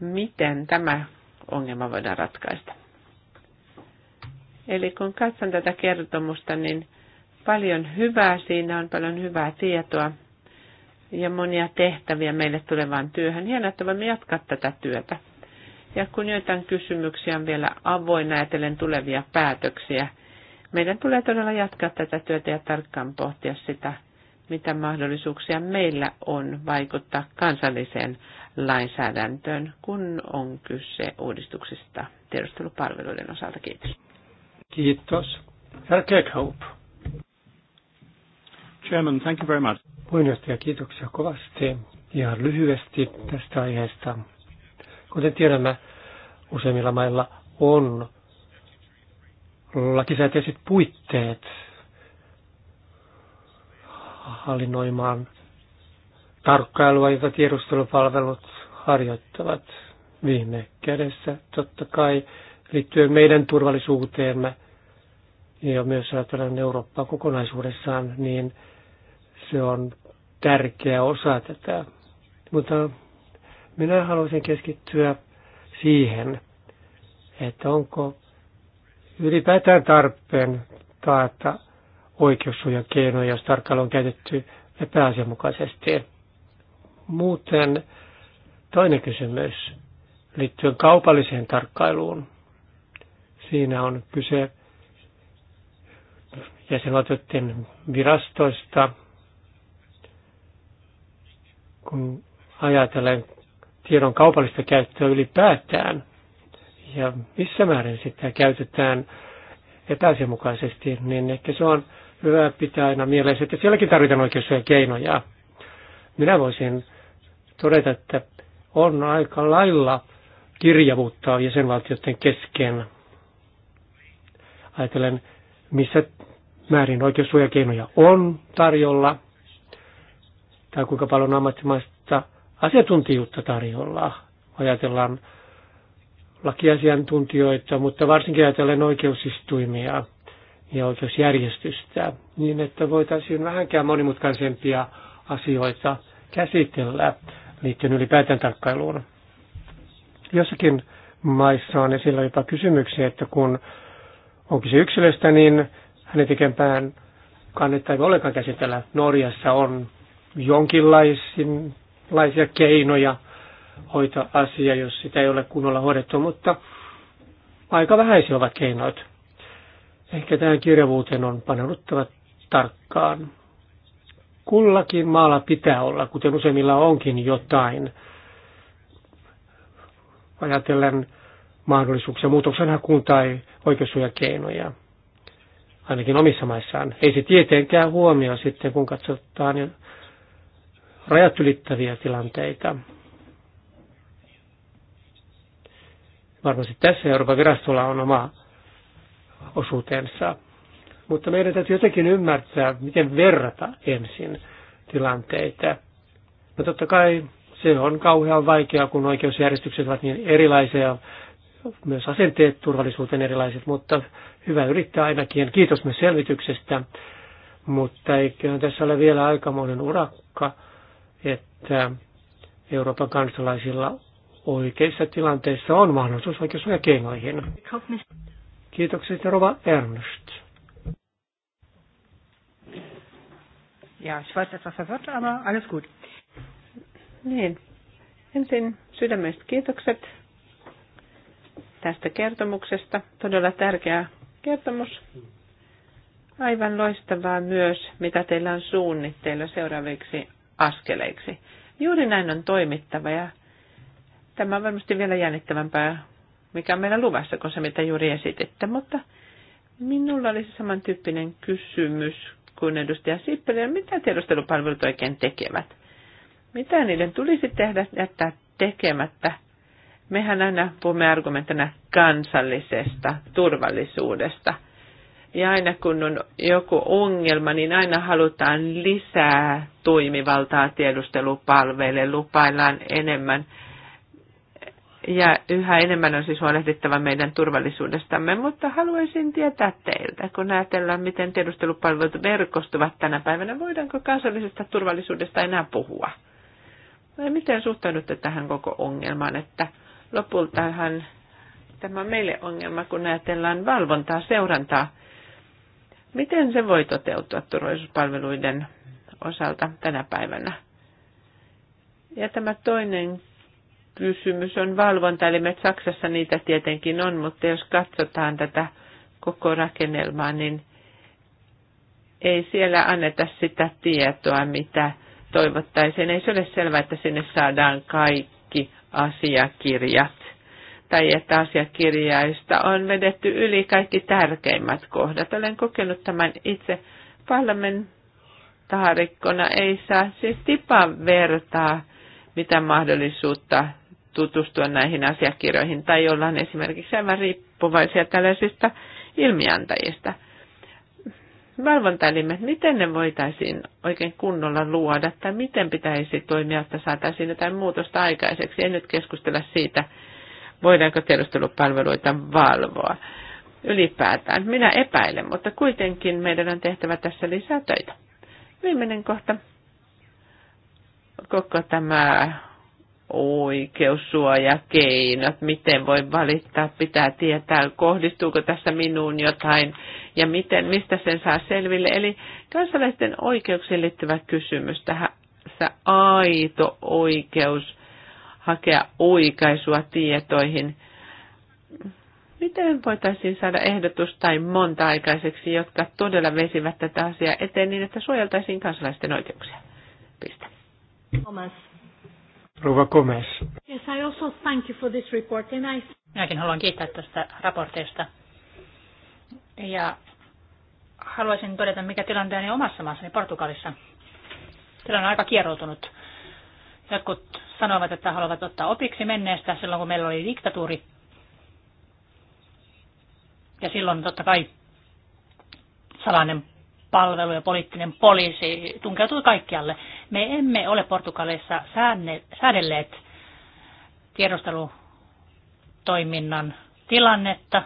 miten tämä ongelma voidaan ratkaista. Eli kun katson tätä kertomusta, niin paljon hyvää siinä on, paljon hyvää tietoa ja monia tehtäviä meille tulevaan työhön. Hienoa, että voimme jatkaa tätä työtä. Ja kun joitain kysymyksiä on vielä avoinna ajatellen tulevia päätöksiä – meidän tulee todella jatkaa tätä työtä ja tarkkaan pohtia sitä, mitä mahdollisuuksia meillä on vaikuttaa kansalliseen lainsäädäntöön, kun on kyse uudistuksista tiedustelupalveluiden osalta. Kiitos. Kiitos. Herr Kekhoop. Chairman, thank you very much. Puheenjohtaja, kiitoksia kovasti. ja lyhyesti tästä aiheesta. Kuten tiedämme, useimmilla mailla on lakisääteiset puitteet hallinnoimaan tarkkailua, jota tiedustelupalvelut harjoittavat viime kädessä. Totta kai liittyen meidän turvallisuuteemme ja myös ajatellaan Eurooppaa kokonaisuudessaan, niin se on tärkeä osa tätä. Mutta minä haluaisin keskittyä siihen, että onko ylipäätään tarpeen taata keinoja, jos tarkkailu on käytetty epäasianmukaisesti. Muuten toinen kysymys liittyen kaupalliseen tarkkailuun. Siinä on kyse jäsenvaltioiden virastoista, kun ajatellen tiedon kaupallista käyttöä ylipäätään – ja missä määrin sitä käytetään epäasianmukaisesti, niin ehkä se on hyvä pitää aina mielessä, että sielläkin tarvitaan oikeussuojan keinoja. Minä voisin todeta, että on aika lailla kirjavuutta jäsenvaltioiden kesken. Ajatellen, missä määrin oikeussuojakeinoja on tarjolla, tai kuinka paljon ammattimaista asiantuntijuutta tarjolla. Ajatellaan lakiasiantuntijoita, mutta varsinkin ajatellen oikeusistuimia ja oikeusjärjestystä, niin että voitaisiin vähänkään monimutkaisempia asioita käsitellä liittyen ylipäätään tarkkailuun. Jossakin maissa on esillä jopa kysymyksiä, että kun on se yksilöstä, niin hänen tekempään kannattaa ei ollenkaan käsitellä. Norjassa on jonkinlaisia keinoja hoita asia, jos sitä ei ole kunnolla hoidettu, mutta aika vähäisiä ovat keinoit. Ehkä tähän kirjavuuteen on paneuduttava tarkkaan. Kullakin maalla pitää olla, kuten useimmilla onkin jotain. Ajatellen mahdollisuuksia muutoksenhakuun tai oikeussuojakeinoja, ainakin omissa maissaan. Ei se tietenkään huomioi sitten, kun katsotaan rajat ylittäviä tilanteita. Varmasti tässä Euroopan virastolla on oma osuutensa. Mutta meidän täytyy jotenkin ymmärtää, miten verrata ensin tilanteita. No totta kai se on kauhean vaikeaa, kun oikeusjärjestykset ovat niin erilaisia, myös asenteet turvallisuuteen erilaiset, mutta hyvä yrittää ainakin. Kiitos myös selvityksestä, mutta eiköhän tässä ole vielä aikamoinen urakka, että Euroopan kansalaisilla oikeissa tilanteissa on mahdollisuus keinoihin. Kiitokset Rova Ernst. Ja, ich weiß etwas verwirrt, aber alles gut. Niin. Ensin sydämestä kiitokset tästä kertomuksesta. Todella tärkeä kertomus. Aivan loistavaa myös, mitä teillä on suunnitteilla seuraaviksi askeleiksi. Juuri näin on toimittava ja Tämä on varmasti vielä jännittävämpää, mikä on meillä luvassa, kuin se, mitä juuri esititte. Mutta minulla olisi samantyyppinen kysymys kuin edustaja Sippelä. Mitä tiedustelupalvelut oikein tekevät? Mitä niiden tulisi tehdä jättää tekemättä? Mehän aina puhumme argumenttina kansallisesta turvallisuudesta – ja aina kun on joku ongelma, niin aina halutaan lisää toimivaltaa tiedustelupalveille, lupaillaan enemmän ja yhä enemmän on siis huolehdittava meidän turvallisuudestamme, mutta haluaisin tietää teiltä, kun ajatellaan, miten tiedustelupalvelut verkostuvat tänä päivänä, voidaanko kansallisesta turvallisuudesta enää puhua? Vai miten suhtaudutte tähän koko ongelmaan, että lopultahan tämä on meille ongelma, kun ajatellaan valvontaa, seurantaa. Miten se voi toteutua turvallisuuspalveluiden osalta tänä päivänä? Ja tämä toinen kysymys on valvontaelimet. Saksassa niitä tietenkin on, mutta jos katsotaan tätä koko rakennelmaa, niin ei siellä anneta sitä tietoa, mitä toivottaisiin. Ei se ole selvää, että sinne saadaan kaikki asiakirjat tai että asiakirjaista on vedetty yli kaikki tärkeimmät kohdat. Olen kokenut tämän itse parlamentaarikkona. Ei saa siis tipa vertaa mitä mahdollisuutta tutustua näihin asiakirjoihin tai ollaan esimerkiksi aivan riippuvaisia tällaisista ilmiantajista. Valvontaelimet, miten ne voitaisiin oikein kunnolla luoda tai miten pitäisi toimia, että saataisiin jotain muutosta aikaiseksi. En nyt keskustella siitä, voidaanko tiedustelupalveluita valvoa ylipäätään. Minä epäilen, mutta kuitenkin meidän on tehtävä tässä lisää töitä. Viimeinen kohta. Koko tämä oikeussuojakeinot, miten voi valittaa, pitää tietää, kohdistuuko tässä minuun jotain ja miten, mistä sen saa selville. Eli kansalaisten oikeuksiin liittyvä kysymys, tähän aito oikeus hakea oikaisua tietoihin. Miten voitaisiin saada ehdotus tai monta aikaiseksi, jotka todella vesivät tätä asiaa eteen niin, että suojeltaisiin kansalaisten oikeuksia? Piste. Thomas. Rouva Gomez. Yes, I also thank you for this report and I... Minäkin haluan kiittää tästä raportista. Ja haluaisin todeta, mikä tilanteeni omassa maassani Portugalissa. Tilanne on aika kieroutunut. Jotkut sanovat, että haluavat ottaa opiksi menneestä silloin, kun meillä oli diktatuuri. Ja silloin totta kai salainen palvelu ja poliittinen poliisi tunkeutui kaikkialle. Me emme ole Portugalissa säädelleet tiedustelutoiminnan tilannetta.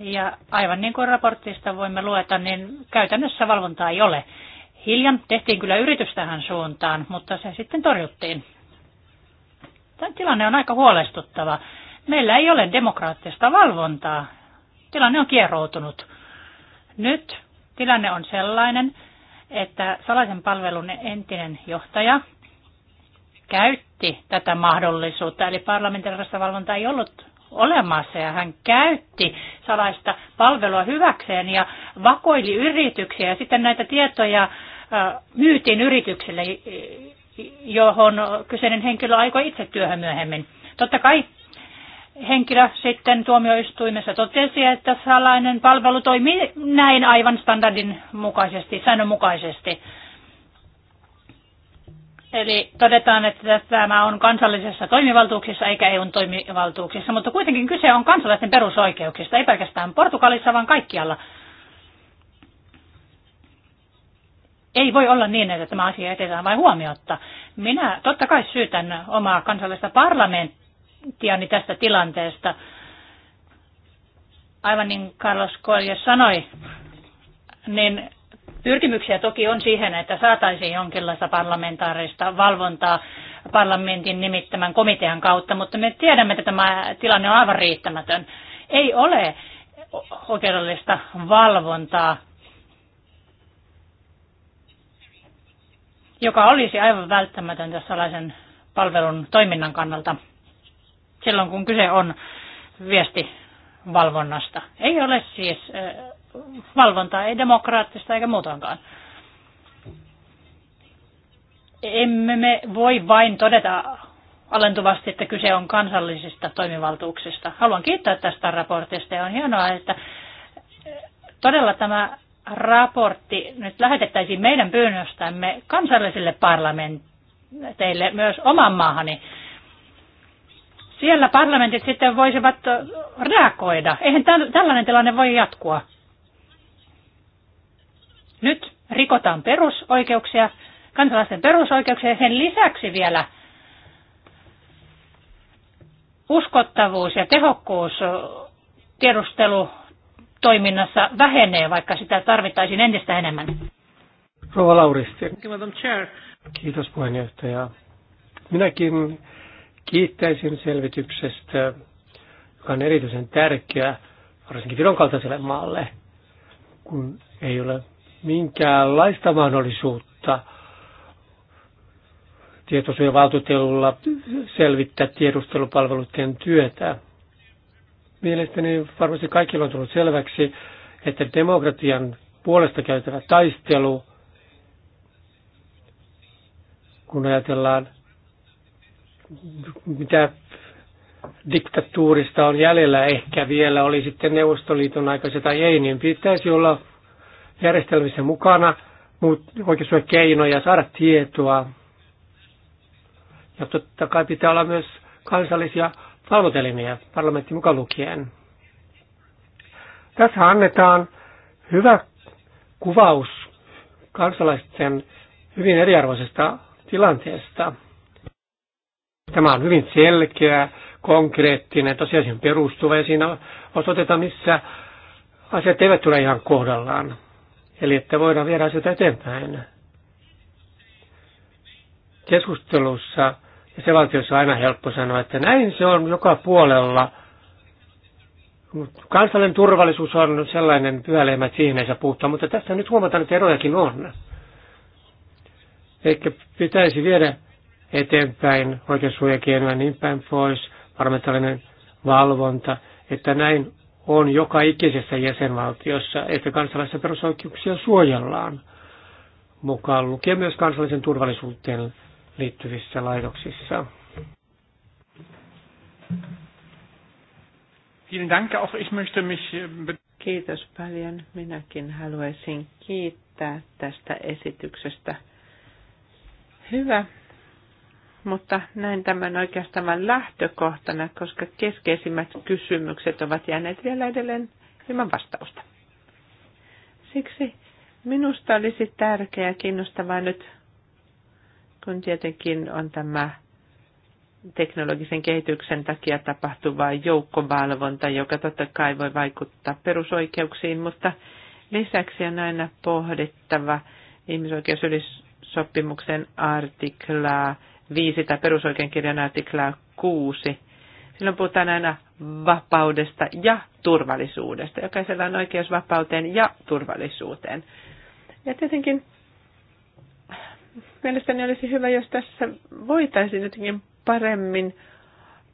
Ja aivan niin kuin raportista voimme lueta, niin käytännössä valvontaa ei ole. Hiljan tehtiin kyllä yritys tähän suuntaan, mutta se sitten torjuttiin. Tämä tilanne on aika huolestuttava. Meillä ei ole demokraattista valvontaa. Tilanne on kieroutunut. Nyt tilanne on sellainen, että salaisen palvelun entinen johtaja käytti tätä mahdollisuutta, eli parlamentaarista valvontaa ei ollut olemassa ja hän käytti salaista palvelua hyväkseen ja vakoili yrityksiä ja sitten näitä tietoja äh, myytiin yrityksille, johon kyseinen henkilö aikoi itse työhön myöhemmin. Totta kai henkilö sitten tuomioistuimessa totesi, että salainen palvelu toimii näin aivan standardin mukaisesti, säännönmukaisesti. Eli todetaan, että tämä on kansallisessa toimivaltuuksissa eikä EUn toimivaltuuksissa, mutta kuitenkin kyse on kansalaisten perusoikeuksista, ei pelkästään Portugalissa, vaan kaikkialla. Ei voi olla niin, että tämä asia etetään vain huomiotta. Minä totta kai syytän omaa kansallista parlamenttia arviointiani tästä tilanteesta. Aivan niin Carlos Coelho sanoi, niin pyrkimyksiä toki on siihen, että saataisiin jonkinlaista parlamentaarista valvontaa parlamentin nimittämän komitean kautta, mutta me tiedämme, että tämä tilanne on aivan riittämätön. Ei ole oikeudellista valvontaa, joka olisi aivan välttämätöntä sellaisen palvelun toiminnan kannalta silloin, kun kyse on viestivalvonnasta. Ei ole siis valvontaa, ei demokraattista eikä muutoinkaan. Emme me voi vain todeta alentuvasti, että kyse on kansallisista toimivaltuuksista. Haluan kiittää tästä raportista ja on hienoa, että todella tämä raportti nyt lähetettäisiin meidän pyynnöstämme kansallisille parlamenteille myös oman maahani siellä parlamentit sitten voisivat reagoida. Eihän tällainen tilanne voi jatkua. Nyt rikotaan perusoikeuksia, kansalaisten perusoikeuksia ja sen lisäksi vielä uskottavuus ja tehokkuus tiedustelutoiminnassa vähenee, vaikka sitä tarvittaisiin entistä enemmän. Rouva Lauristi. Kiitos puheenjohtaja. Minäkin Kiittäisin selvityksestä, joka on erityisen tärkeä varsinkin Viron kaltaiselle maalle, kun ei ole minkäänlaista mahdollisuutta tietosuojavaltuutelulla selvittää tiedustelupalveluiden työtä. Mielestäni varmasti kaikilla on tullut selväksi, että demokratian puolesta käytävä taistelu, kun ajatellaan mitä diktatuurista on jäljellä ehkä vielä, oli sitten Neuvostoliiton aikaisia tai ei, niin pitäisi olla järjestelmissä mukana, mutta oikeastaan keinoja saada tietoa. Ja totta kai pitää olla myös kansallisia valvontelimiä, parlamentti mukaan lukien. Tässä annetaan hyvä kuvaus kansalaisten hyvin eriarvoisesta tilanteesta. Tämä on hyvin selkeä, konkreettinen, tosiasiin perustuva ja siinä osoitetaan, missä asiat eivät tule ihan kohdallaan. Eli että voidaan viedä asioita eteenpäin. Keskustelussa ja se valtiossa on aina helppo sanoa, että näin se on joka puolella. Kansallinen turvallisuus on sellainen pyöleimä, että siihen ei saa puuttua, mutta tässä nyt huomataan, että erojakin on. Eikä pitäisi viedä eteenpäin ja niin päin pois, parlamentaarinen valvonta, että näin on joka ikisessä jäsenvaltiossa, että kansalaisten perusoikeuksia suojellaan mukaan lukien myös kansallisen turvallisuuteen liittyvissä laitoksissa. Äh, Kiitos paljon. Minäkin haluaisin kiittää tästä esityksestä. Hyvä mutta näin tämän oikeastaan lähtökohtana, koska keskeisimmät kysymykset ovat jääneet vielä edelleen ilman vastausta. Siksi minusta olisi tärkeää ja kiinnostavaa nyt, kun tietenkin on tämä teknologisen kehityksen takia tapahtuva joukkovalvonta, joka totta kai voi vaikuttaa perusoikeuksiin, mutta lisäksi on aina pohdittava ihmisoikeusylisopimuksen artiklaa 5 tai kirjan artiklaa 6. Silloin puhutaan aina vapaudesta ja turvallisuudesta. Jokaisella on oikeus vapauteen ja turvallisuuteen. Ja tietenkin mielestäni olisi hyvä, jos tässä voitaisiin jotenkin paremmin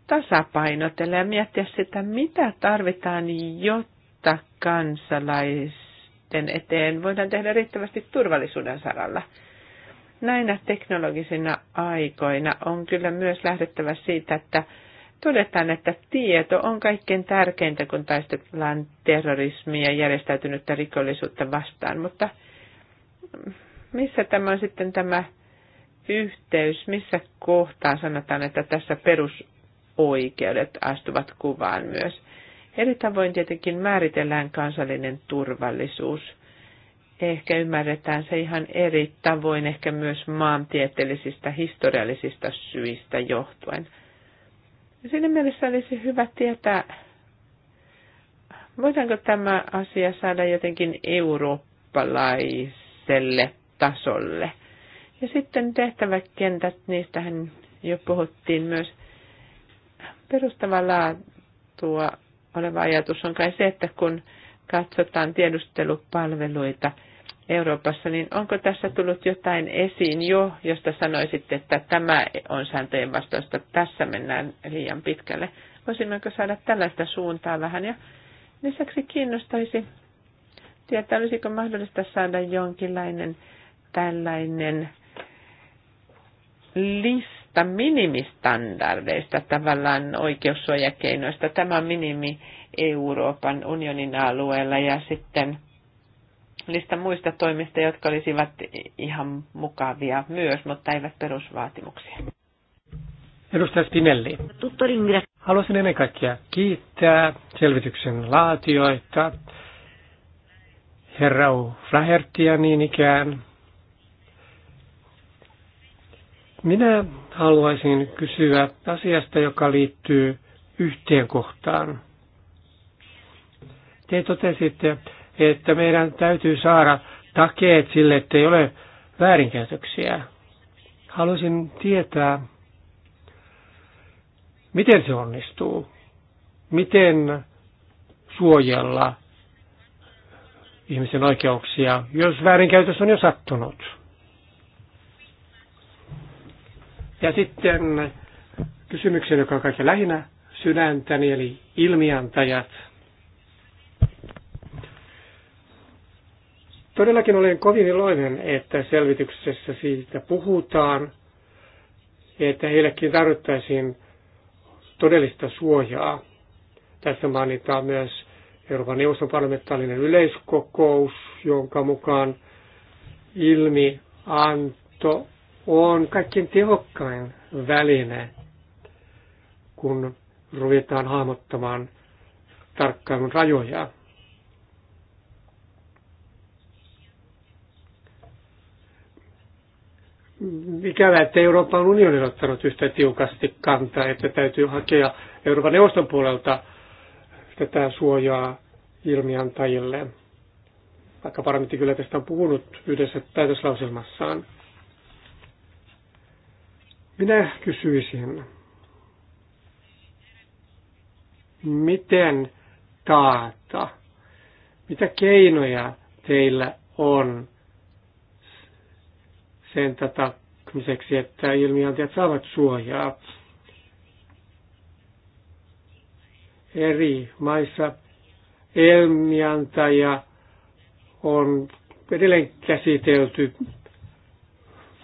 tasapainotella ja miettiä sitä, mitä tarvitaan, jotta kansalaisten eteen voidaan tehdä riittävästi turvallisuuden saralla. Näinä teknologisina aikoina on kyllä myös lähdettävä siitä, että todetaan, että tieto on kaikkein tärkeintä, kun taistellaan terrorismia ja järjestäytynyttä rikollisuutta vastaan. Mutta missä tämä on sitten tämä yhteys, missä kohtaa sanotaan, että tässä perusoikeudet astuvat kuvaan myös. Eri tavoin tietenkin määritellään kansallinen turvallisuus ehkä ymmärretään se ihan eri tavoin, ehkä myös maantieteellisistä, historiallisista syistä johtuen. Siinä mielessä olisi hyvä tietää, voidaanko tämä asia saada jotenkin eurooppalaiselle tasolle. Ja sitten tehtäväkentät, niistähän jo puhuttiin myös. Perustavalaatua oleva ajatus on kai se, että kun katsotaan tiedustelupalveluita – Euroopassa, niin onko tässä tullut jotain esiin jo, josta sanoisitte, että tämä on sääntöjen vastausta, tässä mennään liian pitkälle? Voisimmeko saada tällaista suuntaa vähän? Ja lisäksi kiinnostaisi tietää, olisiko mahdollista saada jonkinlainen tällainen lista minimistandardeista, tavallaan oikeussuojakeinoista. Tämä on minimi Euroopan unionin alueella ja sitten – niistä muista toimista, jotka olisivat ihan mukavia myös, mutta eivät perusvaatimuksia. Edustaja Spinelli. Haluaisin ennen kaikkea kiittää selvityksen laatioita, herra Flahertia niin ikään. Minä haluaisin kysyä asiasta, joka liittyy yhteen kohtaan. Te totesitte, että meidän täytyy saada takeet sille, ei ole väärinkäytöksiä. Haluaisin tietää, miten se onnistuu, miten suojella ihmisen oikeuksia, jos väärinkäytös on jo sattunut. Ja sitten kysymyksen, joka on kaiken lähinnä sydäntäni, eli ilmiantajat – Todellakin olen kovin iloinen, että selvityksessä siitä puhutaan, että heillekin tarvittaisiin todellista suojaa. Tässä mainitaan myös Euroopan neuvoston parlamentaarinen yleiskokous, jonka mukaan ilmianto on kaikkein tehokkain väline, kun ruvetaan hahmottamaan tarkkailun rajoja. ikävä, että Euroopan unioni on ottanut yhtä tiukasti kantaa, että täytyy hakea Euroopan neuvoston puolelta tätä suojaa ilmiantajille. Vaikka parlamentti kyllä tästä on puhunut yhdessä päätöslauselmassaan. Minä kysyisin, miten taata, mitä keinoja teillä on sen takamiseksi, että ilmiantajat saavat suojaa. Eri maissa ilmiantaja on edelleen käsitelty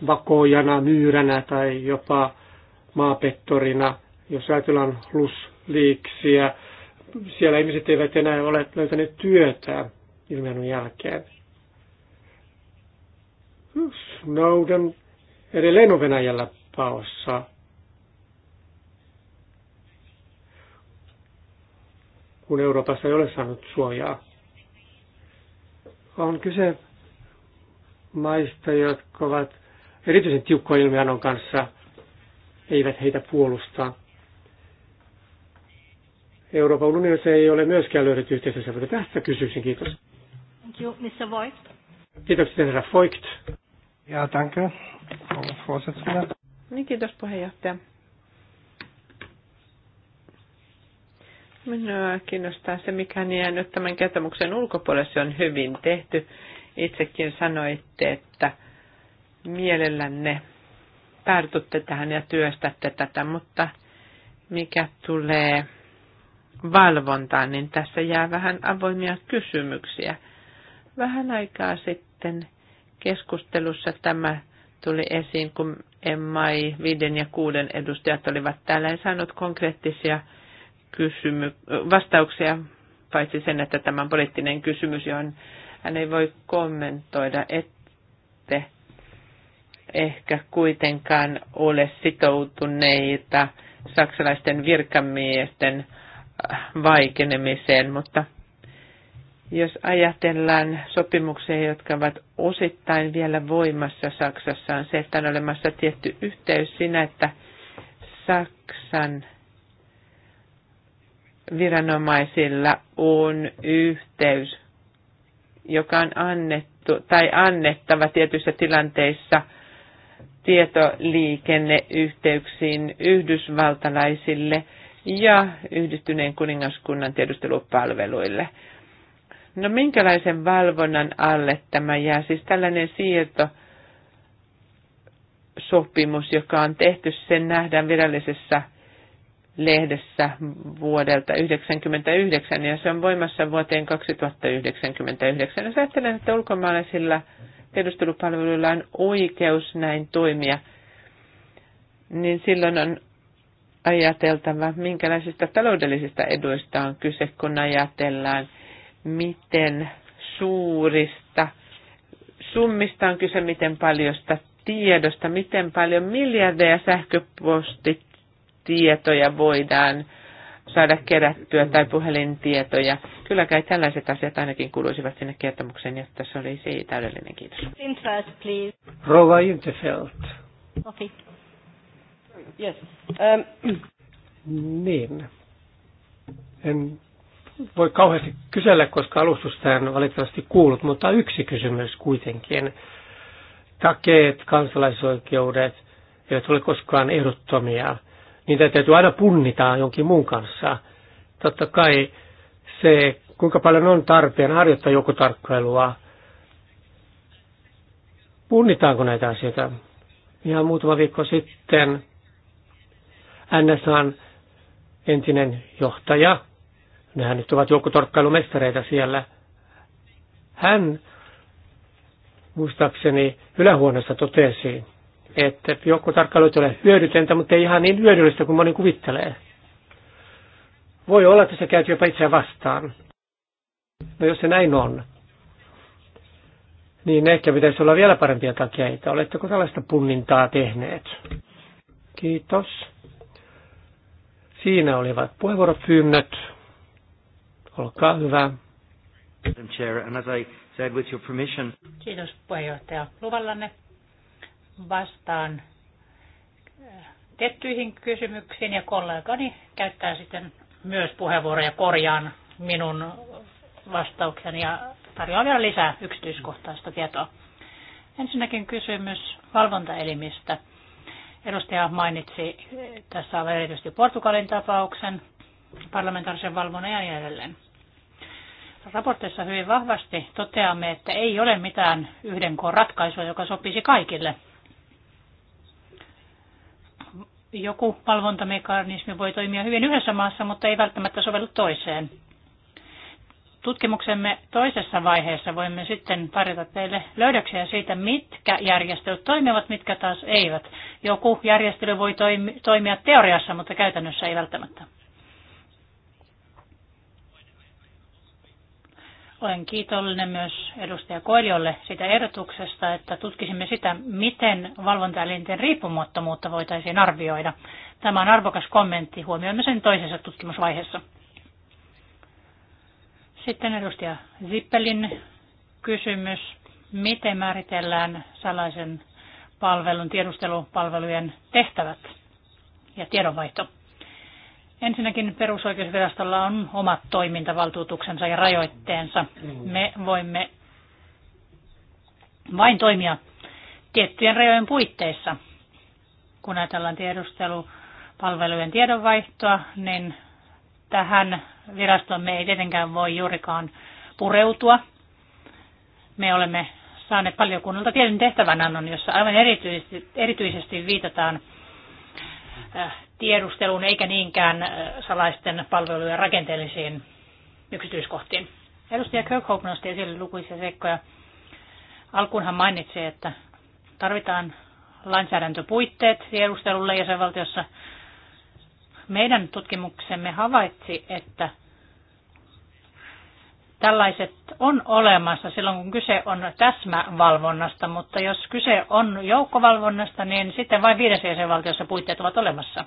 vakojana, myyränä tai jopa maapettorina, jos ajatellaan lusliiksiä. Siellä ihmiset eivät enää ole löytäneet työtä ilmiön jälkeen. Snowden edelleen on Venäjällä paossa. kun Euroopassa ei ole saanut suojaa. On kyse maista, jotka ovat erityisen tiukkoa ilmianon kanssa, eivät heitä puolusta? Euroopan unionissa ei ole myöskään löydetty yhteisössä. Tästä kysyisin, kiitos. Thank you, Mr. Voigt. Kiitoksia, herra Voigt. Ja, danke, Vorsitzender. Niin, kiitos puheenjohtaja. Minua kiinnostaa se, mikä on jäänyt tämän kertomuksen ulkopuolelle. Se on hyvin tehty. Itsekin sanoitte, että mielellänne päädytte tähän ja työstätte tätä, mutta mikä tulee valvontaan, niin tässä jää vähän avoimia kysymyksiä. Vähän aikaa sitten Keskustelussa tämä tuli esiin, kun Mai viiden ja kuuden edustajat olivat täällä. ja saanut konkreettisia kysymy- vastauksia, paitsi sen, että tämä on poliittinen kysymys, johon hän ei voi kommentoida, ette ehkä kuitenkaan ole sitoutuneita saksalaisten virkamiesten vaikenemiseen, mutta jos ajatellaan sopimuksia, jotka ovat osittain vielä voimassa Saksassa, on se, että on olemassa tietty yhteys siinä, että Saksan viranomaisilla on yhteys, joka on annettu tai annettava tietyissä tilanteissa tietoliikenneyhteyksiin yhdysvaltalaisille ja yhdistyneen kuningaskunnan tiedustelupalveluille. No minkälaisen valvonnan alle tämä jää? Siis tällainen siirto sopimus, joka on tehty, sen nähdään virallisessa lehdessä vuodelta 1999 ja se on voimassa vuoteen 2099. Jos ajattelen, että ulkomaalaisilla tiedustelupalveluilla on oikeus näin toimia, niin silloin on ajateltava, minkälaisista taloudellisista eduista on kyse, kun ajatellaan – miten suurista summista on kyse, miten paljosta tiedosta, miten paljon miljardeja sähköpostitietoja voidaan saada kerättyä tai puhelintietoja. Kyllä kai tällaiset asiat ainakin kuuluisivat sinne kertomukseen, jotta se olisi täydellinen. Kiitos. Interest, please. Rova Interfeld. Yes. Um. Niin. En voi kauheasti kysellä, koska alustusta en valitettavasti kuullut, mutta yksi kysymys kuitenkin. Takeet, kansalaisoikeudet eivät ole koskaan ehdottomia. Niitä täytyy aina punnita jonkin muun kanssa. Totta kai se, kuinka paljon on tarpeen harjoittaa joku tarkkailua, punnitaanko näitä asioita. Ihan muutama viikko sitten NSAn entinen johtaja nehän nyt ovat joukkotorkkailumestareita siellä. Hän muistaakseni ylähuoneessa totesi, että joukkotarkkailu ei ole hyödytöntä, mutta ei ihan niin hyödyllistä kuin moni kuvittelee. Voi olla, että se käyty jopa itseään vastaan. No jos se näin on, niin ehkä pitäisi olla vielä parempia takia, Oletteko tällaista punnintaa tehneet? Kiitos. Siinä olivat puheenvuoropyynnöt. Olkaa hyvä. Kiitos puheenjohtaja. Luvallanne vastaan äh, tiettyihin kysymyksiin ja kollegani käyttää sitten myös puheenvuoroja korjaan minun vastaukseni ja tarjoan vielä lisää yksityiskohtaista tietoa. Ensinnäkin kysymys valvontaelimistä. Edustaja mainitsi äh, tässä on erityisesti Portugalin tapauksen, parlamentaarisen valvonnan ja niin edelleen raportissa hyvin vahvasti toteamme, että ei ole mitään yhden koon ratkaisua, joka sopisi kaikille. Joku valvontamekanismi voi toimia hyvin yhdessä maassa, mutta ei välttämättä sovellu toiseen. Tutkimuksemme toisessa vaiheessa voimme sitten tarjota teille löydöksiä siitä, mitkä järjestelyt toimivat, mitkä taas eivät. Joku järjestely voi toimia teoriassa, mutta käytännössä ei välttämättä. Olen kiitollinen myös edustaja Koiliolle sitä ehdotuksesta, että tutkisimme sitä, miten valvontaelinten riippumattomuutta voitaisiin arvioida. Tämä on arvokas kommentti, huomioimme sen toisessa tutkimusvaiheessa. Sitten edustaja Zippelin kysymys, miten määritellään salaisen palvelun tiedustelupalvelujen tehtävät ja tiedonvaihto. Ensinnäkin perusoikeusvirastolla on omat toimintavaltuutuksensa ja rajoitteensa. Me voimme vain toimia tiettyjen rajojen puitteissa. Kun ajatellaan tiedustelupalvelujen tiedonvaihtoa, niin tähän me ei tietenkään voi juurikaan pureutua. Me olemme saaneet valiokunnalta tietyn tehtävän annon, jossa aivan erityisesti, erityisesti viitataan äh, tiedusteluun eikä niinkään salaisten palvelujen rakenteellisiin yksityiskohtiin. Edustaja Kirkhope nosti esille lukuisia seikkoja. Alkuunhan mainitsi, että tarvitaan lainsäädäntöpuitteet tiedustelulle jäsenvaltiossa. Meidän tutkimuksemme havaitsi, että tällaiset on olemassa silloin, kun kyse on täsmävalvonnasta, mutta jos kyse on joukkovalvonnasta, niin sitten vain viides jäsenvaltiossa puitteet ovat olemassa.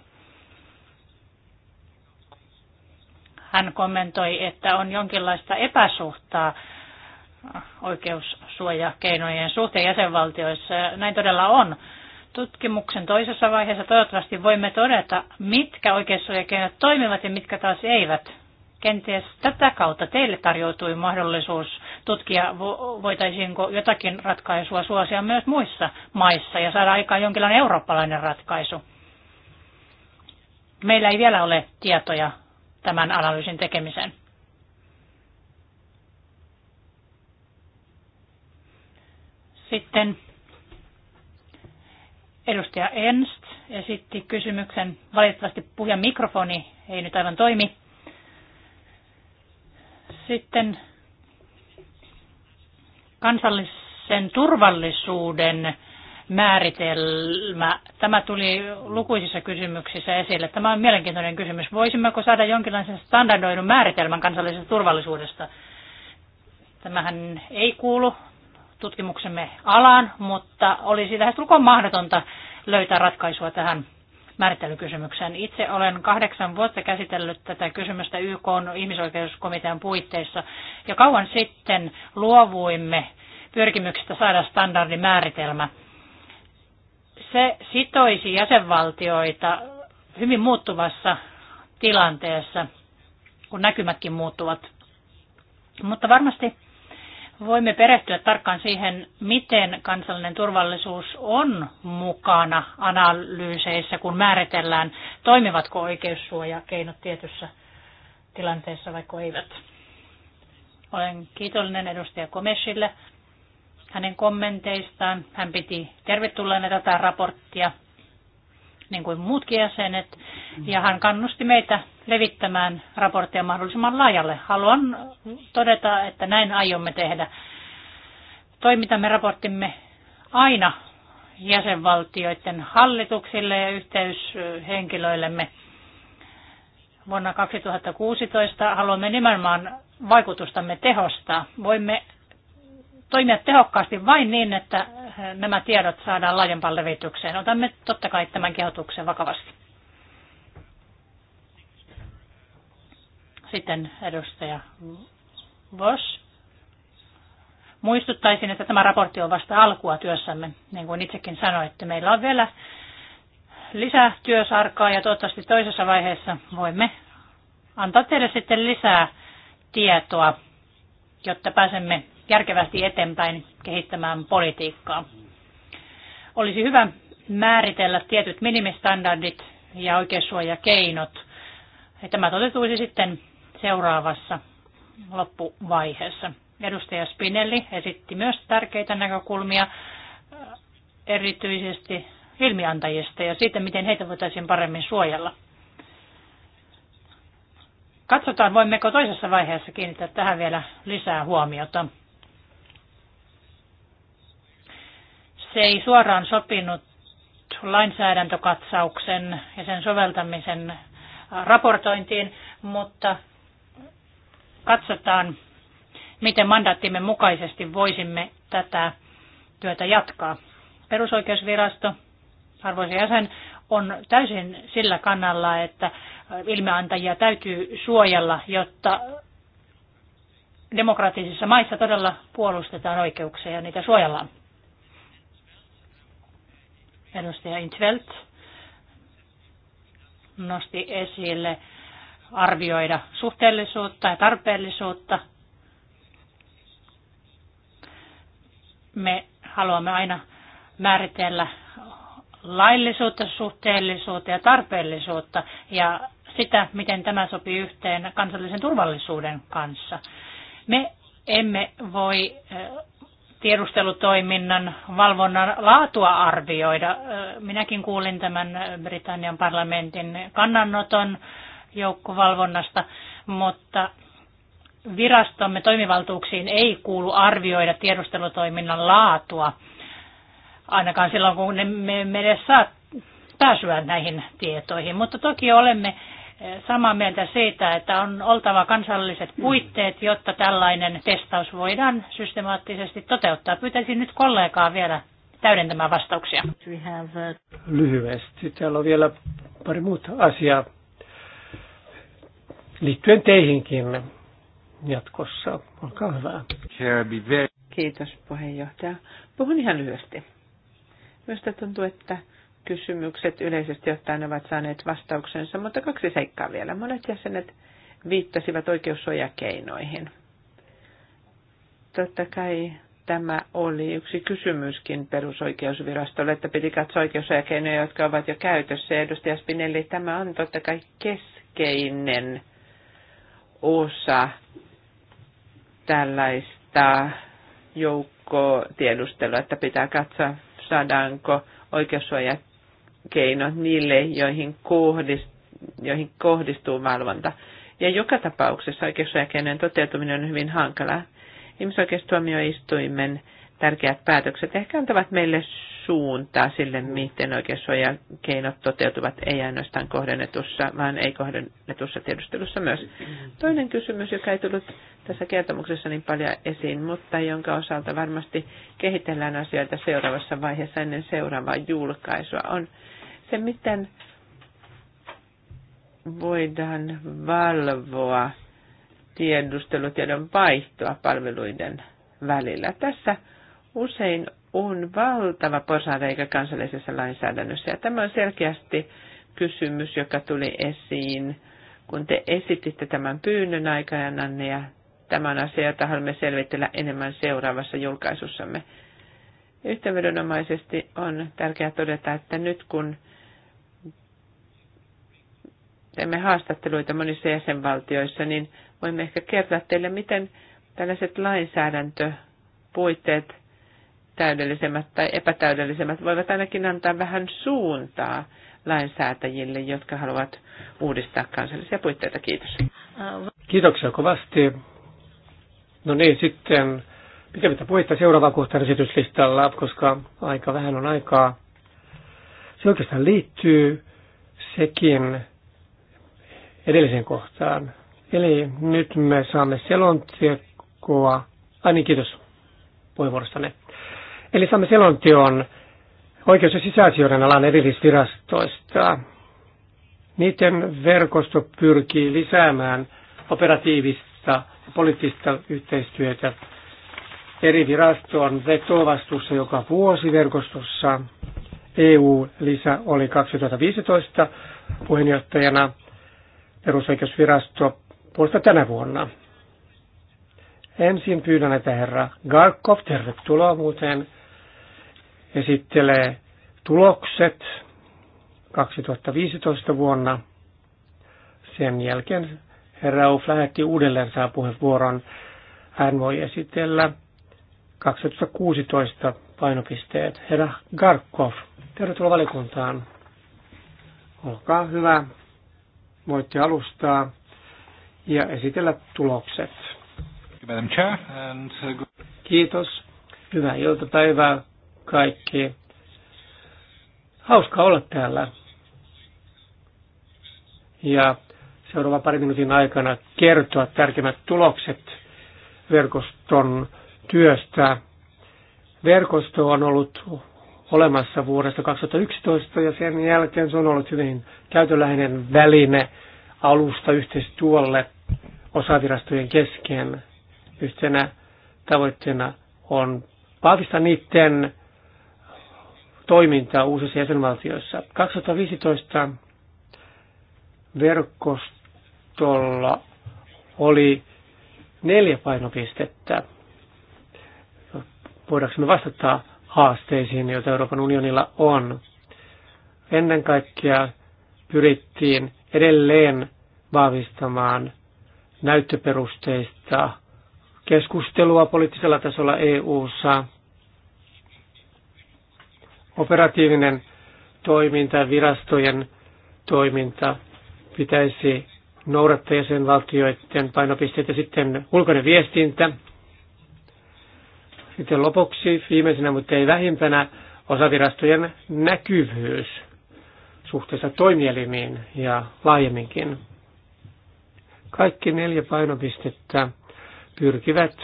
hän kommentoi, että on jonkinlaista epäsuhtaa oikeussuojakeinojen suhteen jäsenvaltioissa. Näin todella on. Tutkimuksen toisessa vaiheessa toivottavasti voimme todeta, mitkä oikeussuojakeinot toimivat ja mitkä taas eivät. Kenties tätä kautta teille tarjoutui mahdollisuus tutkia, voitaisiinko jotakin ratkaisua suosia myös muissa maissa ja saada aikaan jonkinlainen eurooppalainen ratkaisu. Meillä ei vielä ole tietoja tämän analyysin tekemiseen. Sitten edustaja Ernst esitti kysymyksen. Valitettavasti puhujan mikrofoni ei nyt aivan toimi. Sitten kansallisen turvallisuuden määritelmä. Tämä tuli lukuisissa kysymyksissä esille. Tämä on mielenkiintoinen kysymys. Voisimmeko saada jonkinlaisen standardoidun määritelmän kansallisesta turvallisuudesta? Tämähän ei kuulu tutkimuksemme alaan, mutta olisi lukon mahdotonta löytää ratkaisua tähän määrittelykysymykseen. Itse olen kahdeksan vuotta käsitellyt tätä kysymystä YK ihmisoikeuskomitean puitteissa ja kauan sitten luovuimme pyrkimyksestä saada standardimääritelmä. määritelmä se sitoisi jäsenvaltioita hyvin muuttuvassa tilanteessa, kun näkymätkin muuttuvat. Mutta varmasti voimme perehtyä tarkkaan siihen, miten kansallinen turvallisuus on mukana analyyseissä, kun määritellään, toimivatko oikeussuojakeinot tietyssä tilanteessa vai eivät. Olen kiitollinen edustaja Komesille hänen kommenteistaan. Hän piti tervetulleena tätä raporttia, niin kuin muutkin jäsenet, ja hän kannusti meitä levittämään raporttia mahdollisimman laajalle. Haluan todeta, että näin aiomme tehdä. Toimitamme raporttimme aina jäsenvaltioiden hallituksille ja yhteyshenkilöillemme. Vuonna 2016 haluamme nimenomaan vaikutustamme tehostaa. Voimme toimia tehokkaasti vain niin, että eh, nämä tiedot saadaan laajempaan levitykseen. Otamme totta kai tämän kehotuksen vakavasti. Sitten edustaja Vos. Muistuttaisin, että tämä raportti on vasta alkua työssämme. Niin kuin itsekin sanoitte, meillä on vielä lisää työsarkaa ja toivottavasti toisessa vaiheessa voimme antaa teille sitten lisää tietoa, jotta pääsemme järkevästi eteenpäin kehittämään politiikkaa. Olisi hyvä määritellä tietyt minimistandardit ja oikeussuojakeinot. Ja tämä toteutuisi sitten seuraavassa loppuvaiheessa. Edustaja Spinelli esitti myös tärkeitä näkökulmia erityisesti ilmiantajista ja siitä, miten heitä voitaisiin paremmin suojella. Katsotaan, voimmeko toisessa vaiheessa kiinnittää tähän vielä lisää huomiota. se ei suoraan sopinut lainsäädäntökatsauksen ja sen soveltamisen raportointiin, mutta katsotaan, miten mandaattimme mukaisesti voisimme tätä työtä jatkaa. Perusoikeusvirasto, arvoisa jäsen, on täysin sillä kannalla, että ilmeantajia täytyy suojella, jotta demokraattisissa maissa todella puolustetaan oikeuksia ja niitä suojellaan. Edustaja Intvelt nosti esille arvioida suhteellisuutta ja tarpeellisuutta. Me haluamme aina määritellä laillisuutta, suhteellisuutta ja tarpeellisuutta ja sitä, miten tämä sopii yhteen kansallisen turvallisuuden kanssa. Me emme voi tiedustelutoiminnan valvonnan laatua arvioida. Minäkin kuulin tämän Britannian parlamentin kannanoton joukkovalvonnasta, mutta virastomme toimivaltuuksiin ei kuulu arvioida tiedustelutoiminnan laatua, ainakaan silloin kun me emme edes saa pääsyä näihin tietoihin. Mutta toki olemme samaa mieltä siitä, että on oltava kansalliset mm. puitteet, jotta tällainen testaus voidaan systemaattisesti toteuttaa. Pyytäisin nyt kollegaa vielä täydentämään vastauksia. Uh, lyhyesti. Täällä on vielä pari muuta asiaa liittyen teihinkin jatkossa. Olkaa hyvä. Kiitos puheenjohtaja. Puhun ihan lyhyesti. Minusta tuntuu, että kysymykset yleisesti ottaen ovat saaneet vastauksensa, mutta kaksi seikkaa vielä. Monet jäsenet viittasivat oikeussuojakeinoihin. Totta kai tämä oli yksi kysymyskin perusoikeusvirastolle, että piti katsoa oikeussuojakeinoja, jotka ovat jo käytössä. edustaja Spinelli, tämä on totta kai keskeinen osa tällaista joukkotiedustelua, että pitää katsoa, saadaanko oikeussuojat keinot niille, joihin kohdistuu, joihin kohdistuu valvonta. Ja joka tapauksessa oikeussäkeinen toteutuminen on hyvin hankala. Ihmisoikeustuomioistuimen tärkeät päätökset ehkä antavat meille suuntaa sille, miten oikeussuojakeinot toteutuvat, ei ainoastaan kohdennetussa, vaan ei kohdennetussa tiedustelussa myös. Toinen kysymys, joka ei tullut tässä kertomuksessa niin paljon esiin, mutta jonka osalta varmasti kehitellään asioita seuraavassa vaiheessa ennen seuraavaa julkaisua, on se, miten voidaan valvoa tiedustelutiedon vaihtoa palveluiden välillä. Tässä usein on valtava porsareikä kansallisessa lainsäädännössä. Ja tämä on selkeästi kysymys, joka tuli esiin, kun te esititte tämän pyynnön aikananne ja tämän asian, asia, jota haluamme selvitellä enemmän seuraavassa julkaisussamme. Yhteenvedonomaisesti on tärkeää todeta, että nyt kun teemme haastatteluita monissa jäsenvaltioissa, niin voimme ehkä kertoa teille, miten tällaiset lainsäädäntöpuitteet, täydellisemmät tai epätäydellisemmät, voivat ainakin antaa vähän suuntaa lainsäätäjille, jotka haluavat uudistaa kansallisia puitteita. Kiitos. Kiitoksia kovasti. No niin, sitten pitämättä puhetta seuraavaan kohtaan esityslistalla, koska aika vähän on aikaa. Se oikeastaan liittyy sekin edelliseen kohtaan. Eli nyt me saamme selontekoa. Ai niin, kiitos puheenvuorostanne. Eli saamme selonteon oikeus- ja sisäasioiden alan erillisvirastoista. Niiden verkosto pyrkii lisäämään operatiivista ja poliittista yhteistyötä eri virastoon vetovastuussa joka vuosi verkostossa. EU-lisä oli 2015 puheenjohtajana perusoikeusvirasto puolesta tänä vuonna. Ensin pyydän, että herra Garkov, tervetuloa muuten, esittelee tulokset 2015 vuonna. Sen jälkeen herra Uff lähetti uudelleen saa puheenvuoron. Hän voi esitellä 2016 painopisteet. Herra Garkov, tervetuloa valikuntaan. Olkaa hyvä voitte alustaa ja esitellä tulokset. Uh, Kiitos. Hyvää iltapäivää kaikki. Hauska olla täällä. Ja seuraavan parin minuutin aikana kertoa tärkeimmät tulokset verkoston työstä. Verkosto on ollut olemassa vuodesta 2011 ja sen jälkeen se on ollut hyvin käytöläinen väline alusta yhteistyölle osavirastojen kesken. Yhtenä tavoitteena on vahvistaa niiden toimintaa uusissa jäsenvaltioissa. 2015 verkostolla oli neljä painopistettä. Voidaanko me vastata haasteisiin, joita Euroopan unionilla on. Ennen kaikkea pyrittiin edelleen vahvistamaan näyttöperusteista keskustelua poliittisella tasolla EU-ssa. Operatiivinen toiminta, virastojen toiminta pitäisi noudattaa jäsenvaltioiden painopisteitä. Sitten ulkoinen viestintä, sitten lopuksi, viimeisenä mutta ei vähimpänä, osavirastojen näkyvyys suhteessa toimielimiin ja laajemminkin. Kaikki neljä painopistettä pyrkivät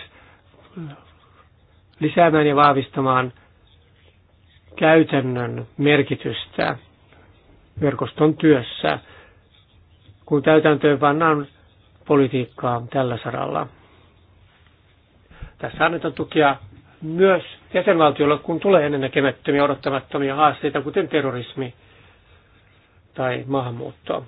lisäämään ja vahvistamaan käytännön merkitystä verkoston työssä, kun täytäntöön pannaan politiikkaa tällä saralla. Tässä annetaan tukea myös jäsenvaltioilla, kun tulee ennennäkemättömiä odottamattomia haasteita, kuten terrorismi tai maahanmuutto.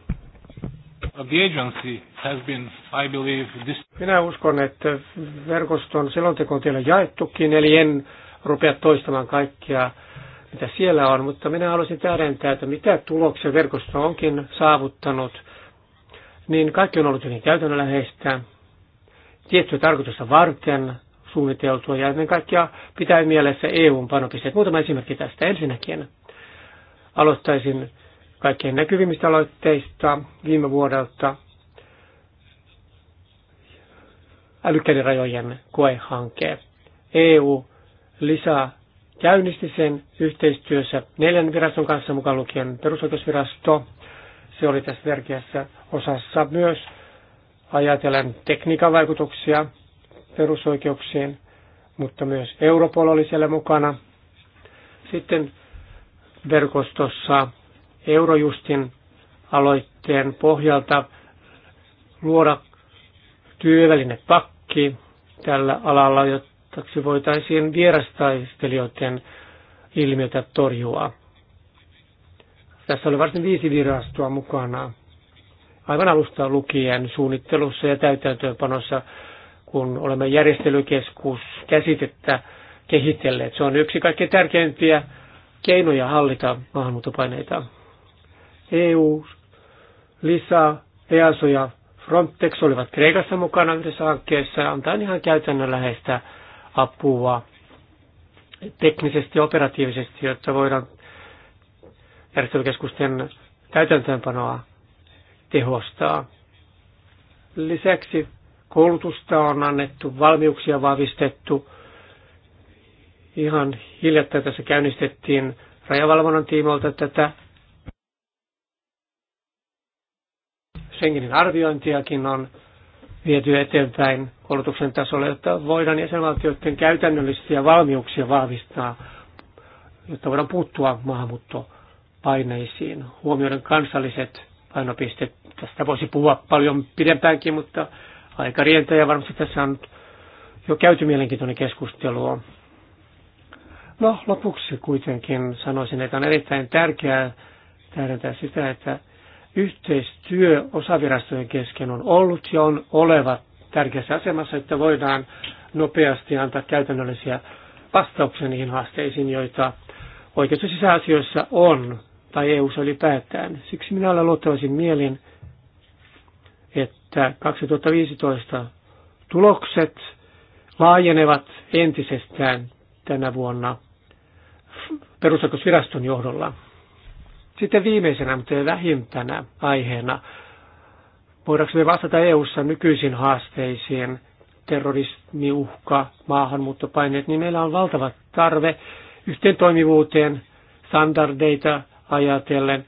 Minä uskon, että verkoston selonteko on teillä jaettukin, eli en rupea toistamaan kaikkia, mitä siellä on, mutta minä haluaisin tähdentää, että mitä tuloksia verkosto onkin saavuttanut, niin kaikki on ollut hyvin käytännönläheistä, tiettyä tarkoitusta varten, suunniteltua ja ennen kaikkea pitää mielessä EUn panopisteet. Muutama esimerkki tästä. Ensinnäkin aloittaisin kaikkein näkyvimmistä aloitteista viime vuodelta älykkäiden rajojen koehanke. EU lisää käynnisti sen yhteistyössä neljän viraston kanssa mukaan lukien perusoikeusvirasto. Se oli tässä tärkeässä osassa myös ajatellen tekniikan vaikutuksia perusoikeuksiin, mutta myös Europol oli siellä mukana. Sitten verkostossa Eurojustin aloitteen pohjalta luoda pakki tällä alalla, jotta voitaisiin vierastaistelijoiden ilmiötä torjua. Tässä oli varsin viisi virastoa mukana aivan alusta lukien suunnittelussa ja täytäntöönpanossa kun olemme järjestelykeskus käsitettä kehitelleet. Se on yksi kaikkein tärkeimpiä keinoja hallita maahanmuuttopaineita. EU, LISA, EASO ja Frontex olivat Kreikassa mukana yhdessä hankkeessa ja antaa ihan käytännönläheistä apua teknisesti ja operatiivisesti, jotta voidaan järjestelykeskusten täytäntöönpanoa tehostaa. Lisäksi Koulutusta on annettu, valmiuksia vahvistettu. Ihan hiljattain tässä käynnistettiin rajavalvonnan tiimoilta tätä Schengenin arviointiakin on viety eteenpäin koulutuksen tasolle, jotta voidaan jäsenvaltioiden käytännöllisiä valmiuksia vahvistaa, jotta voidaan puuttua maahanmuuttopaineisiin, huomioiden kansalliset painopisteet. Tästä voisi puhua paljon pidempäänkin, mutta aika rientä ja varmasti tässä on jo käyty mielenkiintoinen keskustelu. No lopuksi kuitenkin sanoisin, että on erittäin tärkeää tähdentää sitä, että yhteistyö osavirastojen kesken on ollut ja on oleva tärkeässä asemassa, että voidaan nopeasti antaa käytännöllisiä vastauksia niihin haasteisiin, joita oikeus- ja sisäasioissa on tai eu sa ylipäätään. Siksi minä olen luottavaisin mielin, että 2015 tulokset laajenevat entisestään tänä vuonna perusoikeusviraston johdolla. Sitten viimeisenä, mutta ei vähimpänä aiheena, voidaanko me vastata EU-ssa nykyisiin haasteisiin, terrorismiuhka, maahanmuuttopaineet, niin meillä on valtava tarve yhteen toimivuuteen, standardeita ajatellen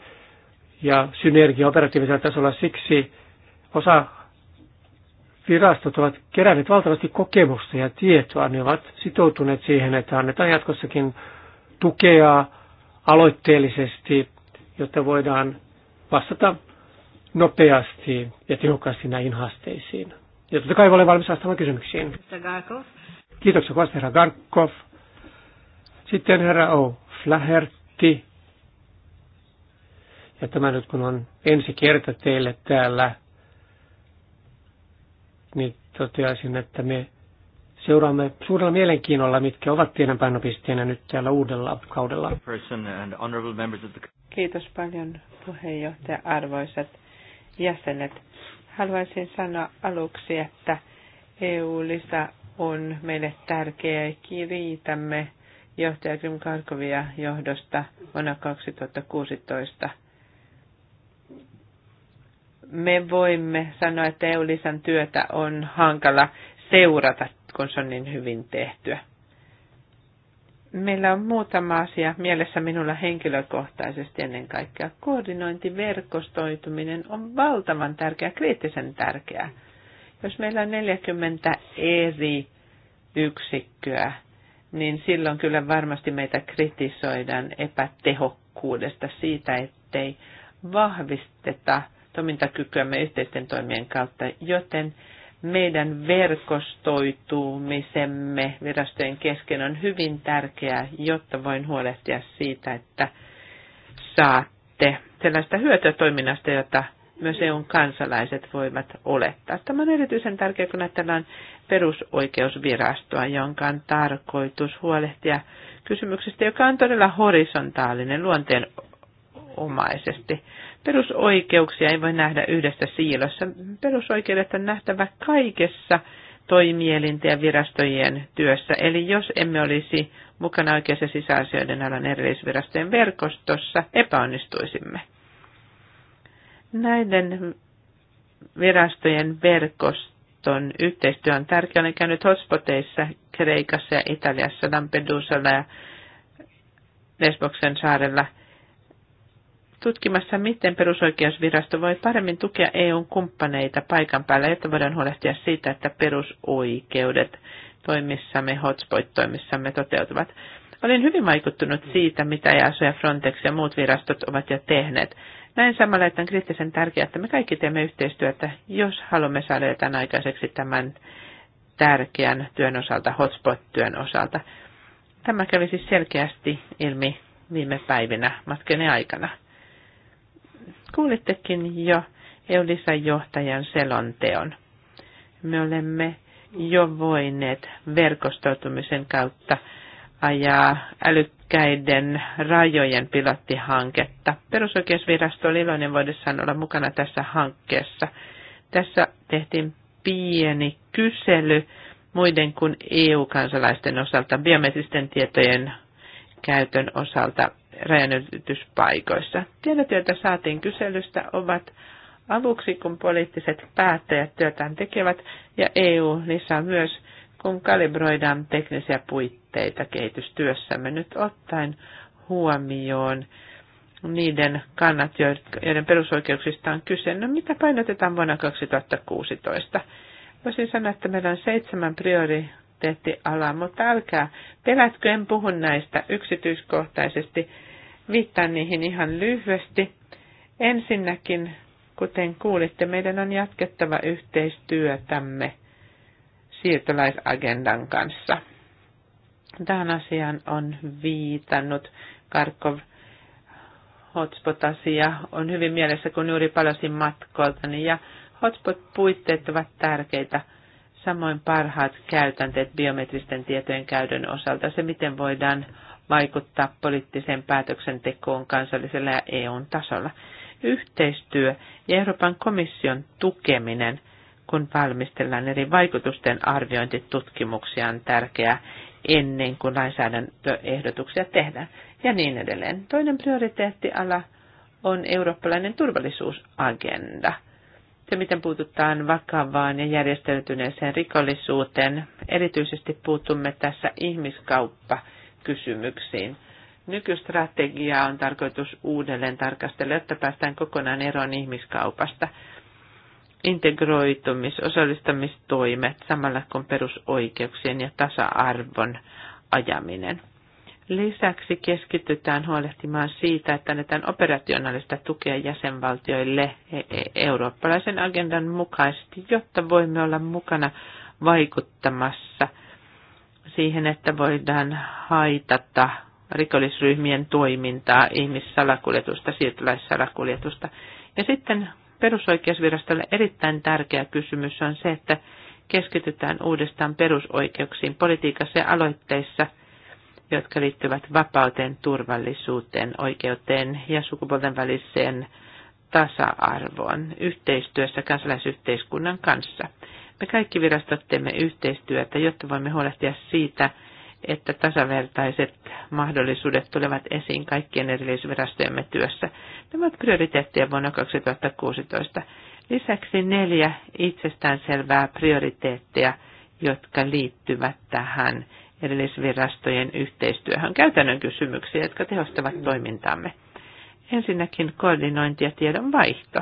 ja synergia operatiivisella tasolla. Siksi osa virastot ovat keränneet valtavasti kokemusta ja tietoa. Ne ovat sitoutuneet siihen, että annetaan jatkossakin tukea aloitteellisesti, jotta voidaan vastata nopeasti ja tehokkaasti näihin haasteisiin. Ja totta kai olen valmis vastaamaan kysymyksiin. Kiitoksia kovasti herra Garkov. Sitten herra O. Flaherty. Ja tämä nyt kun on ensi kerta teille täällä niin toteaisin, että me seuraamme suurella mielenkiinnolla, mitkä ovat teidän painopisteenä nyt täällä uudella kaudella. Kiitos paljon puheenjohtaja arvoisat jäsenet. Haluaisin sanoa aluksi, että EU-lisä on meille tärkeä. Kiritämme johtaja Krim Karkovia johdosta vuonna 2016 me voimme sanoa, että eu työtä on hankala seurata, kun se on niin hyvin tehtyä. Meillä on muutama asia mielessä minulla henkilökohtaisesti ennen kaikkea. Koordinointi, verkostoituminen on valtavan tärkeä, kriittisen tärkeää. Jos meillä on 40 eri yksikköä, niin silloin kyllä varmasti meitä kritisoidaan epätehokkuudesta siitä, ettei vahvisteta – toimintakykyämme yhteisten toimien kautta, joten meidän verkostoitumisemme virastojen kesken on hyvin tärkeää, jotta voin huolehtia siitä, että saatte sellaista hyötyä toiminnasta, jota myös EUn kansalaiset voivat olettaa. Tämä on erityisen tärkeää, kun ajatellaan perusoikeusvirastoa, jonka on tarkoitus huolehtia kysymyksestä, joka on todella horisontaalinen luonteen omaisesti. Perusoikeuksia ei voi nähdä yhdessä siilossa. Perusoikeudet on nähtävä kaikessa toimielinten ja virastojen työssä. Eli jos emme olisi mukana oikeus- ja sisäasioiden alan erillisvirastojen verkostossa, epäonnistuisimme. Näiden virastojen verkoston yhteistyö on tärkeä. Olen käynyt hotspoteissa Kreikassa ja Italiassa, Lampedusalla ja Lesboksen saarella – tutkimassa, miten perusoikeusvirasto voi paremmin tukea EUn kumppaneita paikan päällä, jotta voidaan huolehtia siitä, että perusoikeudet toimissamme, hotspot-toimissamme toteutuvat. Olin hyvin vaikuttunut siitä, mitä EASO ja Frontex ja muut virastot ovat jo tehneet. Näin samalla, että on kriittisen tärkeää, että me kaikki teemme yhteistyötä, jos haluamme saada jotain aikaiseksi tämän tärkeän työn osalta, hotspot-työn osalta. Tämä kävi siis selkeästi ilmi viime päivinä matkeni aikana. Kuulittekin jo EULISAn johtajan selonteon. Me olemme jo voineet verkostoitumisen kautta ajaa älykkäiden rajojen pilottihanketta. Perusoikeusvirasto oli iloinen voidessaan olla mukana tässä hankkeessa. Tässä tehtiin pieni kysely muiden kuin EU-kansalaisten osalta biometristen tietojen käytön osalta rajanylityspaikoissa. Tiedot, joita saatiin kyselystä, ovat avuksi, kun poliittiset päättäjät työtään tekevät, ja EU lisää myös, kun kalibroidaan teknisiä puitteita kehitystyössämme nyt ottaen huomioon niiden kannat, joiden perusoikeuksista on kyse. No mitä painotetaan vuonna 2016? Voisin sanoa, että meillä on seitsemän prioriteettialaa, mutta älkää pelätkö, en puhu näistä yksityiskohtaisesti Viittaan niihin ihan lyhyesti. Ensinnäkin, kuten kuulitte, meidän on jatkettava yhteistyötämme siirtolaisagendan kanssa. Tähän asiaan on viitannut Karkov hotspot-asia on hyvin mielessä, kun juuri palasin matkoilta, ja hotspot-puitteet ovat tärkeitä, samoin parhaat käytänteet biometristen tietojen käytön osalta, se miten voidaan vaikuttaa poliittiseen päätöksentekoon kansallisella ja EUn tasolla. Yhteistyö ja Euroopan komission tukeminen, kun valmistellaan eri vaikutusten arviointitutkimuksia, on tärkeää ennen kuin lainsäädäntöehdotuksia tehdään ja niin edelleen. Toinen prioriteettiala on eurooppalainen turvallisuusagenda. Se, miten puututaan vakavaan ja järjestäytyneeseen rikollisuuteen, erityisesti puutumme tässä ihmiskauppa- kysymyksiin. Nykystrategiaa on tarkoitus uudelleen tarkastella, että päästään kokonaan eroon ihmiskaupasta. Integroitumis- osallistamistoimet samalla kuin perusoikeuksien ja tasa-arvon ajaminen. Lisäksi keskitytään huolehtimaan siitä, että annetaan operationaalista tukea jäsenvaltioille e- e- eurooppalaisen agendan mukaisesti, jotta voimme olla mukana vaikuttamassa – siihen, että voidaan haitata rikollisryhmien toimintaa, ihmissalakuljetusta, siirtolaissalakuljetusta. Ja sitten perusoikeusvirastolle erittäin tärkeä kysymys on se, että keskitytään uudestaan perusoikeuksiin politiikassa ja aloitteissa, jotka liittyvät vapauteen, turvallisuuteen, oikeuteen ja sukupuolten väliseen tasa-arvoon yhteistyössä kansalaisyhteiskunnan kanssa. Me kaikki virastot teemme yhteistyötä, jotta voimme huolehtia siitä, että tasavertaiset mahdollisuudet tulevat esiin kaikkien erillisvirastojemme työssä. Nämä ovat prioriteetteja vuonna 2016. Lisäksi neljä itsestäänselvää prioriteettia, jotka liittyvät tähän erillisvirastojen yhteistyöhön. Käytännön kysymyksiä, jotka tehostavat toimintaamme. Ensinnäkin koordinointi ja tiedonvaihto,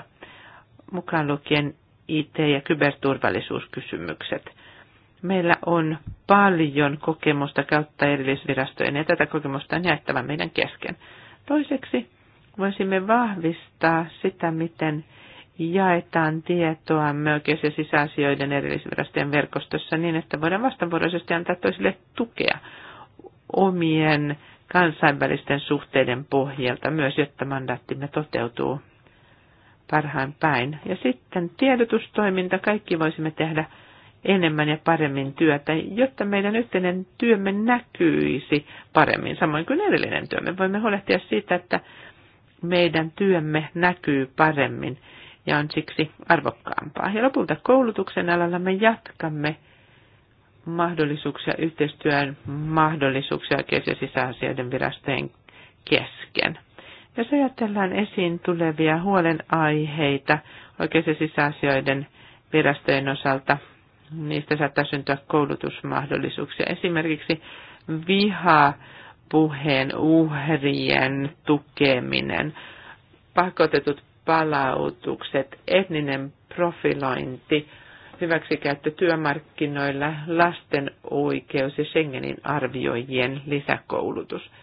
mukaan lukien IT- ja kyberturvallisuuskysymykset. Meillä on paljon kokemusta kautta erillisvirastojen ja tätä kokemusta on jaettava meidän kesken. Toiseksi voisimme vahvistaa sitä, miten jaetaan tietoa myös ja sisäasioiden erillisvirastojen verkostossa niin, että voidaan vastavuoroisesti antaa toisille tukea omien kansainvälisten suhteiden pohjalta myös, jotta mandaattimme toteutuu parhaan päin. Ja sitten tiedotustoiminta, kaikki voisimme tehdä enemmän ja paremmin työtä, jotta meidän yhteinen työmme näkyisi paremmin, samoin kuin edellinen työmme. Voimme huolehtia siitä, että meidän työmme näkyy paremmin ja on siksi arvokkaampaa. Ja lopulta koulutuksen alalla me jatkamme mahdollisuuksia, yhteistyön mahdollisuuksia oikeus- ja sisäasioiden virastojen kesken. Jos ajatellaan esiin tulevia huolenaiheita oikeus- ja sisäasioiden virastojen osalta, niistä saattaa syntyä koulutusmahdollisuuksia. Esimerkiksi viha puheen uhrien tukeminen, pakotetut palautukset, etninen profilointi, hyväksikäyttö työmarkkinoilla, lasten oikeus ja Schengenin arvioijien lisäkoulutus –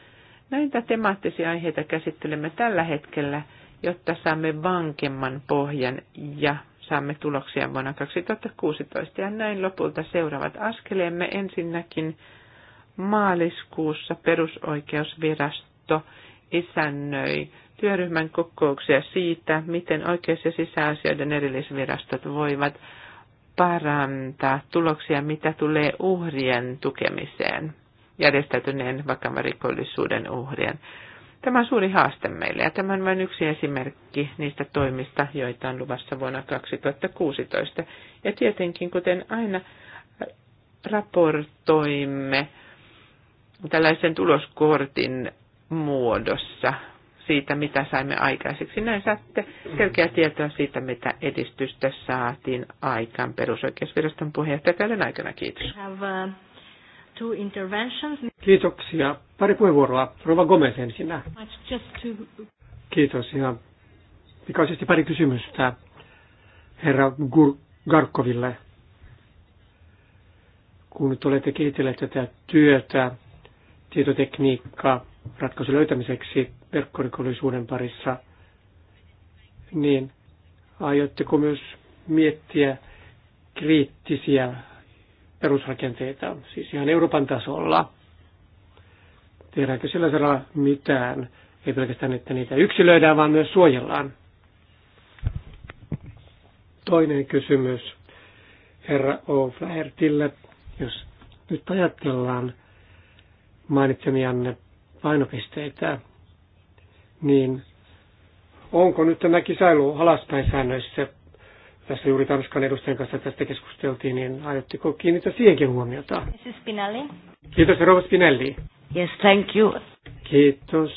Näitä no temaattisia aiheita käsittelemme tällä hetkellä, jotta saamme vankemman pohjan ja saamme tuloksia vuonna 2016. Ja näin lopulta seuraavat askeleemme ensinnäkin maaliskuussa perusoikeusvirasto isännöi työryhmän kokouksia siitä, miten oikeus- ja sisäasioiden erillisvirastot voivat parantaa tuloksia, mitä tulee uhrien tukemiseen järjestäytyneen vakavan rikollisuuden uhrien. Tämä on suuri haaste meille ja tämä on vain yksi esimerkki niistä toimista, joita on luvassa vuonna 2016. Ja tietenkin, kuten aina raportoimme tällaisen tuloskortin muodossa siitä, mitä saimme aikaiseksi. Näin saatte selkeää tietoa siitä, mitä edistystä saatiin aikaan perusoikeusviraston puheenjohtajakauden aikana. Kiitos. Uh, two interventions. Kiitoksia. Pari puheenvuoroa. Rova Gomez ensinnä. To... Kiitos ja pikaisesti pari kysymystä herra Gur- Garkoville. Kun nyt olette kehitelleet tätä työtä, tietotekniikkaa ratkaisun löytämiseksi verkkorikollisuuden parissa, niin aiotteko myös miettiä kriittisiä perusrakenteita, siis ihan Euroopan tasolla. Tehdäänkö sillä saralla mitään? Ei pelkästään, että niitä yksilöidään, vaan myös suojellaan. Toinen kysymys herra Flahertille, jos nyt ajatellaan mainitsemianne painopisteitä, niin onko nyt tämä kisailu alaspäin säännöissä tässä juuri Tanskan edustajan kanssa tästä keskusteltiin, niin aiotteko kiinnittää siihenkin huomiota? Mrs. Spinelli. Kiitos, Rova Spinelli. Yes, thank you. Kiitos.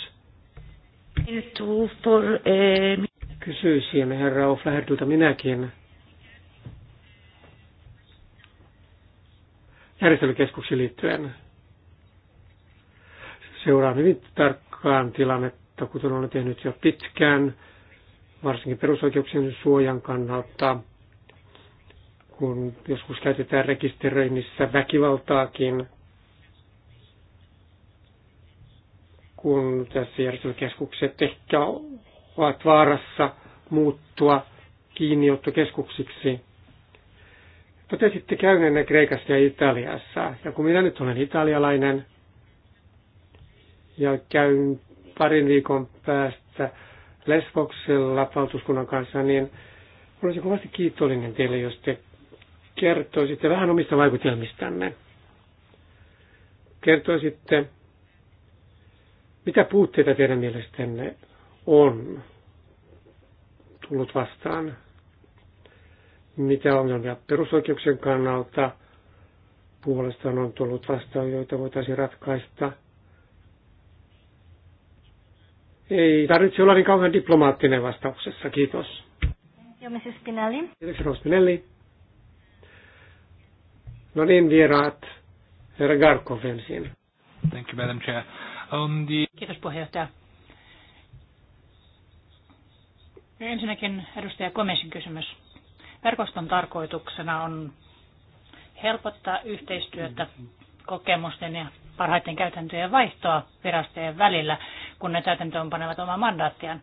For, eh... Kysyisin herra Oflahdulta minäkin. Järjestelykeskuksiin liittyen. Seuraan hyvin tarkkaan tilannetta, kuten olen tehnyt jo pitkään varsinkin perusoikeuksien suojan kannalta, kun joskus käytetään rekisteröinnissä väkivaltaakin, kun tässä järjestelmäkeskukset ehkä ovat vaarassa muuttua kiinniottokeskuksiksi. Totesitte käyneenä Kreikassa ja Italiassa, ja kun minä nyt olen italialainen ja käyn parin viikon päästä Lesboksella valtuuskunnan kanssa, niin olisin kovasti kiitollinen teille, jos te kertoisitte vähän omista vaikutelmistanne. Kertoisitte, mitä puutteita teidän mielestänne on tullut vastaan, mitä ongelmia perusoikeuksien kannalta puolestaan on tullut vastaan, joita voitaisiin ratkaista – ei tarvitse olla niin kauhean diplomaattinen vastauksessa. Kiitos. Kiitos, Mrs. Spinelli. Kiitoksia, Spinelli. No niin, vieraat. Herra Garkov ensin. Thank you, Madam Chair. Um, the... Kiitos puheenjohtaja. Ensinnäkin edustaja Komesin kysymys. Verkoston tarkoituksena on helpottaa yhteistyötä, kokemusten ja parhaiten käytäntöjen vaihtoa virastojen välillä kun ne täytäntöön panevat omaa mandaattiaan.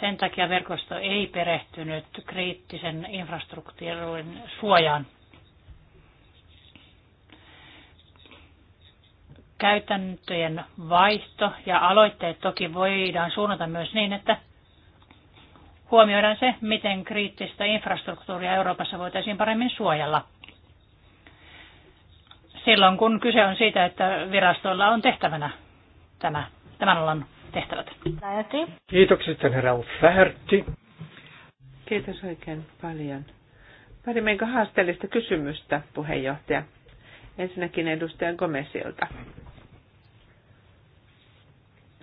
Sen takia verkosto ei perehtynyt kriittisen infrastruktuurin suojaan. Käytäntöjen vaihto ja aloitteet toki voidaan suunnata myös niin, että huomioidaan se, miten kriittistä infrastruktuuria Euroopassa voitaisiin paremmin suojella. Silloin kun kyse on siitä, että virastoilla on tehtävänä tämä, tämän alan tehtävät. Kiitokset, herra Fäherti. Kiitos oikein paljon. Pari meinkä haasteellista kysymystä, puheenjohtaja. Ensinnäkin edustaja Gomesilta.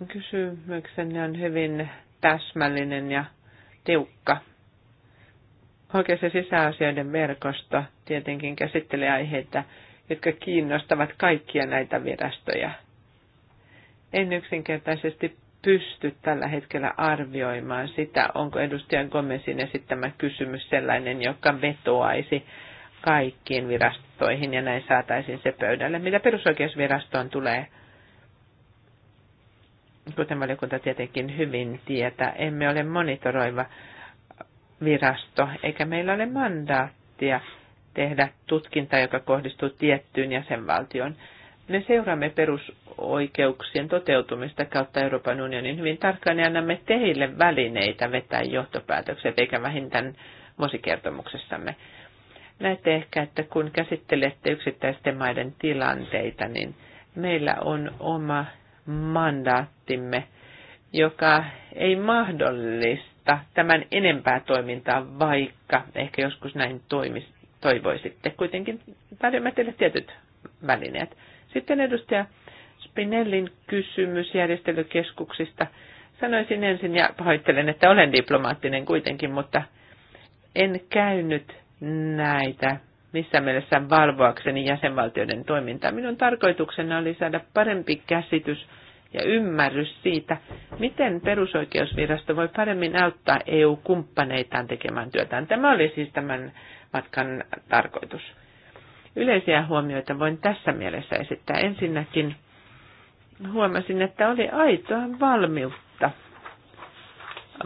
Kysymyksenne on hyvin täsmällinen ja tiukka. Oikeus- ja sisäasioiden verkosto tietenkin käsittelee aiheita, jotka kiinnostavat kaikkia näitä virastoja – en yksinkertaisesti pysty tällä hetkellä arvioimaan sitä, onko edustajan Gomezin esittämä kysymys sellainen, joka vetoaisi kaikkiin virastoihin ja näin saataisiin se pöydälle. Mitä perusoikeusvirastoon tulee, kuten valiokunta tietenkin hyvin tietää, emme ole monitoroiva virasto, eikä meillä ole mandaattia tehdä tutkintaa, joka kohdistuu tiettyyn jäsenvaltioon. Me seuraamme perusoikeuksien toteutumista kautta Euroopan unionin hyvin tarkkaan ja annamme teille välineitä vetää johtopäätökset, eikä vähintään vuosikertomuksessamme. Näette ehkä, että kun käsittelette yksittäisten maiden tilanteita, niin meillä on oma mandaattimme, joka ei mahdollista tämän enempää toimintaa, vaikka ehkä joskus näin toimis, toivoisitte. Kuitenkin tarjoamme teille tietyt välineet. Sitten edustaja Spinellin kysymys järjestelykeskuksista. Sanoisin ensin, ja pahoittelen, että olen diplomaattinen kuitenkin, mutta en käynyt näitä missä mielessä valvoakseni jäsenvaltioiden toimintaa. Minun tarkoituksena oli saada parempi käsitys ja ymmärrys siitä, miten perusoikeusvirasto voi paremmin auttaa EU-kumppaneitaan tekemään työtään. Tämä oli siis tämän matkan tarkoitus yleisiä huomioita voin tässä mielessä esittää. Ensinnäkin huomasin, että oli aitoa valmiutta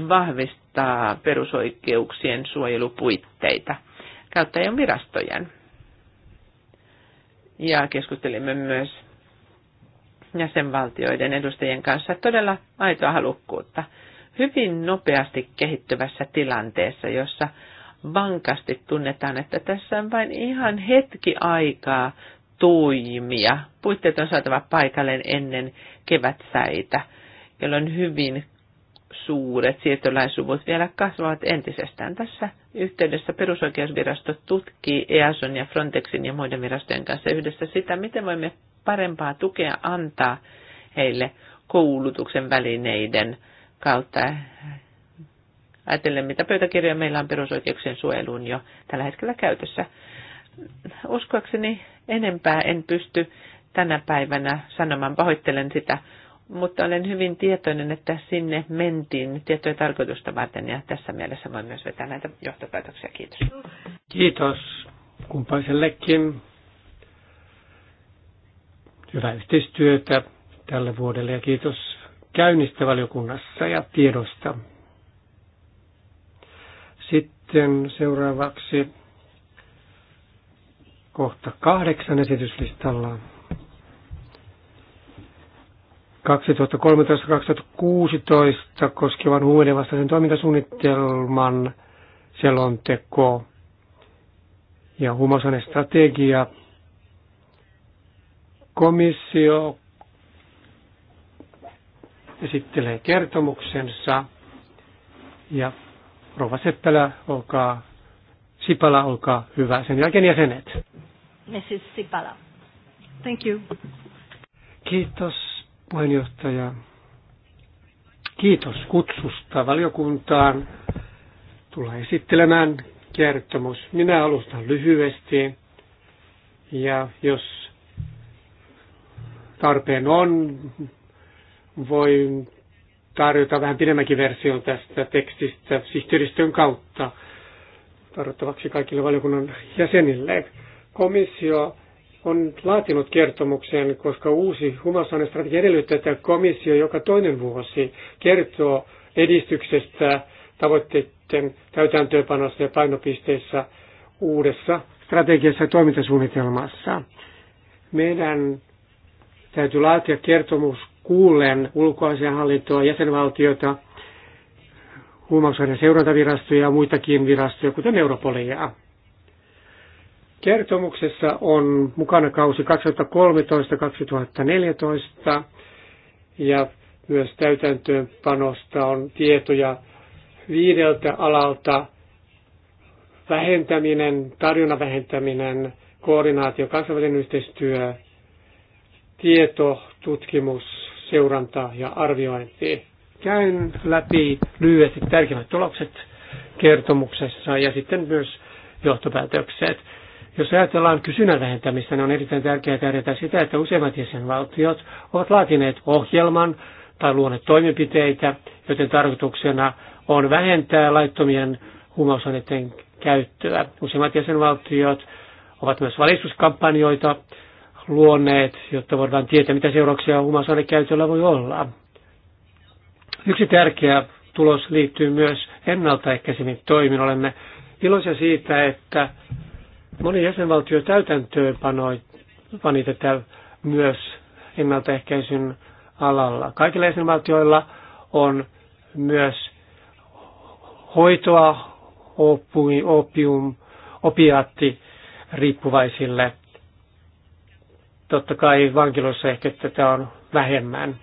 vahvistaa perusoikeuksien suojelupuitteita käyttäjän virastojen. Ja keskustelimme myös jäsenvaltioiden edustajien kanssa todella aitoa halukkuutta hyvin nopeasti kehittyvässä tilanteessa, jossa vankasti tunnetaan, että tässä on vain ihan hetki aikaa toimia. Puitteet on saatava paikalleen ennen kevätsäitä, jolloin hyvin suuret siirtolaisuvut vielä kasvavat entisestään. Tässä yhteydessä perusoikeusvirasto tutkii EASON ja Frontexin ja muiden virastojen kanssa yhdessä sitä, miten voimme parempaa tukea antaa heille koulutuksen välineiden kautta ajatellen mitä pöytäkirjoja meillä on perusoikeuksien suojeluun jo tällä hetkellä käytössä. Uskoakseni enempää en pysty tänä päivänä sanomaan, pahoittelen sitä, mutta olen hyvin tietoinen, että sinne mentiin tiettyä tarkoitusta varten ja tässä mielessä voin myös vetää näitä johtopäätöksiä. Kiitos. Kiitos kumpaisellekin. Hyvää yhteistyötä tälle vuodelle ja kiitos käynnistä valiokunnassa ja tiedosta. Sitten seuraavaksi kohta kahdeksan esityslistalla. 2013-2016 koskevan huumeidenvastaisen toimintasuunnitelman selonteko ja huumausaineen strategia. Komissio esittelee kertomuksensa ja Rova Seppälä, olkaa, Sipala, olkaa hyvä. Sen jälkeen jäsenet. Mrs. Sipala. Thank you. Kiitos puheenjohtaja. Kiitos kutsusta valiokuntaan tulla esittelemään kertomus. Minä alustan lyhyesti ja jos tarpeen on, voin tarjota vähän pidemmänkin version tästä tekstistä sihteeristön siis kautta tarjottavaksi kaikille valiokunnan jäsenille. Komissio on laatinut kertomuksen, koska uusi strategia edellyttää, että komissio joka toinen vuosi kertoo edistyksestä tavoitteiden täytäntöönpanossa ja painopisteissä uudessa strategiassa ja toimintasuunnitelmassa. Meidän täytyy laatia kertomus kuulen hallintoa jäsenvaltiota, huumausaineen seurantavirastoja ja muitakin virastoja, kuten Europolia. Kertomuksessa on mukana kausi 2013-2014 ja myös täytäntöönpanosta on tietoja viideltä alalta vähentäminen, tarjonnan vähentäminen, koordinaatio, kansainvälinen yhteistyö, tieto, tutkimus, seurantaa ja arviointia. Käyn läpi lyhyesti tärkeimmät tulokset kertomuksessa ja sitten myös johtopäätökset. Jos ajatellaan kysynnän vähentämistä, niin on erittäin tärkeää tärjätä sitä, että useimmat jäsenvaltiot ovat laatineet ohjelman tai luoneet toimenpiteitä, joten tarkoituksena on vähentää laittomien huumausaineiden käyttöä. Useimmat jäsenvaltiot ovat myös valistuskampanjoita luoneet, jotta voidaan tietää, mitä seurauksia huumausainekäytöllä voi olla. Yksi tärkeä tulos liittyy myös ennaltaehkäisemmin toimin. Olemme iloisia siitä, että moni jäsenvaltio täytäntöön panoi, pani tätä myös ennaltaehkäisyn alalla. Kaikilla jäsenvaltioilla on myös hoitoa opium, opiaatti riippuvaisille – Totta kai vankiloissa ehkä tätä on vähemmän.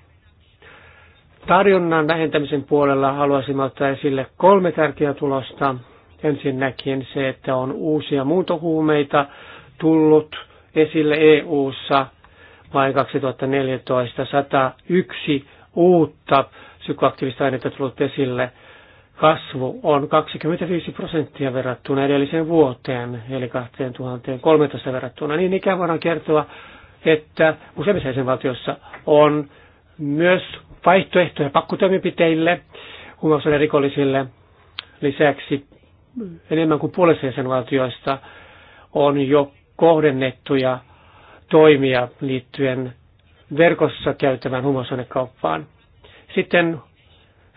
Tarjonnan vähentämisen puolella haluaisin ottaa esille kolme tärkeää tulosta. Ensinnäkin se, että on uusia muuntohuumeita tullut esille EU-ssa vain 2014 101 uutta psykoaktiivista ainetta tullut esille. Kasvu on 25 prosenttia verrattuna edelliseen vuoteen, eli 2013 verrattuna. Niin ikään voidaan kertoa että useimmissa jäsenvaltioissa on myös vaihtoehtoja pakkotoimenpiteille huumausaineiden rikollisille. Lisäksi enemmän kuin puolessa jäsenvaltioista on jo kohdennettuja toimia liittyen verkossa käytävään huumausainekauppaan. Sitten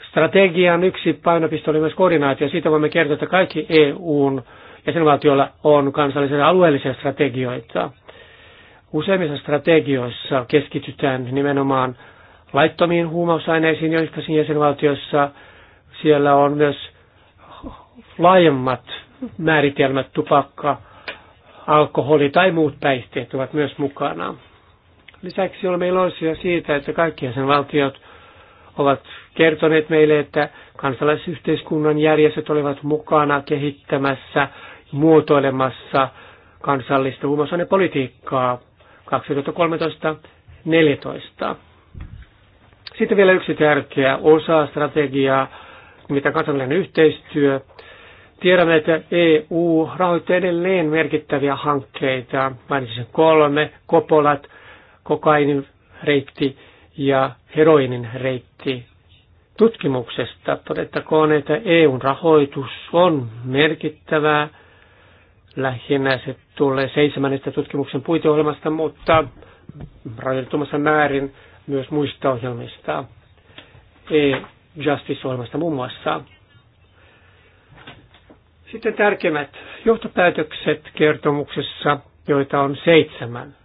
strategian yksi painopiste oli myös koordinaatio. Siitä voimme kertoa, että kaikki EUn jäsenvaltioilla on kansallisia alueellisia strategioita – Useimmissa strategioissa keskitytään nimenomaan laittomiin huumausaineisiin joissakin jäsenvaltioissa. Siellä on myös laajemmat määritelmät tupakka, alkoholi tai muut päihteet ovat myös mukana. Lisäksi olemme iloisia siitä, että kaikki jäsenvaltiot ovat kertoneet meille, että kansalaisyhteiskunnan järjestöt olivat mukana kehittämässä muotoilemassa kansallista huumausainepolitiikkaa 2013-2014. Sitten vielä yksi tärkeä osa strategiaa, mitä kansainvälinen yhteistyö. Tiedämme, että EU rahoittaa edelleen merkittäviä hankkeita, mainitsin kolme, kopolat, kokainin reitti ja heroinin reitti. Tutkimuksesta todettakoon, että EUn rahoitus on merkittävää Lähinnä se tulee seitsemännestä tutkimuksen puiteohjelmasta, mutta rajoittumassa määrin myös muista ohjelmista, e-justice-ohjelmasta muun muassa. Sitten tärkeimmät johtopäätökset kertomuksessa, joita on seitsemän.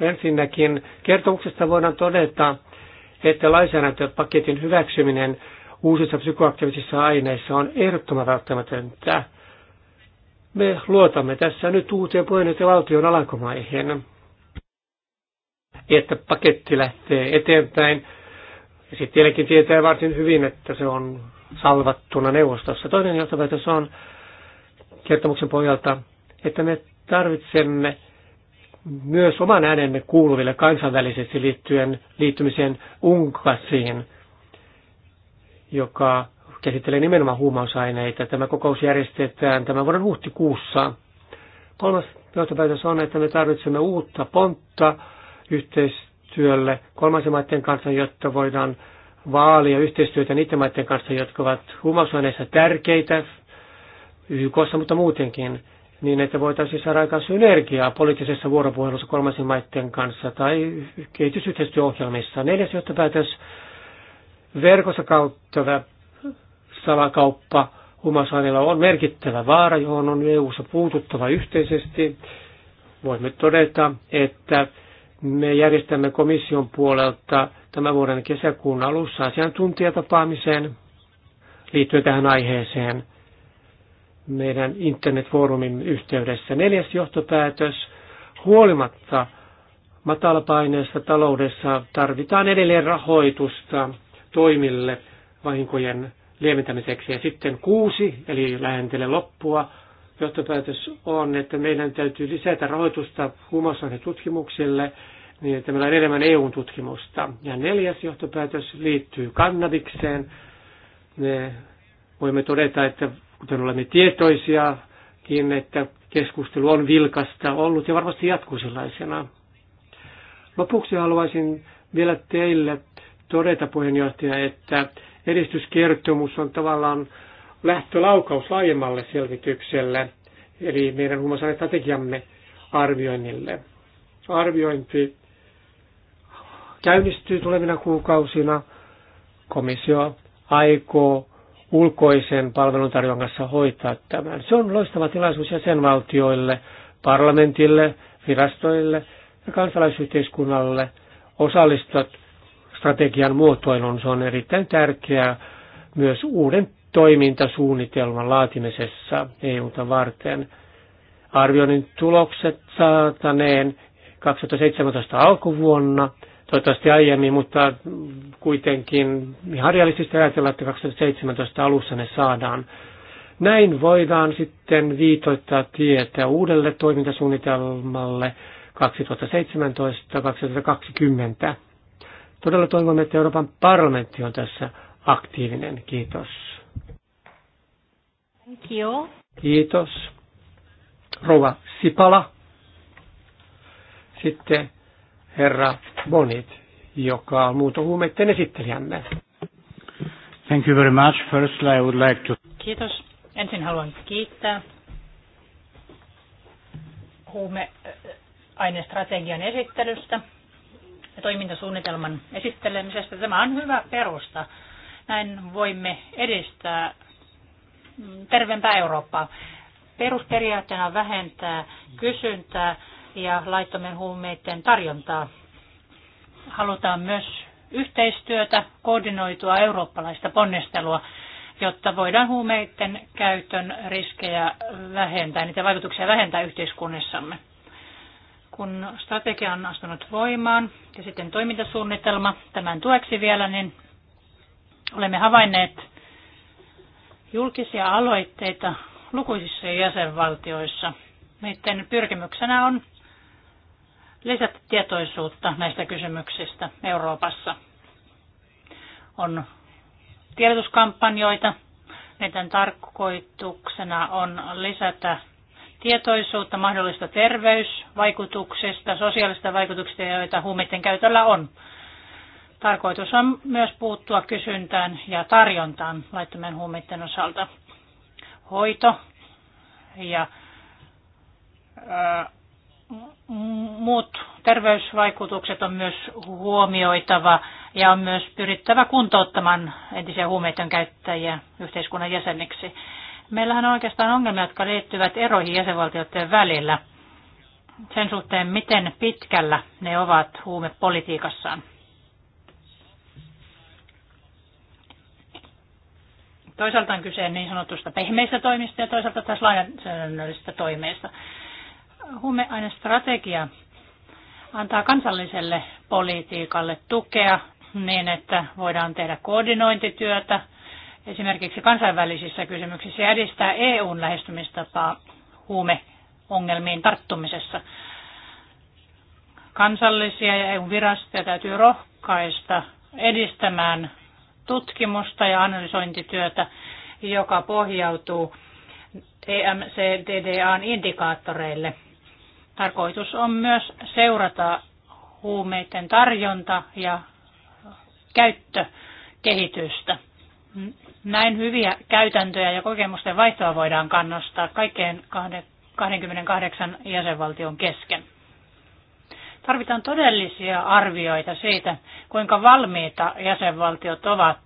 Ensinnäkin kertomuksesta voidaan todeta, että lainsäädäntöpaketin hyväksyminen uusissa psykoaktiivisissa aineissa on ehdottoman välttämätöntä. Me luotamme tässä nyt uuteen valtion alankomaihin, että paketti lähtee eteenpäin. Ja sitten tietenkin tietää varsin hyvin, että se on salvattuna neuvostossa. Toinen johtopäätös on kertomuksen pohjalta, että me tarvitsemme myös oman äänemme kuuluville kansainvälisesti liittyen liittymiseen Unkasiin, joka käsittelee nimenomaan huumausaineita. Tämä kokous järjestetään tämän vuoden huhtikuussa. Kolmas johtopäätös on, että me tarvitsemme uutta pontta yhteistyölle kolmansien maiden kanssa, jotta voidaan vaalia yhteistyötä niiden maiden kanssa, jotka ovat huumausaineissa tärkeitä YKssa, mutta muutenkin, niin että voitaisiin saada aikaan synergiaa poliittisessa vuoropuhelussa kolmansien maiden kanssa tai kehitysyhteistyöohjelmissa. Neljäs johtopäätös verkossa kautta salakauppa Humasaarilla on merkittävä vaara, johon on EU-ssa puututtava yhteisesti. Voimme todeta, että me järjestämme komission puolelta tämän vuoden kesäkuun alussa asiantuntijatapaamiseen liittyen tähän aiheeseen meidän internetfoorumin yhteydessä. Neljäs johtopäätös. Huolimatta matalapaineessa taloudessa tarvitaan edelleen rahoitusta toimille vahinkojen lieventämiseksi. Ja sitten kuusi, eli lähentele loppua, johtopäätös on, että meidän täytyy lisätä rahoitusta tutkimukselle, niin että meillä on enemmän EU-tutkimusta. Ja neljäs johtopäätös liittyy kannabikseen. Me voimme todeta, että kuten olemme tietoisiakin, että keskustelu on vilkasta ollut ja varmasti jatkuu sellaisena. Lopuksi haluaisin vielä teille todeta puheenjohtaja, että edistyskertomus on tavallaan lähtölaukaus laajemmalle selvitykselle, eli meidän huumausainestrategiamme arvioinnille. Arviointi käynnistyy tulevina kuukausina. Komissio aikoo ulkoisen palveluntarjoajan kanssa hoitaa tämän. Se on loistava tilaisuus jäsenvaltioille, parlamentille, virastoille ja kansalaisyhteiskunnalle osallistua strategian muotoilun. Se on erittäin tärkeää myös uuden toimintasuunnitelman laatimisessa EUta varten. Arvioinnin tulokset saataneen 2017 alkuvuonna, toivottavasti aiemmin, mutta kuitenkin ihan realistista ajatella, että 2017 alussa ne saadaan. Näin voidaan sitten viitoittaa tietä uudelle toimintasuunnitelmalle 2017-2020. Todella toivomme, että Euroopan parlamentti on tässä aktiivinen. Kiitos. Thank you. Kiitos. Rova Sipala. Sitten herra Bonit, joka on muutohuumeiden esittelijämme. Thank you very much. First, I would like to... Kiitos. Ensin haluan kiittää huumeainestrategian esittelystä ja toimintasuunnitelman esittelemisestä. Tämä on hyvä perusta. Näin voimme edistää terveempää Eurooppaa. Perusperiaatteena vähentää kysyntää ja laittomien huumeiden tarjontaa. Halutaan myös yhteistyötä, koordinoitua eurooppalaista ponnistelua, jotta voidaan huumeiden käytön riskejä vähentää, niitä vaikutuksia vähentää yhteiskunnissamme. Kun strategia on astunut voimaan ja sitten toimintasuunnitelma tämän tueksi vielä, niin olemme havainneet julkisia aloitteita lukuisissa jäsenvaltioissa. Meidän pyrkimyksenä on lisätä tietoisuutta näistä kysymyksistä Euroopassa. On tiedotuskampanjoita, meidän tarkoituksena on lisätä tietoisuutta mahdollista terveysvaikutuksesta, sosiaalista vaikutuksista, joita huumeiden käytöllä on. Tarkoitus on myös puuttua kysyntään ja tarjontaan laittomien huumeiden osalta. Hoito ja ää, muut terveysvaikutukset on myös huomioitava ja on myös pyrittävä kuntouttamaan entisiä huumeiden käyttäjiä yhteiskunnan jäseniksi. Meillähän on oikeastaan ongelmia, jotka liittyvät eroihin jäsenvaltioiden välillä sen suhteen, miten pitkällä ne ovat huumepolitiikassaan. Toisaalta on kyse niin sanotusta pehmeistä toimista ja toisaalta taas lainsäädännöllisistä toimista. Huumeainestrategia antaa kansalliselle politiikalle tukea niin, että voidaan tehdä koordinointityötä – esimerkiksi kansainvälisissä kysymyksissä ja edistää EUn lähestymistapaa huumeongelmiin tarttumisessa. Kansallisia ja EUn virastoja täytyy rohkaista edistämään tutkimusta ja analysointityötä, joka pohjautuu EMCDDAn indikaattoreille. Tarkoitus on myös seurata huumeiden tarjonta ja käyttökehitystä. Näin hyviä käytäntöjä ja kokemusten vaihtoa voidaan kannustaa kaikkeen 28 jäsenvaltion kesken. Tarvitaan todellisia arvioita siitä, kuinka valmiita jäsenvaltiot ovat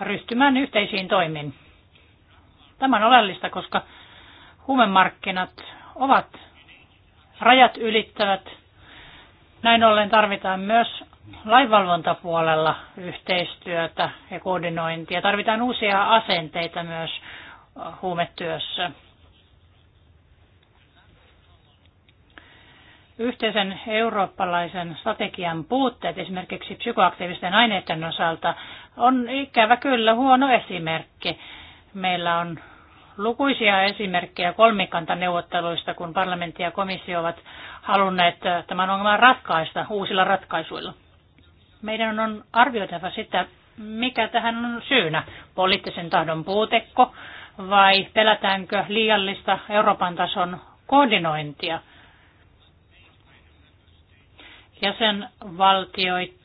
ryhtymään yhteisiin toimiin. Tämä on oleellista, koska huumemarkkinat ovat rajat ylittävät. Näin ollen tarvitaan myös lainvalvontapuolella yhteistyötä ja koordinointia. Tarvitaan uusia asenteita myös huumetyössä. Yhteisen eurooppalaisen strategian puutteet esimerkiksi psykoaktiivisten aineiden osalta on ikävä kyllä huono esimerkki. Meillä on lukuisia esimerkkejä kolmikantaneuvotteluista, kun parlamentti ja komissio ovat halunneet tämän ongelman ratkaista uusilla ratkaisuilla. Meidän on arvioitava sitä, mikä tähän on syynä. Poliittisen tahdon puutekko vai pelätäänkö liiallista Euroopan tason koordinointia? Jäsenvaltioiden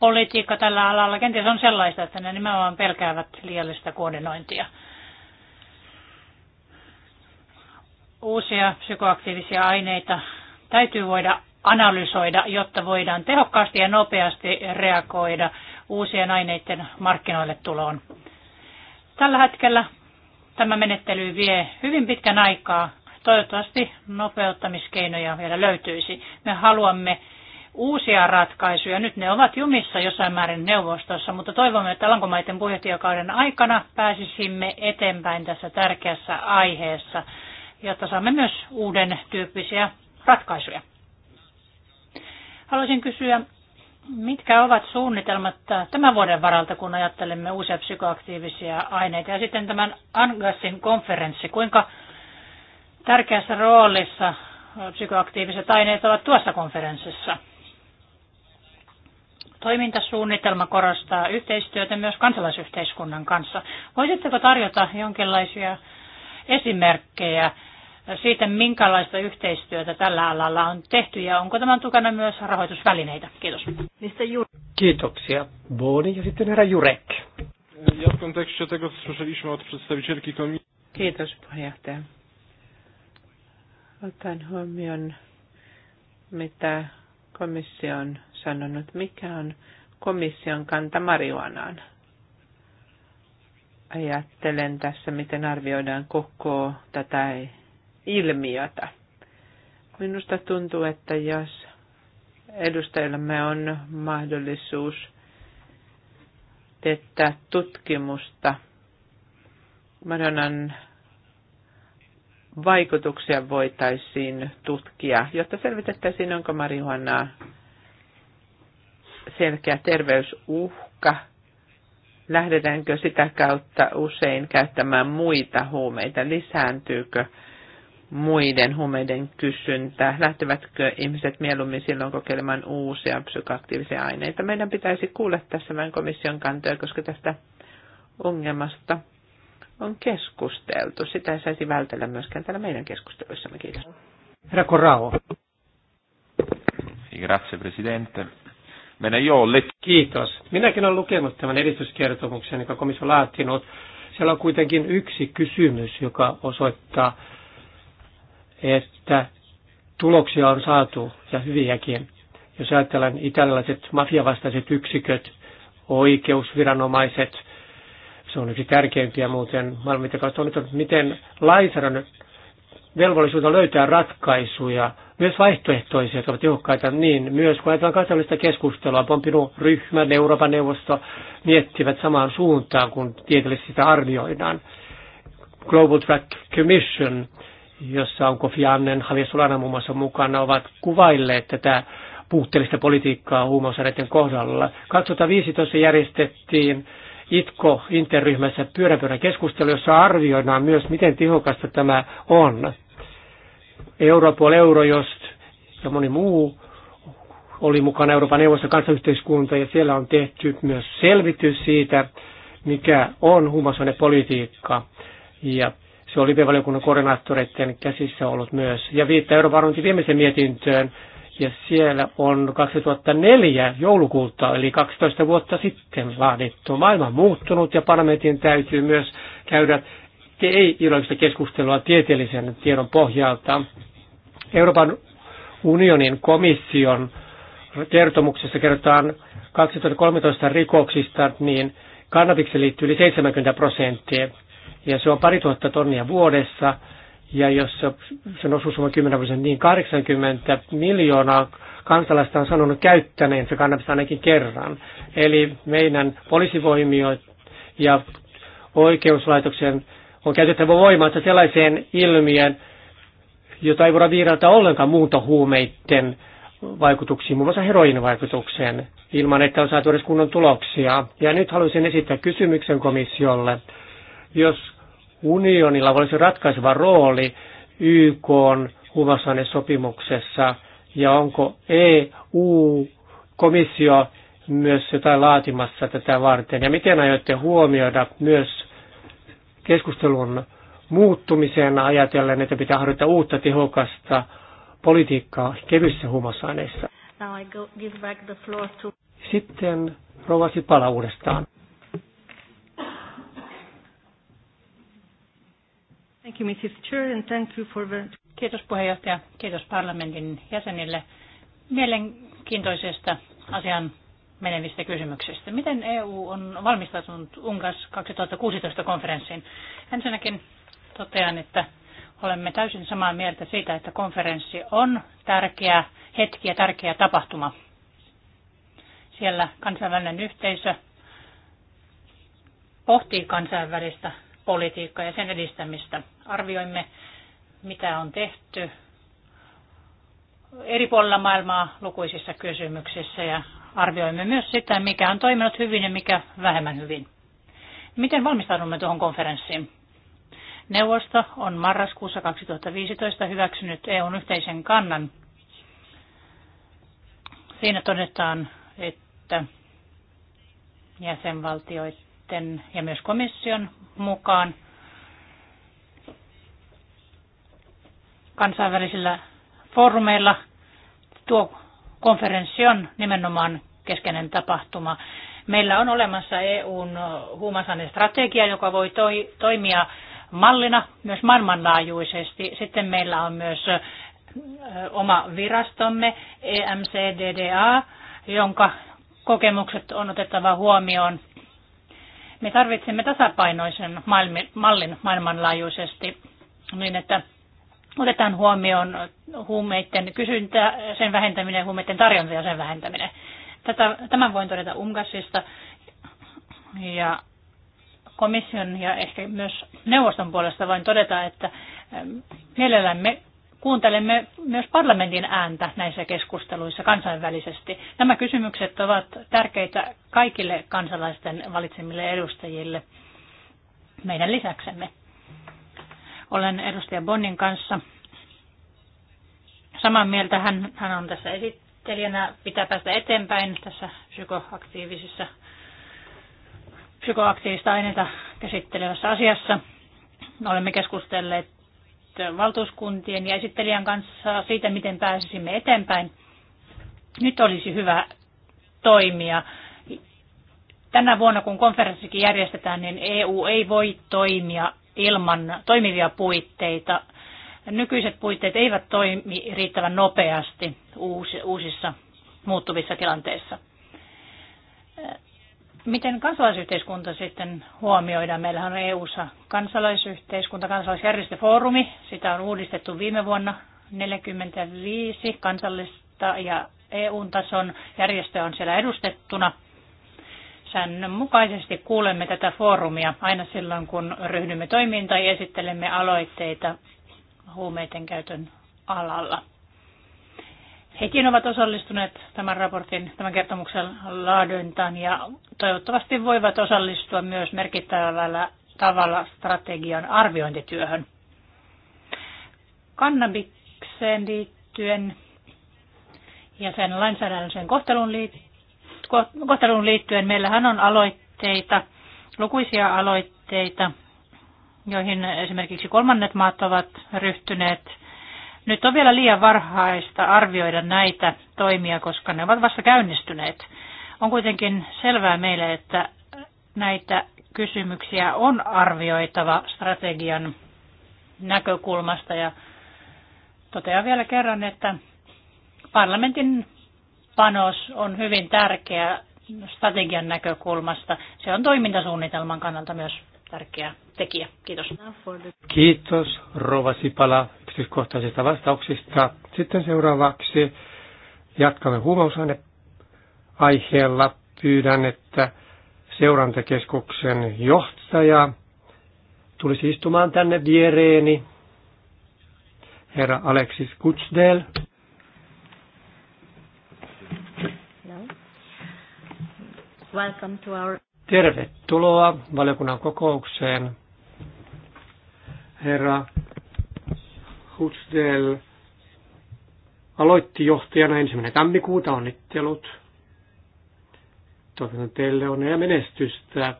politiikka tällä alalla kenties on sellaista, että ne nimenomaan pelkäävät liiallista koordinointia. Uusia psykoaktiivisia aineita täytyy voida analysoida, jotta voidaan tehokkaasti ja nopeasti reagoida uusien aineiden markkinoille tuloon. Tällä hetkellä tämä menettely vie hyvin pitkän aikaa. Toivottavasti nopeuttamiskeinoja vielä löytyisi. Me haluamme uusia ratkaisuja. Nyt ne ovat jumissa jossain määrin neuvostossa, mutta toivomme, että Lankomaiden puheenjohtajakauden aikana pääsisimme eteenpäin tässä tärkeässä aiheessa, jotta saamme myös uuden tyyppisiä ratkaisuja. Haluaisin kysyä, mitkä ovat suunnitelmat tämän vuoden varalta, kun ajattelemme uusia psykoaktiivisia aineita ja sitten tämän Angassin konferenssi, kuinka tärkeässä roolissa psykoaktiiviset aineet ovat tuossa konferenssissa? Toimintasuunnitelma korostaa yhteistyötä myös kansalaisyhteiskunnan kanssa. Voisitteko tarjota jonkinlaisia esimerkkejä siitä, minkälaista yhteistyötä tällä alalla on tehty ja onko tämän tukana myös rahoitusvälineitä. Kiitos. Mistä Jure? Kiitoksia. Boni ja sitten herra Jurek. Ja w tego, słyszeliśmy od przedstawicielki komisji. Kiitos puheenjohtaja. Otan huomioon, mitä komissio on sanonut, mikä on komission kanta marihuanaan. Ajattelen tässä, miten arvioidaan koko tätä ilmiötä. Minusta tuntuu, että jos edustajillamme on mahdollisuus teettää tutkimusta Madonnan vaikutuksia voitaisiin tutkia, jotta selvitettäisiin, onko marihuanaa selkeä terveysuhka, lähdetäänkö sitä kautta usein käyttämään muita huumeita, lisääntyykö muiden huumeiden kysyntä? Lähtevätkö ihmiset mieluummin silloin kokeilemaan uusia psykoaktiivisia aineita? Meidän pitäisi kuulla tässä vain komission kantoja, koska tästä ongelmasta on keskusteltu. Sitä ei saisi vältellä myöskään täällä meidän keskusteluissamme. Kiitos. Herra Corrao. Grazie Presidente. Kiitos. Minäkin olen lukenut tämän edistyskertomuksen, joka komissio laatinut. Siellä on kuitenkin yksi kysymys, joka osoittaa, että tuloksia on saatu ja hyviäkin. Jos ajatellaan italialaiset mafiavastaiset yksiköt, oikeusviranomaiset, se on yksi tärkeimpiä muuten maailmanmittakaavassa on, miten lainsäädännön velvollisuutta löytää ratkaisuja, myös vaihtoehtoisia, jotka ovat tehokkaita, niin myös kun ajatellaan kansainvälistä keskustelua, Pompinu ryhmä, Euroopan neuvosto miettivät samaan suuntaan, kun tieteellisesti sitä arvioidaan. Global Track Commission jossa on Kofi Annen, Javier Solana muun muassa mukana, ovat kuvailleet tätä puutteellista politiikkaa huumausaineiden kohdalla. 2015 järjestettiin ITKO interryhmässä pyöränpyörän keskustelu, jossa arvioidaan myös, miten tehokasta tämä on. Europol, Eurojost ja moni muu oli mukana Euroopan neuvoston kansayhteiskunta ja siellä on tehty myös selvitys siitä, mikä on huumausainepolitiikka. Ja se on live-valiokunnan koordinaattoreiden käsissä ollut myös. Ja viittaa Euroopan viimeiseen mietintöön, ja siellä on 2004 joulukuuta, eli 12 vuotta sitten laadittu. Maailma on muuttunut ja parlamentin täytyy myös käydä ei-ideologista keskustelua tieteellisen tiedon pohjalta. Euroopan unionin komission kertomuksessa kerrotaan 2013 rikoksista, niin kannabiksen liittyy yli 70 prosenttia ja se on pari tuhatta tonnia vuodessa, ja jos sen osuus on 10 prosenttia, niin 80 miljoonaa kansalaista on sanonut käyttäneen se kannabista ainakin kerran. Eli meidän poliisivoimio ja oikeuslaitoksen on käytettävä voimaa sellaiseen ilmiön, jota ei voida viirata ollenkaan muuntohuumeiden vaikutuksiin, muun muassa heroin vaikutukseen, ilman että on saatu edes kunnon tuloksia. Ja nyt haluaisin esittää kysymyksen komissiolle. Jos unionilla olisi ratkaiseva rooli YK sopimuksessa ja onko EU-komissio myös jotain laatimassa tätä varten? Ja miten aiotte huomioida myös keskustelun muuttumiseen ajatellen, että pitää harjoittaa uutta tehokasta politiikkaa kevyissä huumausaineissa? Sitten rouva Sipala uudestaan. Thank you, Mrs. Chair, and thank you for the... Kiitos puheenjohtaja, kiitos parlamentin jäsenille mielenkiintoisesta asian menevistä kysymyksistä. Miten EU on valmistautunut UNCAS 2016 konferenssiin? Ensinnäkin totean, että olemme täysin samaa mieltä siitä, että konferenssi on tärkeä hetki ja tärkeä tapahtuma. Siellä kansainvälinen yhteisö pohtii kansainvälistä politiikkaa ja sen edistämistä arvioimme, mitä on tehty eri puolilla maailmaa lukuisissa kysymyksissä ja arvioimme myös sitä, mikä on toiminut hyvin ja mikä vähemmän hyvin. Miten valmistaudumme tuohon konferenssiin? Neuvosto on marraskuussa 2015 hyväksynyt EUn yhteisen kannan. Siinä todetaan, että jäsenvaltioiden ja myös komission mukaan kansainvälisillä foorumeilla. Tuo konferenssi on nimenomaan keskeinen tapahtuma. Meillä on olemassa EUn strategia, joka voi toi, toimia mallina myös maailmanlaajuisesti. Sitten meillä on myös oma virastomme EMCDDA, jonka kokemukset on otettava huomioon. Me tarvitsemme tasapainoisen mallin maailmanlaajuisesti niin, että otetaan huomioon huumeiden kysyntä, sen vähentäminen ja huumeiden tarjonta ja sen vähentäminen. Tätä, tämän voin todeta UMCASista ja komission ja ehkä myös neuvoston puolesta voin todeta, että ähm, mielellämme kuuntelemme myös parlamentin ääntä näissä keskusteluissa kansainvälisesti. Nämä kysymykset ovat tärkeitä kaikille kansalaisten valitsemille edustajille meidän lisäksemme. Olen edustaja Bonnin kanssa samaa mieltä. Hän, hän on tässä esittelijänä. Pitää päästä eteenpäin tässä psykoaktiivisissa psykoaktiivista aineita käsittelevässä asiassa. Olemme keskustelleet valtuuskuntien ja esittelijän kanssa siitä, miten pääsisimme eteenpäin. Nyt olisi hyvä toimia. Tänä vuonna, kun konferenssikin järjestetään, niin EU ei voi toimia ilman toimivia puitteita. Nykyiset puitteet eivät toimi riittävän nopeasti uusissa muuttuvissa tilanteissa. Miten kansalaisyhteiskunta sitten huomioidaan? Meillähän on EU-ssa kansalaisyhteiskunta, kansalaisjärjestöfoorumi. Sitä on uudistettu viime vuonna 45 kansallista ja EU-tason järjestöä on siellä edustettuna säännönmukaisesti kuulemme tätä foorumia aina silloin, kun ryhdymme toimiin tai esittelemme aloitteita huumeiden käytön alalla. Hekin ovat osallistuneet tämän raportin, tämän kertomuksen laadintaan ja toivottavasti voivat osallistua myös merkittävällä tavalla strategian arviointityöhön. Kannabikseen liittyen ja sen lainsäädännölliseen kohteluun liittyen kohteluun liittyen meillähän on aloitteita, lukuisia aloitteita, joihin esimerkiksi kolmannet maat ovat ryhtyneet. Nyt on vielä liian varhaista arvioida näitä toimia, koska ne ovat vasta käynnistyneet. On kuitenkin selvää meille, että näitä kysymyksiä on arvioitava strategian näkökulmasta ja totean vielä kerran, että parlamentin panos on hyvin tärkeä strategian näkökulmasta. Se on toimintasuunnitelman kannalta myös tärkeä tekijä. Kiitos. Kiitos Rova Sipala yksityiskohtaisista vastauksista. Sitten seuraavaksi jatkamme huumausaine aiheella. Pyydän, että seurantakeskuksen johtaja tulisi istumaan tänne viereeni. Herra Alexis Kutsdel. Welcome to our... Tervetuloa valiokunnan kokoukseen. Herra Hutsdel aloitti johtajana ensimmäinen tammikuuta onnittelut. Toivotan teille onnea ja menestystä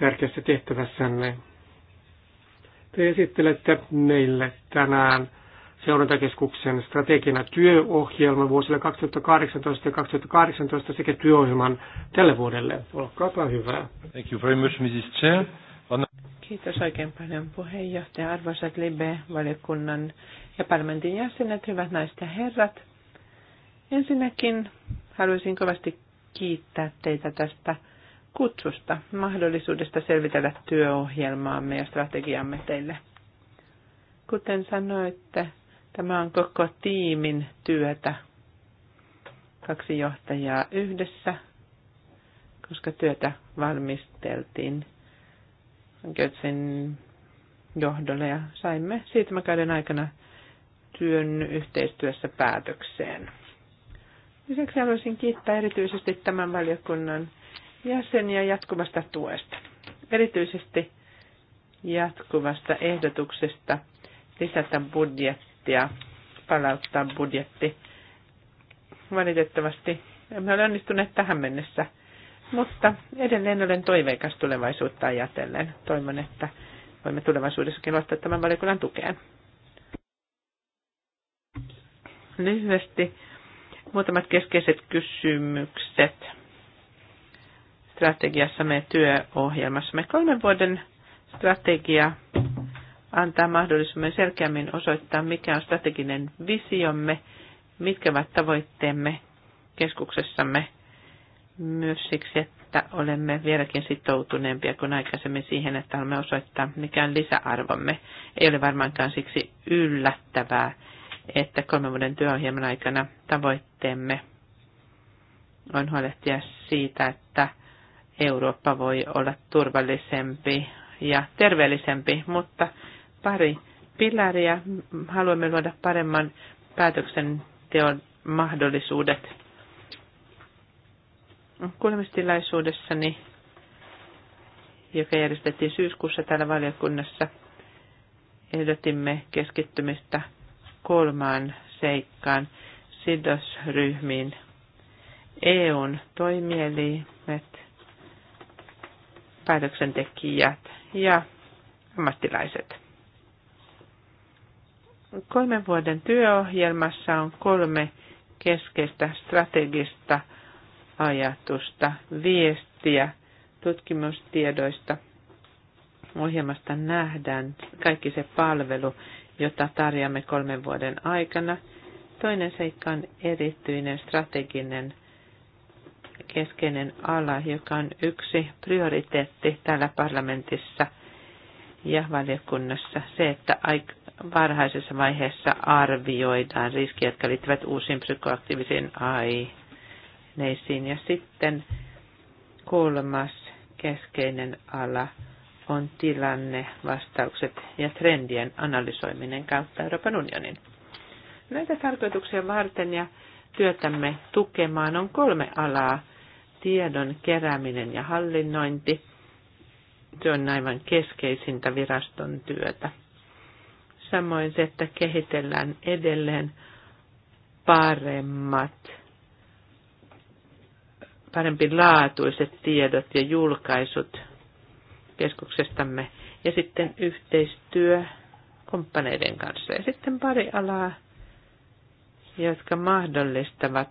tärkeässä tehtävässänne. Te esittelette meille tänään seurantakeskuksen strategina työohjelma vuosille 2018 ja 2018 sekä työohjelman tälle vuodelle. Olkaapa hyvä. Thank you very much, Mrs. Chair. On... Kiitos oikein paljon puheenjohtaja, arvoisat Libe-valiokunnan ja parlamentin jäsenet, hyvät naiset ja herrat. Ensinnäkin haluaisin kovasti kiittää teitä tästä kutsusta, mahdollisuudesta selvitellä työohjelmaamme ja strategiamme teille. Kuten sanoitte, Tämä on koko tiimin työtä. Kaksi johtajaa yhdessä, koska työtä valmisteltiin Götzin johdolle ja saimme siirtymäkauden aikana työn yhteistyössä päätökseen. Lisäksi haluaisin kiittää erityisesti tämän valiokunnan jäseniä jatkuvasta tuesta. Erityisesti jatkuvasta ehdotuksesta lisätä budjetti budjettia, palauttaa budjetti. Valitettavasti emme ole onnistuneet tähän mennessä, mutta edelleen olen toiveikas tulevaisuutta ajatellen. Toivon, että voimme tulevaisuudessakin luottaa tämän valiokunnan tukeen. Lyhyesti muutamat keskeiset kysymykset strategiassamme ja työohjelmassamme. Kolmen vuoden strategia antaa mahdollisuuden selkeämmin osoittaa, mikä on strateginen visiomme, mitkä ovat tavoitteemme keskuksessamme myös siksi, että olemme vieläkin sitoutuneempia kuin aikaisemmin siihen, että haluamme osoittaa, mikä on lisäarvomme. Ei ole varmaankaan siksi yllättävää, että kolmen vuoden työohjelman aikana tavoitteemme on huolehtia siitä, että Eurooppa voi olla turvallisempi ja terveellisempi, mutta pari pilaria. Haluamme luoda paremman päätöksenteon mahdollisuudet. Kuulemistilaisuudessani, joka järjestettiin syyskuussa täällä valiokunnassa, ehdotimme keskittymistä kolmaan seikkaan sidosryhmiin. EUn toimielimet, päätöksentekijät ja ammattilaiset. Kolmen vuoden työohjelmassa on kolme keskeistä strategista ajatusta, viestiä tutkimustiedoista. Ohjelmasta nähdään kaikki se palvelu, jota tarjoamme kolmen vuoden aikana. Toinen seikka on erityinen strateginen keskeinen ala, joka on yksi prioriteetti täällä parlamentissa ja valiokunnassa. Se, että varhaisessa vaiheessa arvioidaan riskiä, jotka liittyvät uusiin psykoaktiivisiin aineisiin. Ja sitten kolmas keskeinen ala on tilanne, vastaukset ja trendien analysoiminen kautta Euroopan unionin. Näitä tarkoituksia varten ja työtämme tukemaan on kolme alaa. Tiedon kerääminen ja hallinnointi. Se on aivan keskeisintä viraston työtä. Samoin se, että kehitellään edelleen paremmat, parempi laatuiset tiedot ja julkaisut keskuksestamme. Ja sitten yhteistyö kumppaneiden kanssa. Ja sitten pari alaa, jotka mahdollistavat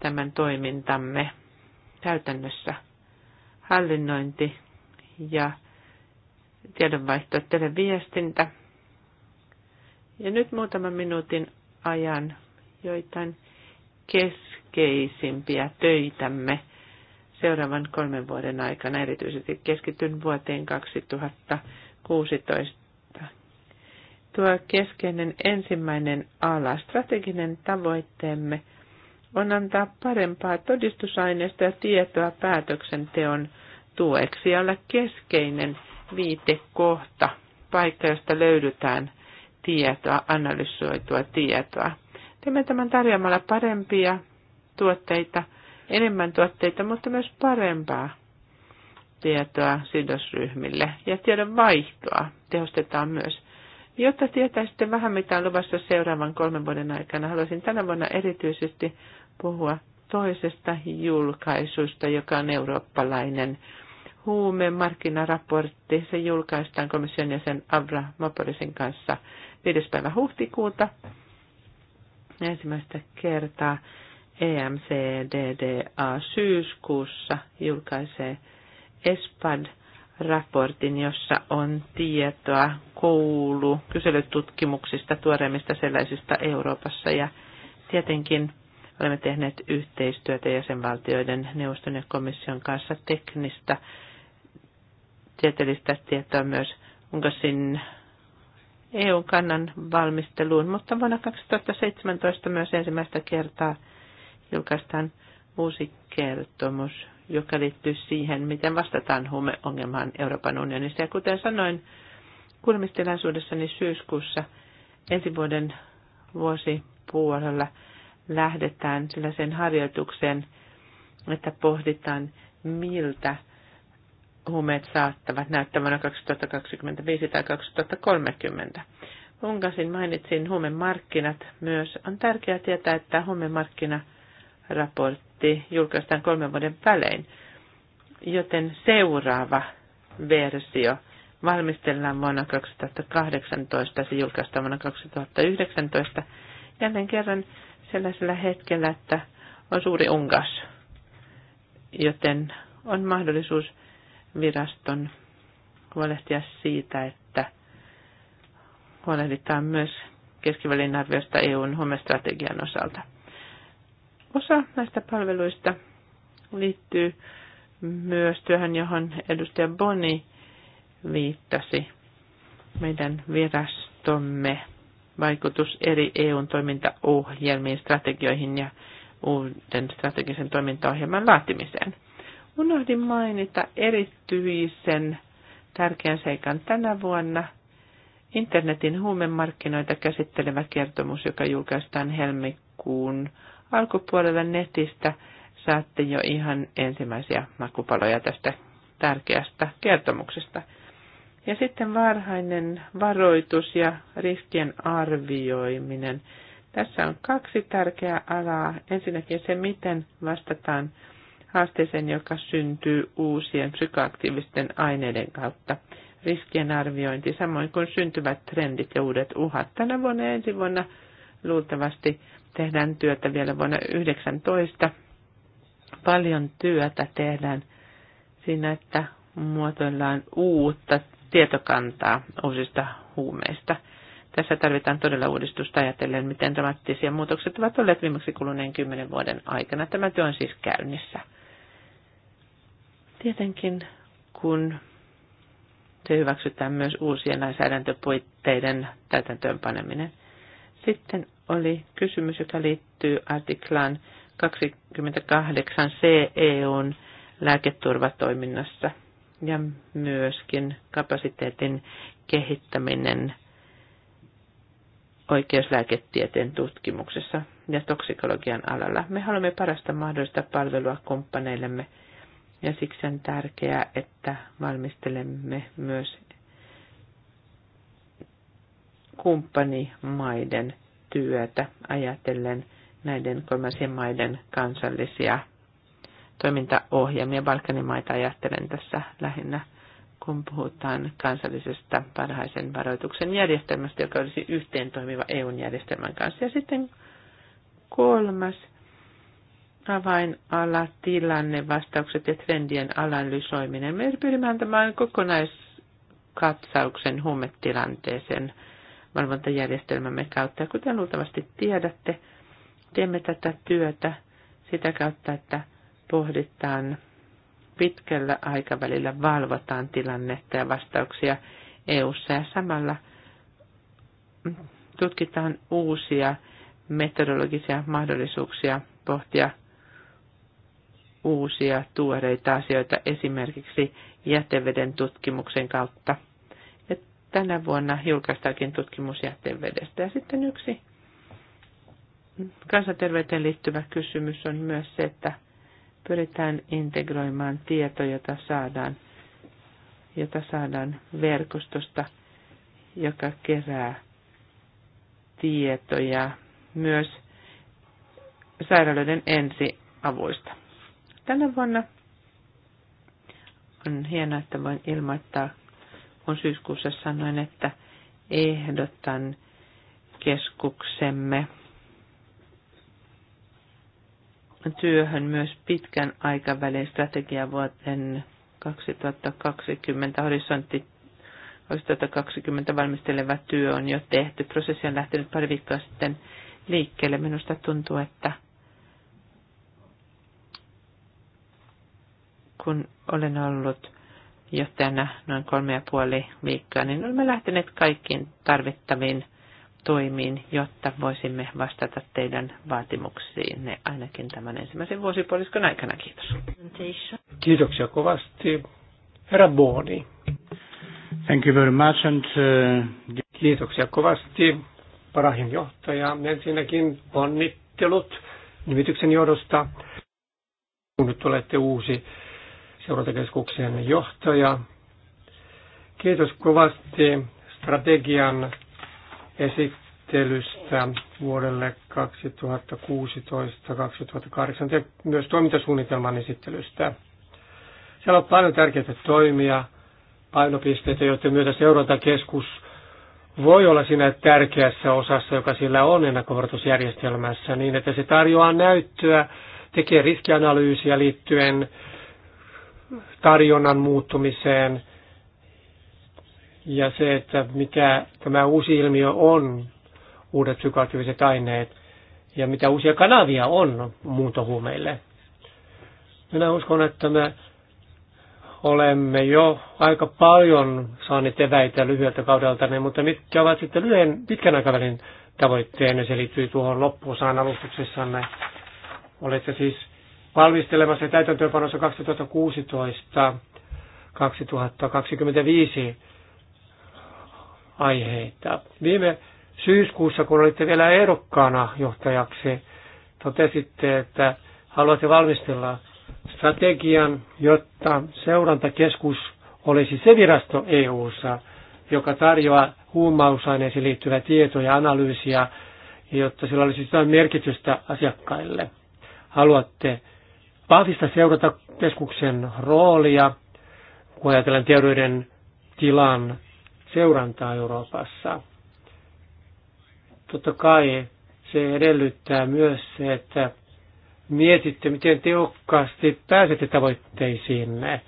tämän toimintamme käytännössä. Hallinnointi ja tiedonvaihto televiestintä ja nyt muutaman minuutin ajan joitain keskeisimpiä töitämme seuraavan kolmen vuoden aikana. Erityisesti keskityn vuoteen 2016. Tuo keskeinen ensimmäinen ala, strateginen tavoitteemme, on antaa parempaa todistusaineistoa ja tietoa päätöksenteon tueksi ja olla keskeinen viitekohta, paikka, josta löydetään tietoa, analysoitua tietoa. Teemme tämän tarjoamalla parempia tuotteita, enemmän tuotteita, mutta myös parempaa tietoa sidosryhmille ja tiedon vaihtoa tehostetaan myös. Jotta tietäisitte vähän mitä on luvassa seuraavan kolmen vuoden aikana, haluaisin tänä vuonna erityisesti puhua toisesta julkaisusta, joka on eurooppalainen huumemarkkinaraportti. Se julkaistaan komission jäsen Avra Moporisin kanssa 5. päivä huhtikuuta ensimmäistä kertaa EMCDDA syyskuussa julkaisee ESPAD-raportin, jossa on tietoa koulu kyselytutkimuksista, tuoreimmista sellaisista Euroopassa ja tietenkin olemme tehneet yhteistyötä jäsenvaltioiden neuvoston ja komission kanssa teknistä tieteellistä tietoa myös sinne EU-kannan valmisteluun, mutta vuonna 2017 myös ensimmäistä kertaa julkaistaan uusi kertomus, joka liittyy siihen, miten vastataan huumeongelmaan Euroopan unionissa. Ja kuten sanoin kuulemistilaisuudessani niin syyskuussa ensi vuoden vuosipuolella lähdetään sellaiseen harjoitukseen, että pohditaan, miltä – huumeet saattavat näyttää vuonna 2025 tai 2030. Unkasin mainitsin huumemarkkinat myös. On tärkeää tietää, että huumemarkkinaraportti julkaistaan kolmen vuoden välein, joten seuraava versio valmistellaan vuonna 2018, se julkaistaan vuonna 2019. Jälleen kerran sellaisella hetkellä, että on suuri unkas, joten on mahdollisuus viraston huolehtia siitä, että huolehditaan myös keskivälin arviosta EUn homestrategian osalta. Osa näistä palveluista liittyy myös työhön, johon edustaja Boni viittasi. Meidän virastomme vaikutus eri EUn toimintaohjelmiin, strategioihin ja uuden strategisen toimintaohjelman laatimiseen – Unohdin mainita erityisen tärkeän seikan tänä vuonna. Internetin huumemarkkinoita käsittelevä kertomus, joka julkaistaan helmikuun alkupuolella netistä, saatte jo ihan ensimmäisiä makupaloja tästä tärkeästä kertomuksesta. Ja sitten varhainen varoitus ja riskien arvioiminen. Tässä on kaksi tärkeää alaa. Ensinnäkin se, miten vastataan haasteeseen, joka syntyy uusien psykoaktiivisten aineiden kautta. Riskien arviointi, samoin kuin syntyvät trendit ja uudet uhat. Tänä vuonna ja ensi vuonna luultavasti tehdään työtä vielä vuonna 2019. Paljon työtä tehdään siinä, että muotoillaan uutta tietokantaa uusista huumeista. Tässä tarvitaan todella uudistusta ajatellen, miten dramaattisia muutokset ovat olleet viimeksi kuluneen kymmenen vuoden aikana. Tämä työ on siis käynnissä. Tietenkin kun se hyväksytään myös uusien lainsäädäntöpuitteiden täytäntöönpaneminen. Sitten oli kysymys, joka liittyy artiklaan 28 CEUn lääketurvatoiminnassa ja myöskin kapasiteetin kehittäminen oikeuslääketieteen tutkimuksessa ja toksikologian alalla. Me haluamme parasta mahdollista palvelua kumppaneillemme – ja siksi on tärkeää, että valmistelemme myös kumppanimaiden työtä ajatellen näiden kolmansien maiden kansallisia toimintaohjelmia. Balkanin maita ajattelen tässä lähinnä, kun puhutaan kansallisesta parhaisen varoituksen järjestelmästä, joka olisi yhteen toimiva EUn järjestelmän kanssa. Ja sitten kolmas avainala, tilanne, vastaukset ja trendien analysoiminen. Me pyrimme antamaan kokonaiskatsauksen huumetilanteeseen valvontajärjestelmämme kautta. Kuten luultavasti tiedätte, teemme tätä työtä sitä kautta, että pohditaan pitkällä aikavälillä valvotaan tilannetta ja vastauksia EU-ssa ja samalla tutkitaan uusia metodologisia mahdollisuuksia pohtia uusia tuoreita asioita esimerkiksi jäteveden tutkimuksen kautta. Ja tänä vuonna julkaistaakin tutkimus jätevedestä. Ja sitten yksi kansanterveyteen liittyvä kysymys on myös se, että pyritään integroimaan tieto, jota saadaan, jota saadaan verkostosta, joka kerää tietoja myös sairaaloiden ensiavuista. Tänä vuonna on hienoa, että voin ilmoittaa, kun syyskuussa sanoin, että ehdotan keskuksemme työhön myös pitkän aikavälin strategia vuoteen 2020 horisontti 2020 valmisteleva työ on jo tehty. Prosessi on lähtenyt pari viikkoa sitten liikkeelle. Minusta tuntuu, että kun olen ollut tänä noin kolme ja puoli viikkoa, niin olemme lähteneet kaikkiin tarvittaviin toimiin, jotta voisimme vastata teidän vaatimuksiinne ainakin tämän ensimmäisen vuosipuoliskon aikana. Kiitos. Kiitoksia kovasti. Herra Booni. Thank you very much and, uh, Kiitoksia kovasti, parahin johtaja. Ensinnäkin onnittelut nimityksen johdosta, kun nyt olette uusi seurantakeskuksen johtaja. Kiitos kovasti strategian esittelystä vuodelle 2016-2018 ja myös toimintasuunnitelman esittelystä. Siellä on paljon tärkeitä toimia, painopisteitä, joiden myötä seurantakeskus voi olla siinä tärkeässä osassa, joka sillä on ennakkovartusjärjestelmässä, niin että se tarjoaa näyttöä, tekee riskianalyysiä liittyen tarjonnan muuttumiseen ja se, että mikä tämä uusi ilmiö on, uudet psykoaktiiviset aineet ja mitä uusia kanavia on muuntohuumeille. Minä uskon, että me olemme jo aika paljon saaneet eväitä lyhyeltä kaudelta, mutta mitkä ovat sitten lyhyen, pitkän aikavälin ja se liittyy tuohon loppuosaan alustuksessanne. Olette siis valmistelemassa täytäntöönpanossa 2016 2025 aiheita. Viime syyskuussa, kun olitte vielä ehdokkaana johtajaksi, totesitte, että haluatte valmistella strategian, jotta seurantakeskus olisi se virasto EU-ssa, joka tarjoaa huumausaineisiin liittyvää tietoa ja analyysiä, jotta sillä olisi jotain merkitystä asiakkaille. Haluatte vahvista seurata keskuksen roolia, kun ajatellaan terveyden tilan seurantaa Euroopassa. Totta kai se edellyttää myös se, että mietitte, miten tehokkaasti pääsette tavoitteisiinne.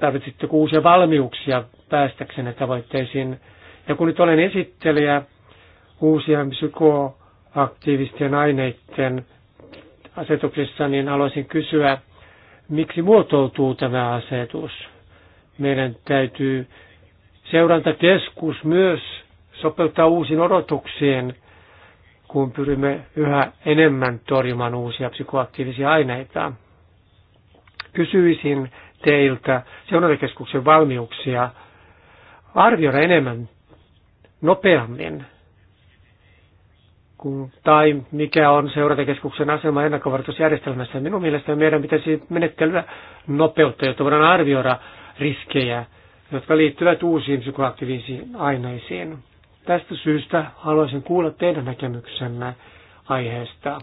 Tarvitsitte uusia valmiuksia päästäksenne tavoitteisiin. Ja kun nyt olen esittelijä uusien psykoaktiivisten aineiden asetuksessa, niin haluaisin kysyä, miksi muotoutuu tämä asetus. Meidän täytyy seurantakeskus myös sopeuttaa uusiin odotuksiin, kun pyrimme yhä enemmän torjumaan uusia psykoaktiivisia aineita. Kysyisin teiltä seurantakeskuksen valmiuksia arvioida enemmän nopeammin kun, tai mikä on seurantakeskuksen asema ennakkovartusjärjestelmässä. Minun mielestäni meidän pitäisi menettelyä nopeutta, jotta voidaan arvioida riskejä, jotka liittyvät uusiin psykoaktiivisiin aineisiin. Tästä syystä haluaisin kuulla teidän näkemyksenne aiheesta.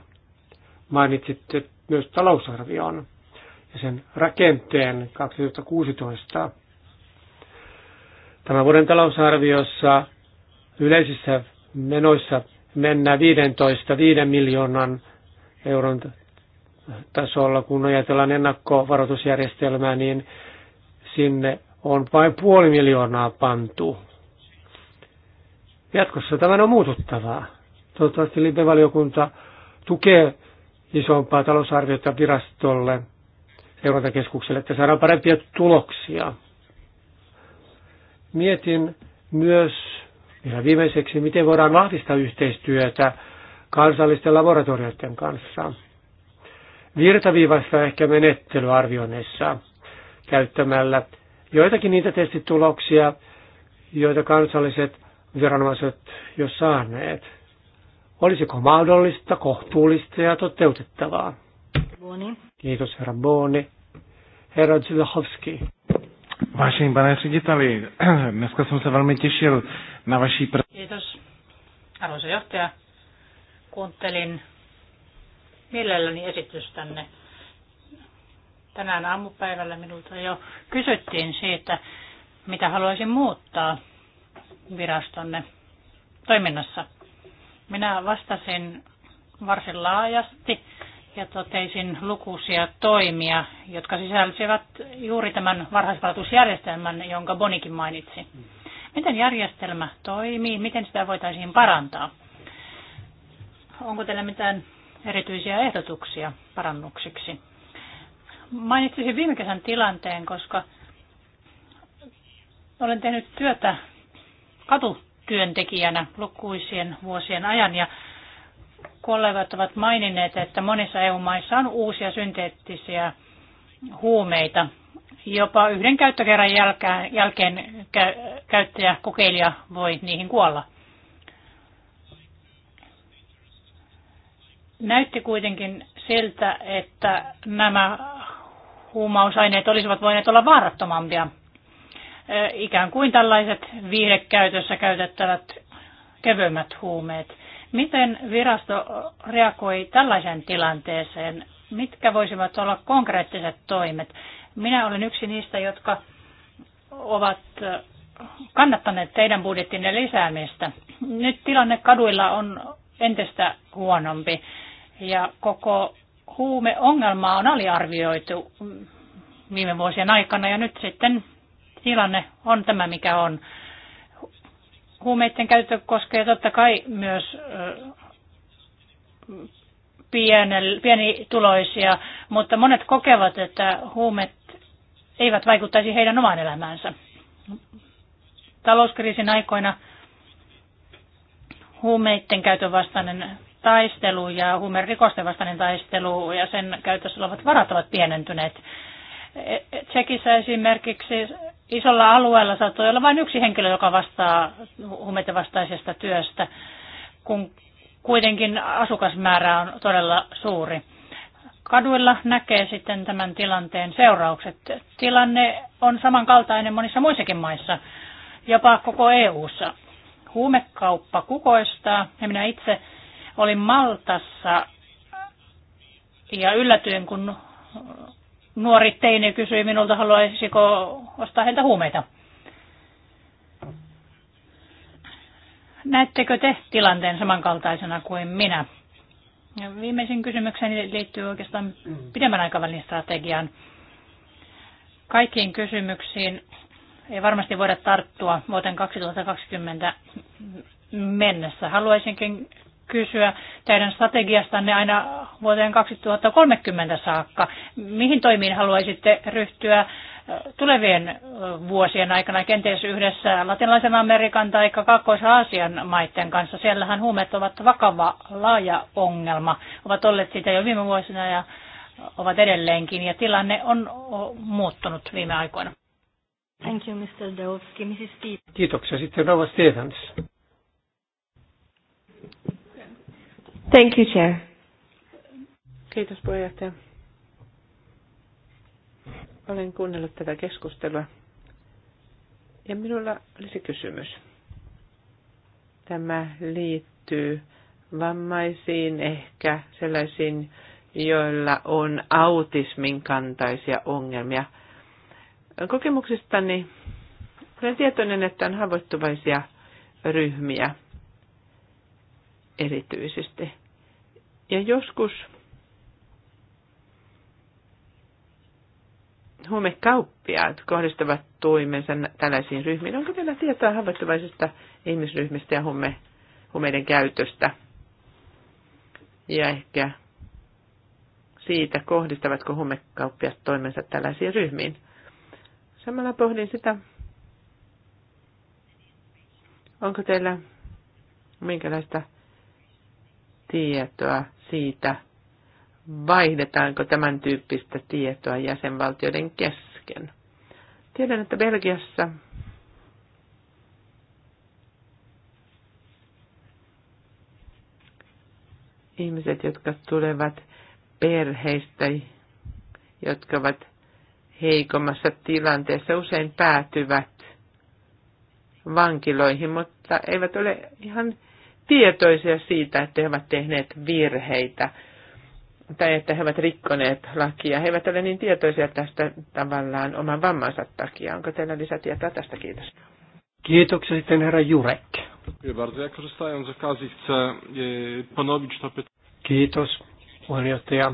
Mainitsitte myös talousarvion ja sen rakenteen 2016. Tämän vuoden talousarviossa yleisissä menoissa mennä 15 5 miljoonan euron tasolla, kun ajatellaan ennakkovaroitusjärjestelmää, niin sinne on vain puoli miljoonaa pantu. Jatkossa tämän on muututtavaa. Toivottavasti liittyvaliokunta tukee isompaa talousarviota virastolle, seurantakeskukselle, että saadaan parempia tuloksia. Mietin myös ja viimeiseksi, miten voidaan vahvistaa yhteistyötä kansallisten laboratorioiden kanssa. Virtaviivasta ehkä menettelyarvioinnissa käyttämällä joitakin niitä testituloksia, joita kansalliset viranomaiset jo saaneet. Olisiko mahdollista, kohtuullista ja toteutettavaa? Boni. Kiitos herra Boni. Herra Zilhovski. Vážený pane řediteli, dneska jsem se velmi těšil na vaší pr- Kiitos, arvoisa johtaja. Kuuntelin mielelläni tänne. Tänään aamupäivällä minulta jo kysyttiin siitä, mitä haluaisin muuttaa virastonne toiminnassa. Minä vastasin varsin laajasti ja toteisin lukuisia toimia, jotka sisälsivät juuri tämän varhaisvaltuusjärjestelmän, jonka Bonikin mainitsi. Miten järjestelmä toimii, miten sitä voitaisiin parantaa? Onko teillä mitään erityisiä ehdotuksia parannuksiksi? Mainitsisin viime kesän tilanteen, koska olen tehnyt työtä katutyöntekijänä lukuisien vuosien ajan ja kollegat ovat maininneet, että monissa EU-maissa on uusia synteettisiä huumeita. Jopa yhden käyttökerran jälkeen, jälkeen kä- käyttäjä, kokeilija voi niihin kuolla. Näytti kuitenkin siltä, että nämä huumausaineet olisivat voineet olla vaarattomampia. Ikään kuin tällaiset viihdekäytössä käytettävät kevyemmät huumeet – Miten virasto reagoi tällaiseen tilanteeseen? Mitkä voisivat olla konkreettiset toimet? Minä olen yksi niistä, jotka ovat kannattaneet teidän budjettinne lisäämistä. Nyt tilanne kaduilla on entistä huonompi ja koko huumeongelmaa on aliarvioitu viime vuosien aikana ja nyt sitten tilanne on tämä, mikä on. Huumeiden käyttö koskee totta kai myös pienituloisia, mutta monet kokevat, että huumeet eivät vaikuttaisi heidän omaan elämäänsä. Talouskriisin aikoina huumeiden käytön vastainen taistelu ja huumerikosten vastainen taistelu ja sen käytössä olevat varat ovat pienentyneet. Tsekissä esimerkiksi isolla alueella saattoi olla vain yksi henkilö, joka vastaa huumeiden vastaisesta työstä, kun kuitenkin asukasmäärä on todella suuri. Kaduilla näkee sitten tämän tilanteen seuraukset. Tilanne on samankaltainen monissa muissakin maissa, jopa koko EU:ssa. Huumekauppa kukoistaa ja minä itse olin Maltassa ja yllätyin, kun nuori teini kysyi minulta, haluaisiko ostaa heiltä huumeita. Näettekö te tilanteen samankaltaisena kuin minä? Ja viimeisin kysymykseni liittyy oikeastaan pidemmän aikavälin strategiaan. Kaikkiin kysymyksiin ei varmasti voida tarttua vuoteen 2020 mennessä. Haluaisinkin kysyä teidän strategiastanne aina vuoteen 2030 saakka. Mihin toimiin haluaisitte ryhtyä tulevien vuosien aikana, kenties yhdessä Latinalaisen Amerikan tai Kaakkois-Aasian maiden kanssa? Siellähän huumeet ovat vakava, laaja ongelma. Ovat olleet sitä jo viime vuosina ja ovat edelleenkin, ja tilanne on muuttunut viime aikoina. Thank you, Mr. Mrs. Kiitoksia. Sitten Rova Stevens. Thank you, Chair. Kiitos puheenjohtaja. Olen kuunnellut tätä keskustelua. Ja minulla olisi kysymys. Tämä liittyy vammaisiin, ehkä sellaisiin, joilla on autismin kantaisia ongelmia. Kokemuksistani olen tietoinen, että on haavoittuvaisia ryhmiä – erityisesti. Ja joskus huumekauppiaat kohdistavat toimensa tällaisiin ryhmiin. Onko teillä tietoa haavoittuvaisista ihmisryhmistä ja huume, huumeiden käytöstä? Ja ehkä siitä, kohdistavatko huumekauppiaat toimensa tällaisiin ryhmiin. Samalla pohdin sitä, onko teillä minkälaista tietoa siitä, vaihdetaanko tämän tyyppistä tietoa jäsenvaltioiden kesken. Tiedän, että Belgiassa ihmiset, jotka tulevat perheistä, jotka ovat heikommassa tilanteessa, usein päätyvät vankiloihin, mutta eivät ole ihan tietoisia siitä, että he ovat tehneet virheitä tai että he ovat rikkoneet lakia. He eivät ole niin tietoisia tästä tavallaan oman vammansa takia. Onko teillä lisätietoa tästä? Kiitos. Kiitoksia sitten herra Jurek. E, Kiitos puheenjohtaja.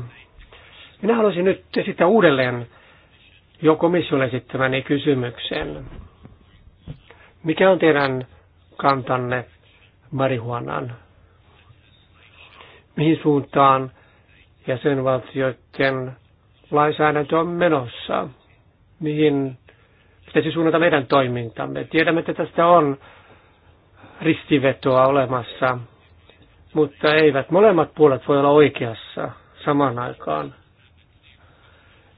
Minä haluaisin nyt esittää uudelleen jo komissiolle esittämäni kysymyksen. Mikä on teidän kantanne marihuanan, Mihin suuntaan jäsenvaltioiden lainsäädäntö on menossa? Mihin pitäisi suunnata meidän toimintamme? Tiedämme, että tästä on ristivetoa olemassa, mutta eivät molemmat puolet voi olla oikeassa samaan aikaan.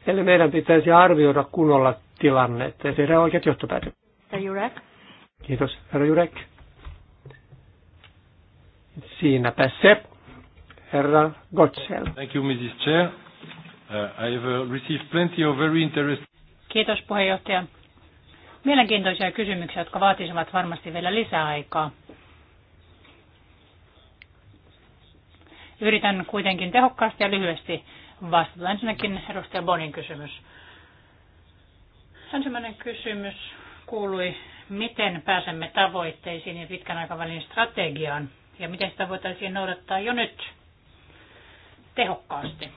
Eli meidän pitäisi arvioida kunnolla tilannetta ja tehdä oikeat johtopäätökset. Kiitos, herra Jurek. Siinäpä se, herra Gottschel. Thank you, Mrs. Chair. Uh, I have uh, received plenty of very interesting... Kiitos puheenjohtaja. Mielenkiintoisia kysymyksiä, jotka vaatisivat varmasti vielä lisää aikaa. Yritän kuitenkin tehokkaasti ja lyhyesti vastata. Ensinnäkin edustaja Bonin kysymys. Ensimmäinen kysymys kuului, miten pääsemme tavoitteisiin ja pitkän aikavälin strategiaan ja miten sitä voitaisiin noudattaa jo nyt tehokkaasti.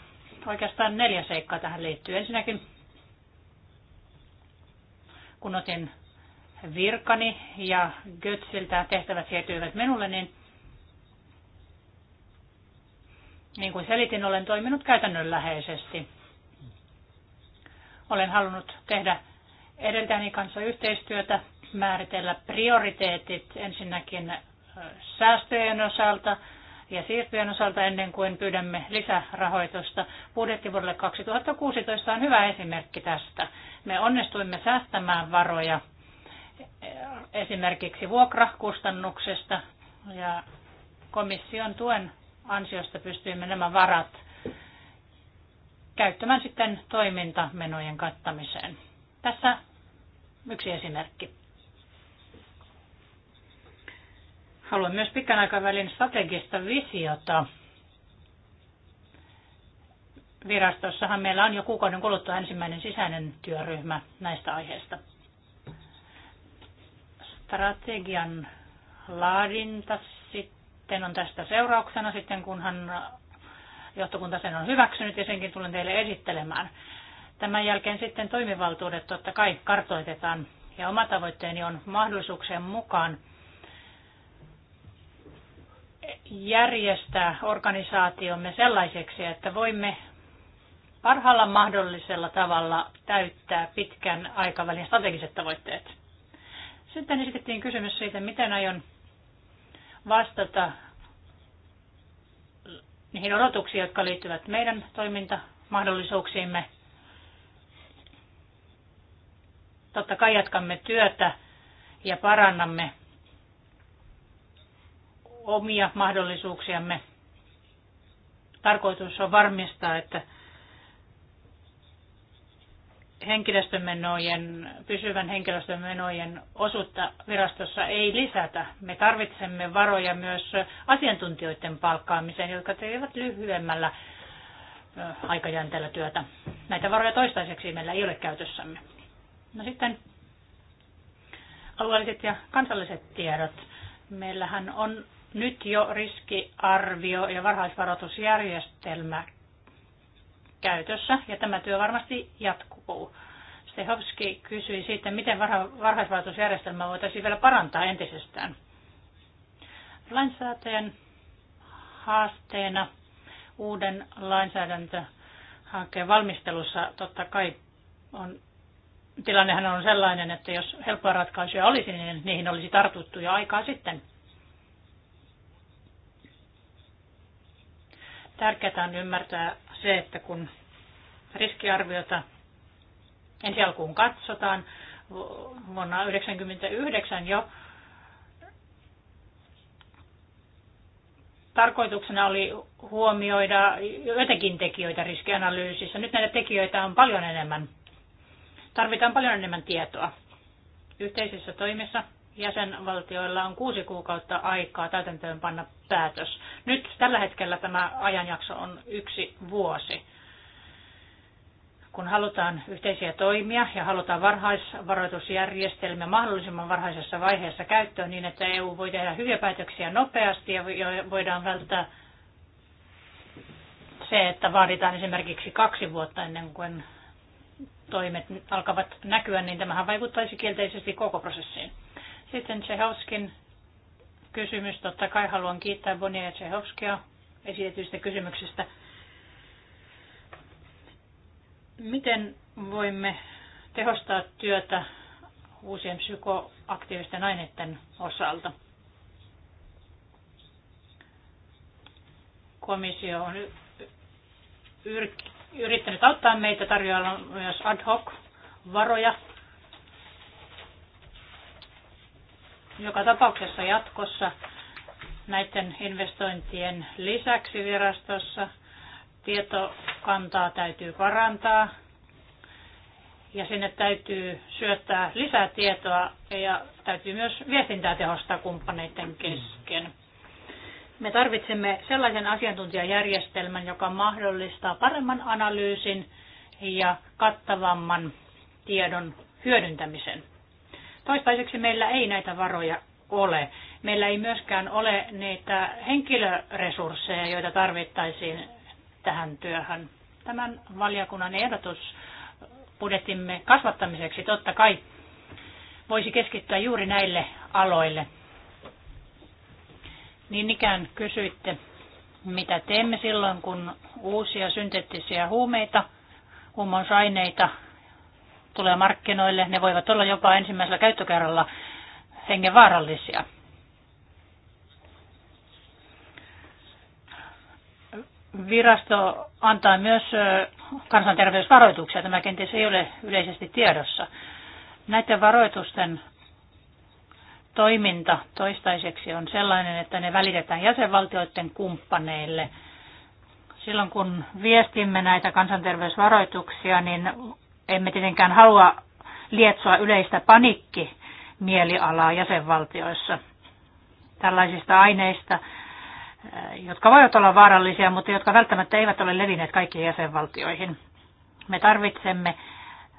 Oikeastaan neljä seikkaa tähän liittyy. Ensinnäkin, kun otin virkani ja Götsiltä tehtävät siirtyivät minulle, niin niin kuin selitin, olen toiminut käytännönläheisesti. Olen halunnut tehdä edeltäjäni kanssa yhteistyötä, määritellä prioriteetit ensinnäkin säästöjen osalta ja siirtojen osalta ennen kuin pyydämme lisärahoitusta. Budjetti vuodelle 2016 on hyvä esimerkki tästä. Me onnistuimme säästämään varoja esimerkiksi vuokrakustannuksesta ja komission tuen ansiosta pystyimme nämä varat käyttämään sitten toimintamenojen kattamiseen. Tässä yksi esimerkki. Haluan myös pitkän aikavälin strategista visiota. Virastossahan meillä on jo kuukauden kuluttua ensimmäinen sisäinen työryhmä näistä aiheista. Strategian laadinta sitten on tästä seurauksena, sitten kunhan johtokunta sen on hyväksynyt ja senkin tulen teille esittelemään. Tämän jälkeen sitten toimivaltuudet totta kai kartoitetaan ja oma tavoitteeni on mahdollisuuksien mukaan järjestää organisaatiomme sellaiseksi, että voimme parhaalla mahdollisella tavalla täyttää pitkän aikavälin strategiset tavoitteet. Sitten esitettiin kysymys siitä, miten aion vastata niihin odotuksiin, jotka liittyvät meidän toimintamahdollisuuksiimme. Totta kai jatkamme työtä ja parannamme omia mahdollisuuksiamme. Tarkoitus on varmistaa, että henkilöstömenojen, pysyvän henkilöstömenojen osuutta virastossa ei lisätä. Me tarvitsemme varoja myös asiantuntijoiden palkkaamiseen, jotka tekevät lyhyemmällä aikajänteellä työtä. Näitä varoja toistaiseksi meillä ei ole käytössämme. No sitten alueelliset ja kansalliset tiedot. Meillähän on nyt jo riskiarvio ja varhaisvaroitusjärjestelmä käytössä ja tämä työ varmasti jatkuu. Stehovski kysyi siitä, miten varhaisvaroitusjärjestelmä voitaisiin vielä parantaa entisestään. Lainsäätäjän haasteena uuden lainsäädäntöhankkeen valmistelussa totta kai on, tilannehan on sellainen, että jos helppoja ratkaisuja olisi, niin niihin olisi tartuttu jo aikaa sitten – Tärkeää on ymmärtää se, että kun riskiarviota ensi alkuun katsotaan, vuonna 1999 jo tarkoituksena oli huomioida joitakin tekijöitä riskianalyysissä. Nyt näitä tekijöitä on paljon enemmän. Tarvitaan paljon enemmän tietoa. Yhteisissä toimissa jäsenvaltioilla on kuusi kuukautta aikaa täytäntöön panna päätös. Nyt tällä hetkellä tämä ajanjakso on yksi vuosi. Kun halutaan yhteisiä toimia ja halutaan varhaisvaroitusjärjestelmä mahdollisimman varhaisessa vaiheessa käyttöön niin, että EU voi tehdä hyviä päätöksiä nopeasti ja voidaan välttää se, että vaaditaan esimerkiksi kaksi vuotta ennen kuin toimet alkavat näkyä, niin tämähän vaikuttaisi kielteisesti koko prosessiin. Sitten Tsehovskin kysymys. Totta kai haluan kiittää Bonia ja Tsehovskia esitetyistä kysymyksistä. Miten voimme tehostaa työtä uusien psykoaktiivisten aineiden osalta? Komissio on yrittänyt auttaa meitä tarjoamaan myös ad hoc varoja Joka tapauksessa jatkossa näiden investointien lisäksi virastossa tietokantaa täytyy parantaa ja sinne täytyy syöttää lisää tietoa ja täytyy myös viestintää tehostaa kumppaneiden kesken. Me tarvitsemme sellaisen asiantuntijajärjestelmän, joka mahdollistaa paremman analyysin ja kattavamman tiedon hyödyntämisen. Toistaiseksi meillä ei näitä varoja ole. Meillä ei myöskään ole niitä henkilöresursseja, joita tarvittaisiin tähän työhön. Tämän valiokunnan ehdotus budjettimme kasvattamiseksi totta kai voisi keskittyä juuri näille aloille. Niin ikään kysyitte, mitä teemme silloin, kun uusia synteettisiä huumeita, huumausaineita tulee markkinoille, ne voivat olla jopa ensimmäisellä käyttökerralla hengenvaarallisia. Virasto antaa myös kansanterveysvaroituksia. Tämä kenties ei ole yleisesti tiedossa. Näiden varoitusten toiminta toistaiseksi on sellainen, että ne välitetään jäsenvaltioiden kumppaneille. Silloin kun viestimme näitä kansanterveysvaroituksia, niin emme tietenkään halua lietsoa yleistä panikkimielialaa jäsenvaltioissa tällaisista aineista, eh, jotka voivat olla vaarallisia, mutta jotka välttämättä eivät ole levinneet kaikkiin jäsenvaltioihin. Me tarvitsemme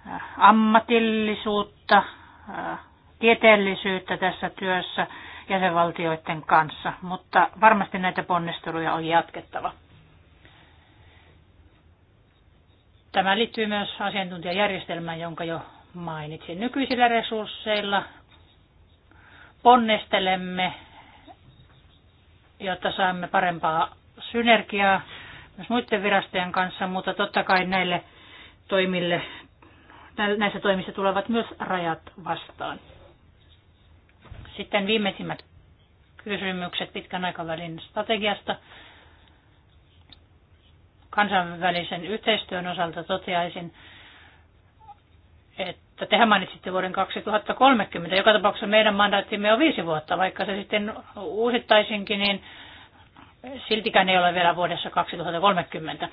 eh, ammatillisuutta, eh, tieteellisyyttä tässä työssä jäsenvaltioiden kanssa, mutta varmasti näitä ponnisteluja on jatkettava. Tämä liittyy myös asiantuntijajärjestelmään, jonka jo mainitsin. Nykyisillä resursseilla ponnistelemme, jotta saamme parempaa synergiaa myös muiden virastojen kanssa, mutta totta kai näille toimille, näissä toimissa tulevat myös rajat vastaan. Sitten viimeisimmät kysymykset pitkän aikavälin strategiasta kansainvälisen yhteistyön osalta toteaisin, että tehän mainitsitte vuoden 2030. Joka tapauksessa meidän mandaattimme on viisi vuotta, vaikka se sitten uusittaisinkin, niin siltikään ei ole vielä vuodessa 2030.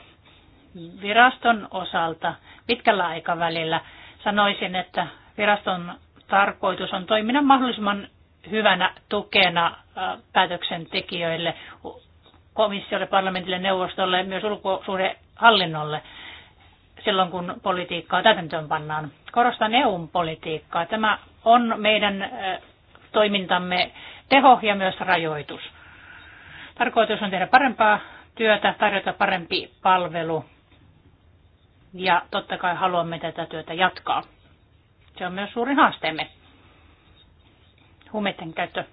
Viraston osalta pitkällä aikavälillä sanoisin, että viraston tarkoitus on toiminnan mahdollisimman hyvänä tukena päätöksentekijöille komissiolle, parlamentille, neuvostolle, myös ulkosuhdehallinnolle silloin, kun politiikkaa täytäntöön pannaan. Korostan EUn politiikkaa. Tämä on meidän toimintamme teho ja myös rajoitus. Tarkoitus on tehdä parempaa työtä, tarjota parempi palvelu ja totta kai haluamme tätä työtä jatkaa. Se on myös suurin haasteemme. Huumeiden käyttö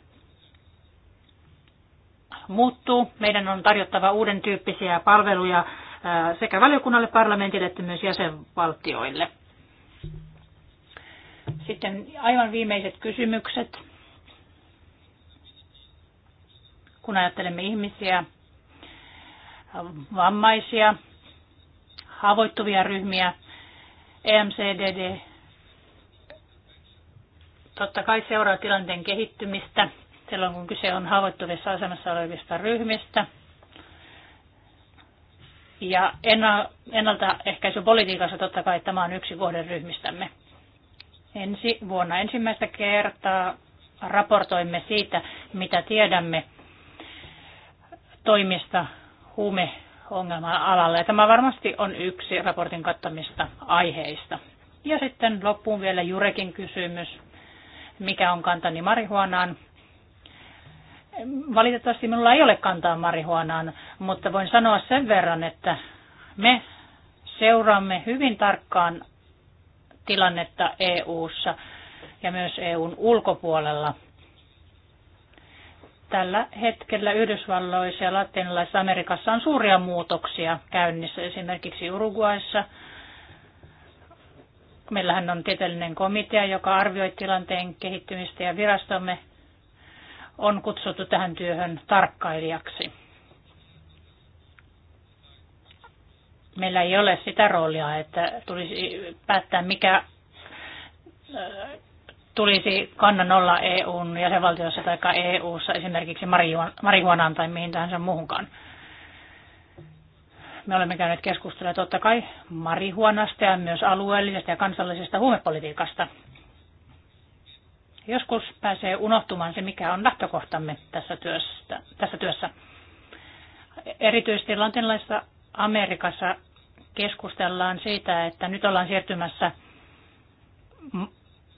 muuttuu. Meidän on tarjottava uuden tyyppisiä palveluja äh, sekä valiokunnalle, parlamentille että myös jäsenvaltioille. Sitten aivan viimeiset kysymykset. Kun ajattelemme ihmisiä, vammaisia, haavoittuvia ryhmiä, EMCDD, totta kai seuraa tilanteen kehittymistä – silloin kun kyse on haavoittuvissa asemassa olevista ryhmistä. Ja ennaltaehkäisypolitiikassa totta kai tämä on yksi kohderyhmistämme. Ensi vuonna ensimmäistä kertaa raportoimme siitä, mitä tiedämme toimista huumeongelman alalla Ja tämä varmasti on yksi raportin kattamista aiheista. Ja sitten loppuun vielä Jurekin kysymys, mikä on kantani marihuanaan. Valitettavasti minulla ei ole kantaa marihuonaan, mutta voin sanoa sen verran, että me seuraamme hyvin tarkkaan tilannetta EU:ssa ja myös EUn ulkopuolella. Tällä hetkellä Yhdysvalloissa ja latinalaisessa Amerikassa on suuria muutoksia käynnissä, esimerkiksi Uruguayssa. Meillähän on tieteellinen komitea, joka arvioi tilanteen kehittymistä ja virastomme on kutsuttu tähän työhön tarkkailijaksi. Meillä ei ole sitä roolia, että tulisi päättää, mikä tulisi kannan olla EUn jäsenvaltiossa tai EUssa esimerkiksi marihuanaan tai mihin tahansa muuhunkaan. Me olemme käyneet keskustelua totta kai marihuanasta ja myös alueellisesta ja kansallisesta huumepolitiikasta. Joskus pääsee unohtumaan se, mikä on lähtökohtamme tässä, työssä. tässä työssä. Erityisesti latinalaisessa Amerikassa keskustellaan siitä, että nyt ollaan siirtymässä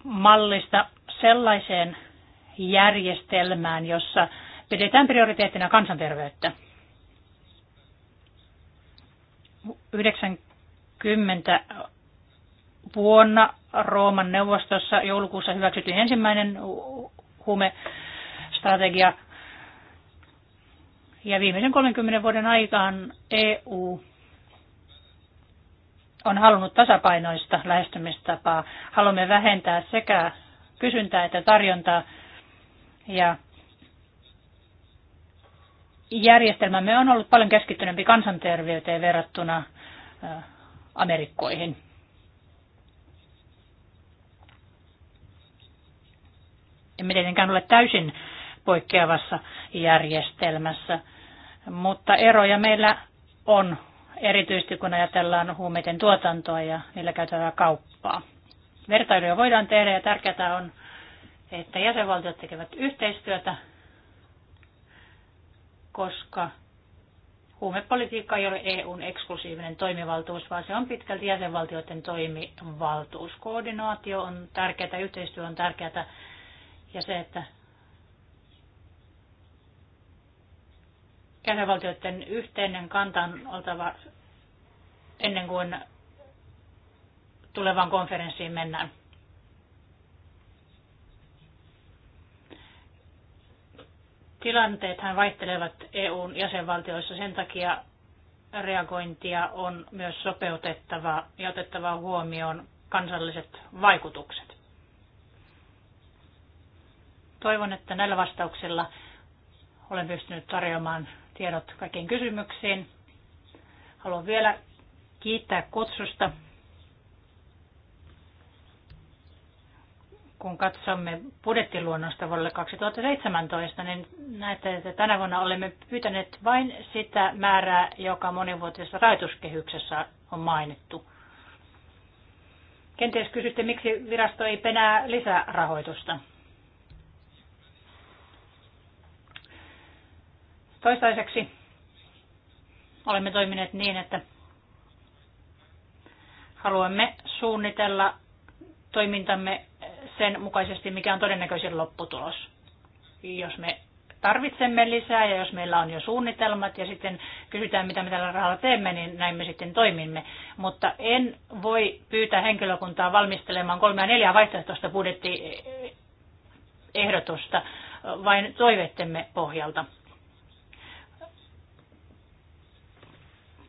mallista sellaiseen järjestelmään, jossa pidetään prioriteettina kansanterveyttä. 90 vuonna Rooman neuvostossa joulukuussa hyväksyttiin ensimmäinen huumestrategia. Ja viimeisen 30 vuoden aikaan EU on halunnut tasapainoista lähestymistapaa. Haluamme vähentää sekä kysyntää että tarjontaa ja järjestelmämme on ollut paljon keskittyneempi kansanterveyteen verrattuna Amerikkoihin. emme tietenkään ole täysin poikkeavassa järjestelmässä, mutta eroja meillä on, erityisesti kun ajatellaan huumeiden tuotantoa ja niillä käytävää kauppaa. Vertailuja voidaan tehdä ja tärkeää on, että jäsenvaltiot tekevät yhteistyötä, koska huumepolitiikka ei ole EUn eksklusiivinen toimivaltuus, vaan se on pitkälti jäsenvaltioiden toimivaltuus. Koordinaatio on tärkeää, yhteistyö on tärkeää, ja se, että jäsenvaltioiden yhteinen kanta on oltava ennen kuin tulevaan konferenssiin mennään. Tilanteethan vaihtelevat EUn jäsenvaltioissa, sen takia reagointia on myös sopeutettava ja otettava huomioon kansalliset vaikutukset. Toivon, että näillä vastauksilla olen pystynyt tarjoamaan tiedot kaikkiin kysymyksiin. Haluan vielä kiittää kutsusta. Kun katsomme budjettiluonnosta vuodelle 2017, niin näette, että tänä vuonna olemme pyytäneet vain sitä määrää, joka monivuotisessa rahoituskehyksessä on mainittu. Kenties kysytte, miksi virasto ei penää lisärahoitusta. rahoitusta. Toistaiseksi olemme toimineet niin, että haluamme suunnitella toimintamme sen mukaisesti, mikä on todennäköisin lopputulos. Jos me tarvitsemme lisää ja jos meillä on jo suunnitelmat ja sitten kysytään, mitä me tällä rahalla teemme, niin näin me sitten toimimme. Mutta en voi pyytää henkilökuntaa valmistelemaan kolmea ja neljää vaihtoehtoista budjettiehdotusta vain toiveittemme pohjalta.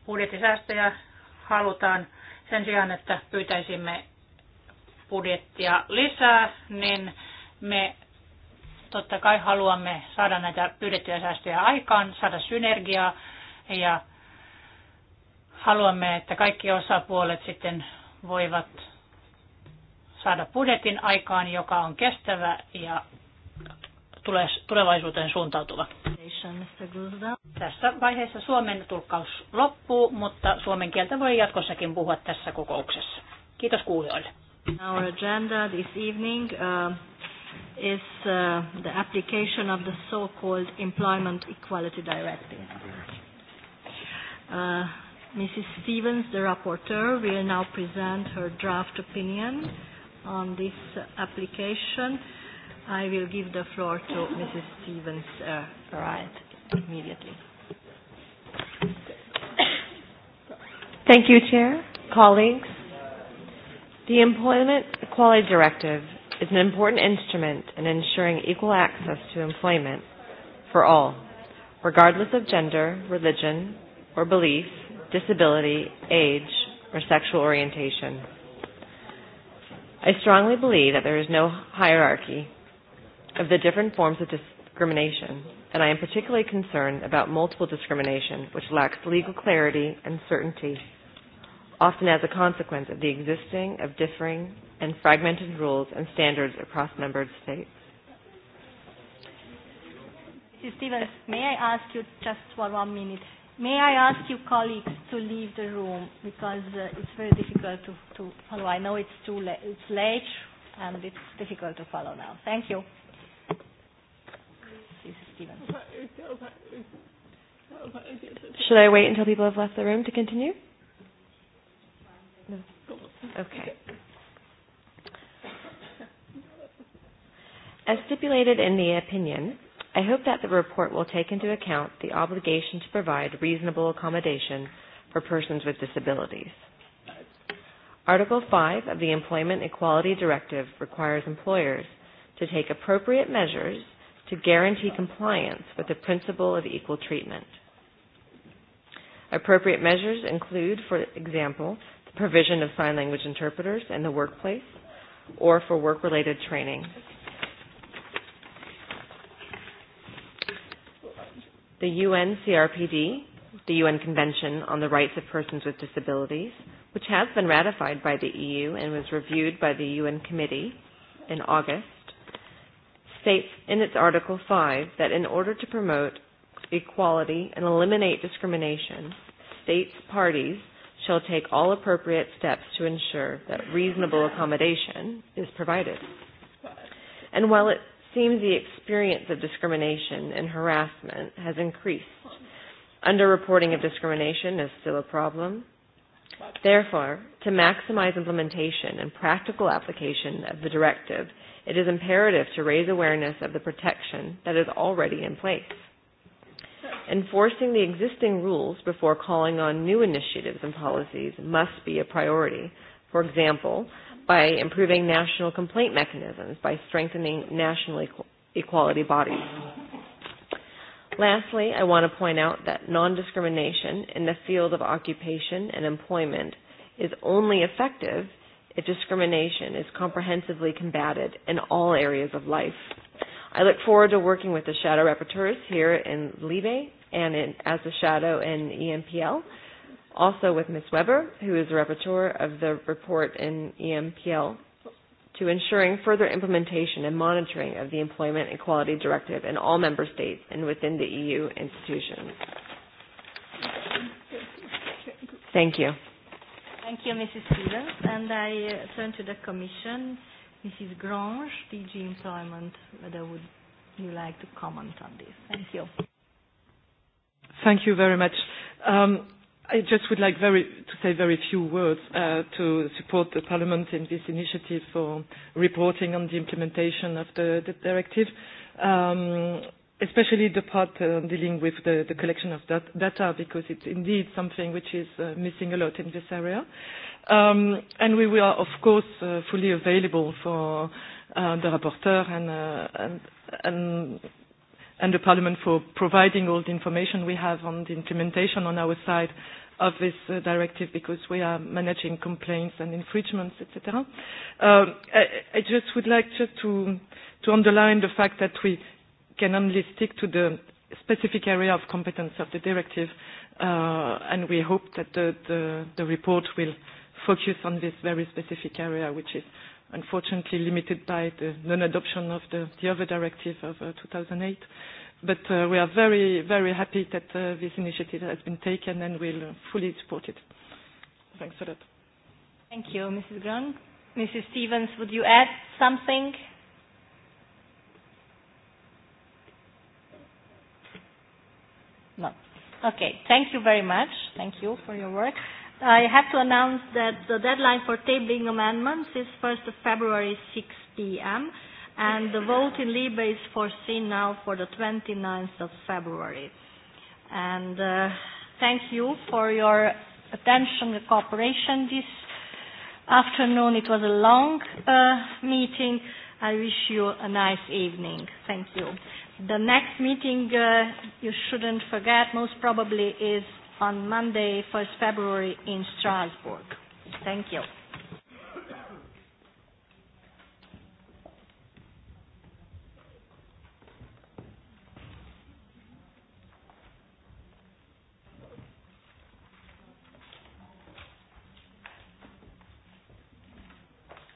budjettisäästöjä halutaan sen sijaan, että pyytäisimme budjettia lisää, niin me totta kai haluamme saada näitä pyydettyjä säästöjä aikaan, saada synergiaa ja haluamme, että kaikki osapuolet sitten voivat saada budjetin aikaan, joka on kestävä ja tulevaisuuteen suuntautuva. Tässä vaiheessa Suomen tulkkaus loppuu, mutta suomen kieltä voi jatkossakin puhua tässä kokouksessa. Kiitos kuulijoille. Our agenda this evening uh, is uh, the application of the so-called Employment Equality Directive. Uh, Mrs. Stevens, the rapporteur, will now present her draft opinion on this application. I will give the floor to Mrs. Stevens uh, right immediately. Thank you, Chair. Colleagues, the Employment Equality Directive is an important instrument in ensuring equal access to employment for all, regardless of gender, religion, or belief, disability, age, or sexual orientation. I strongly believe that there is no hierarchy of the different forms of discrimination, and I am particularly concerned about multiple discrimination, which lacks legal clarity and certainty, often as a consequence of the existing of differing and fragmented rules and standards across numbered states. Mr. Stevens, may I ask you just for one minute? May I ask you colleagues to leave the room because uh, it's very difficult to, to follow. I know it's too la- It's late and it's difficult to follow now. Thank you. Should I wait until people have left the room to continue? No. Okay. As stipulated in the opinion, I hope that the report will take into account the obligation to provide reasonable accommodation for persons with disabilities. Article 5 of the Employment Equality Directive requires employers to take appropriate measures to guarantee compliance with the principle of equal treatment. Appropriate measures include, for example, the provision of sign language interpreters in the workplace or for work-related training. The UN CRPD, the UN Convention on the Rights of Persons with Disabilities, which has been ratified by the EU and was reviewed by the UN Committee in August, states in its Article 5 that in order to promote equality and eliminate discrimination, states parties shall take all appropriate steps to ensure that reasonable accommodation is provided. And while it seems the experience of discrimination and harassment has increased, underreporting of discrimination is still a problem, Therefore, to maximize implementation and practical application of the directive, it is imperative to raise awareness of the protection that is already in place. Enforcing the existing rules before calling on new initiatives and policies must be a priority. For example, by improving national complaint mechanisms, by strengthening national equality bodies. Lastly, I want to point out that non-discrimination in the field of occupation and employment is only effective if discrimination is comprehensively combated in all areas of life. I look forward to working with the shadow rapporteurs here in Libe and in, as a shadow in EMPL, also with Ms. Weber, who is the rapporteur of the report in EMPL to ensuring further implementation and monitoring of the Employment Equality Directive in all member states and within the EU institutions. Thank you. Thank you, Mrs. Stevens. And I uh, turn to the Commission. Mrs. Grange, DG Employment, whether would you like to comment on this? Thank you. Thank you very much. Um, I just would like very, to say very few words uh, to support the Parliament in this initiative for reporting on the implementation of the, the directive, um, especially the part uh, dealing with the, the collection of dat data, because it's indeed something which is uh, missing a lot in this area. Um, and we are, of course, uh, fully available for uh, the rapporteur and, uh, and, and and the Parliament for providing all the information we have on the implementation on our side of this uh, directive because we are managing complaints and infringements, etc. Uh, um, I, I just would like just to, to underline the fact that we can only stick to the specific area of competence of the directive, uh, and we hope that the, the, the report will focus on this very specific area, which is unfortunately limited by the non-adoption of the, the other directive of uh, 2008. But uh, we are very, very happy that uh, this initiative has been taken and we'll fully support it. Thanks for that. Thank you, Mrs. Grun. Mrs. Stevens, would you add something? No. Okay. Thank you very much. Thank you for your work. I have to announce that the deadline for tabling amendments is 1st of February, 6 p.m., and the vote in Libre is foreseen now for the 29th of February. And uh, thank you for your attention and cooperation this afternoon. It was a long uh, meeting. I wish you a nice evening. Thank you. The next meeting, uh, you shouldn't forget, most probably is on Monday, 1st February in Strasbourg. Thank you.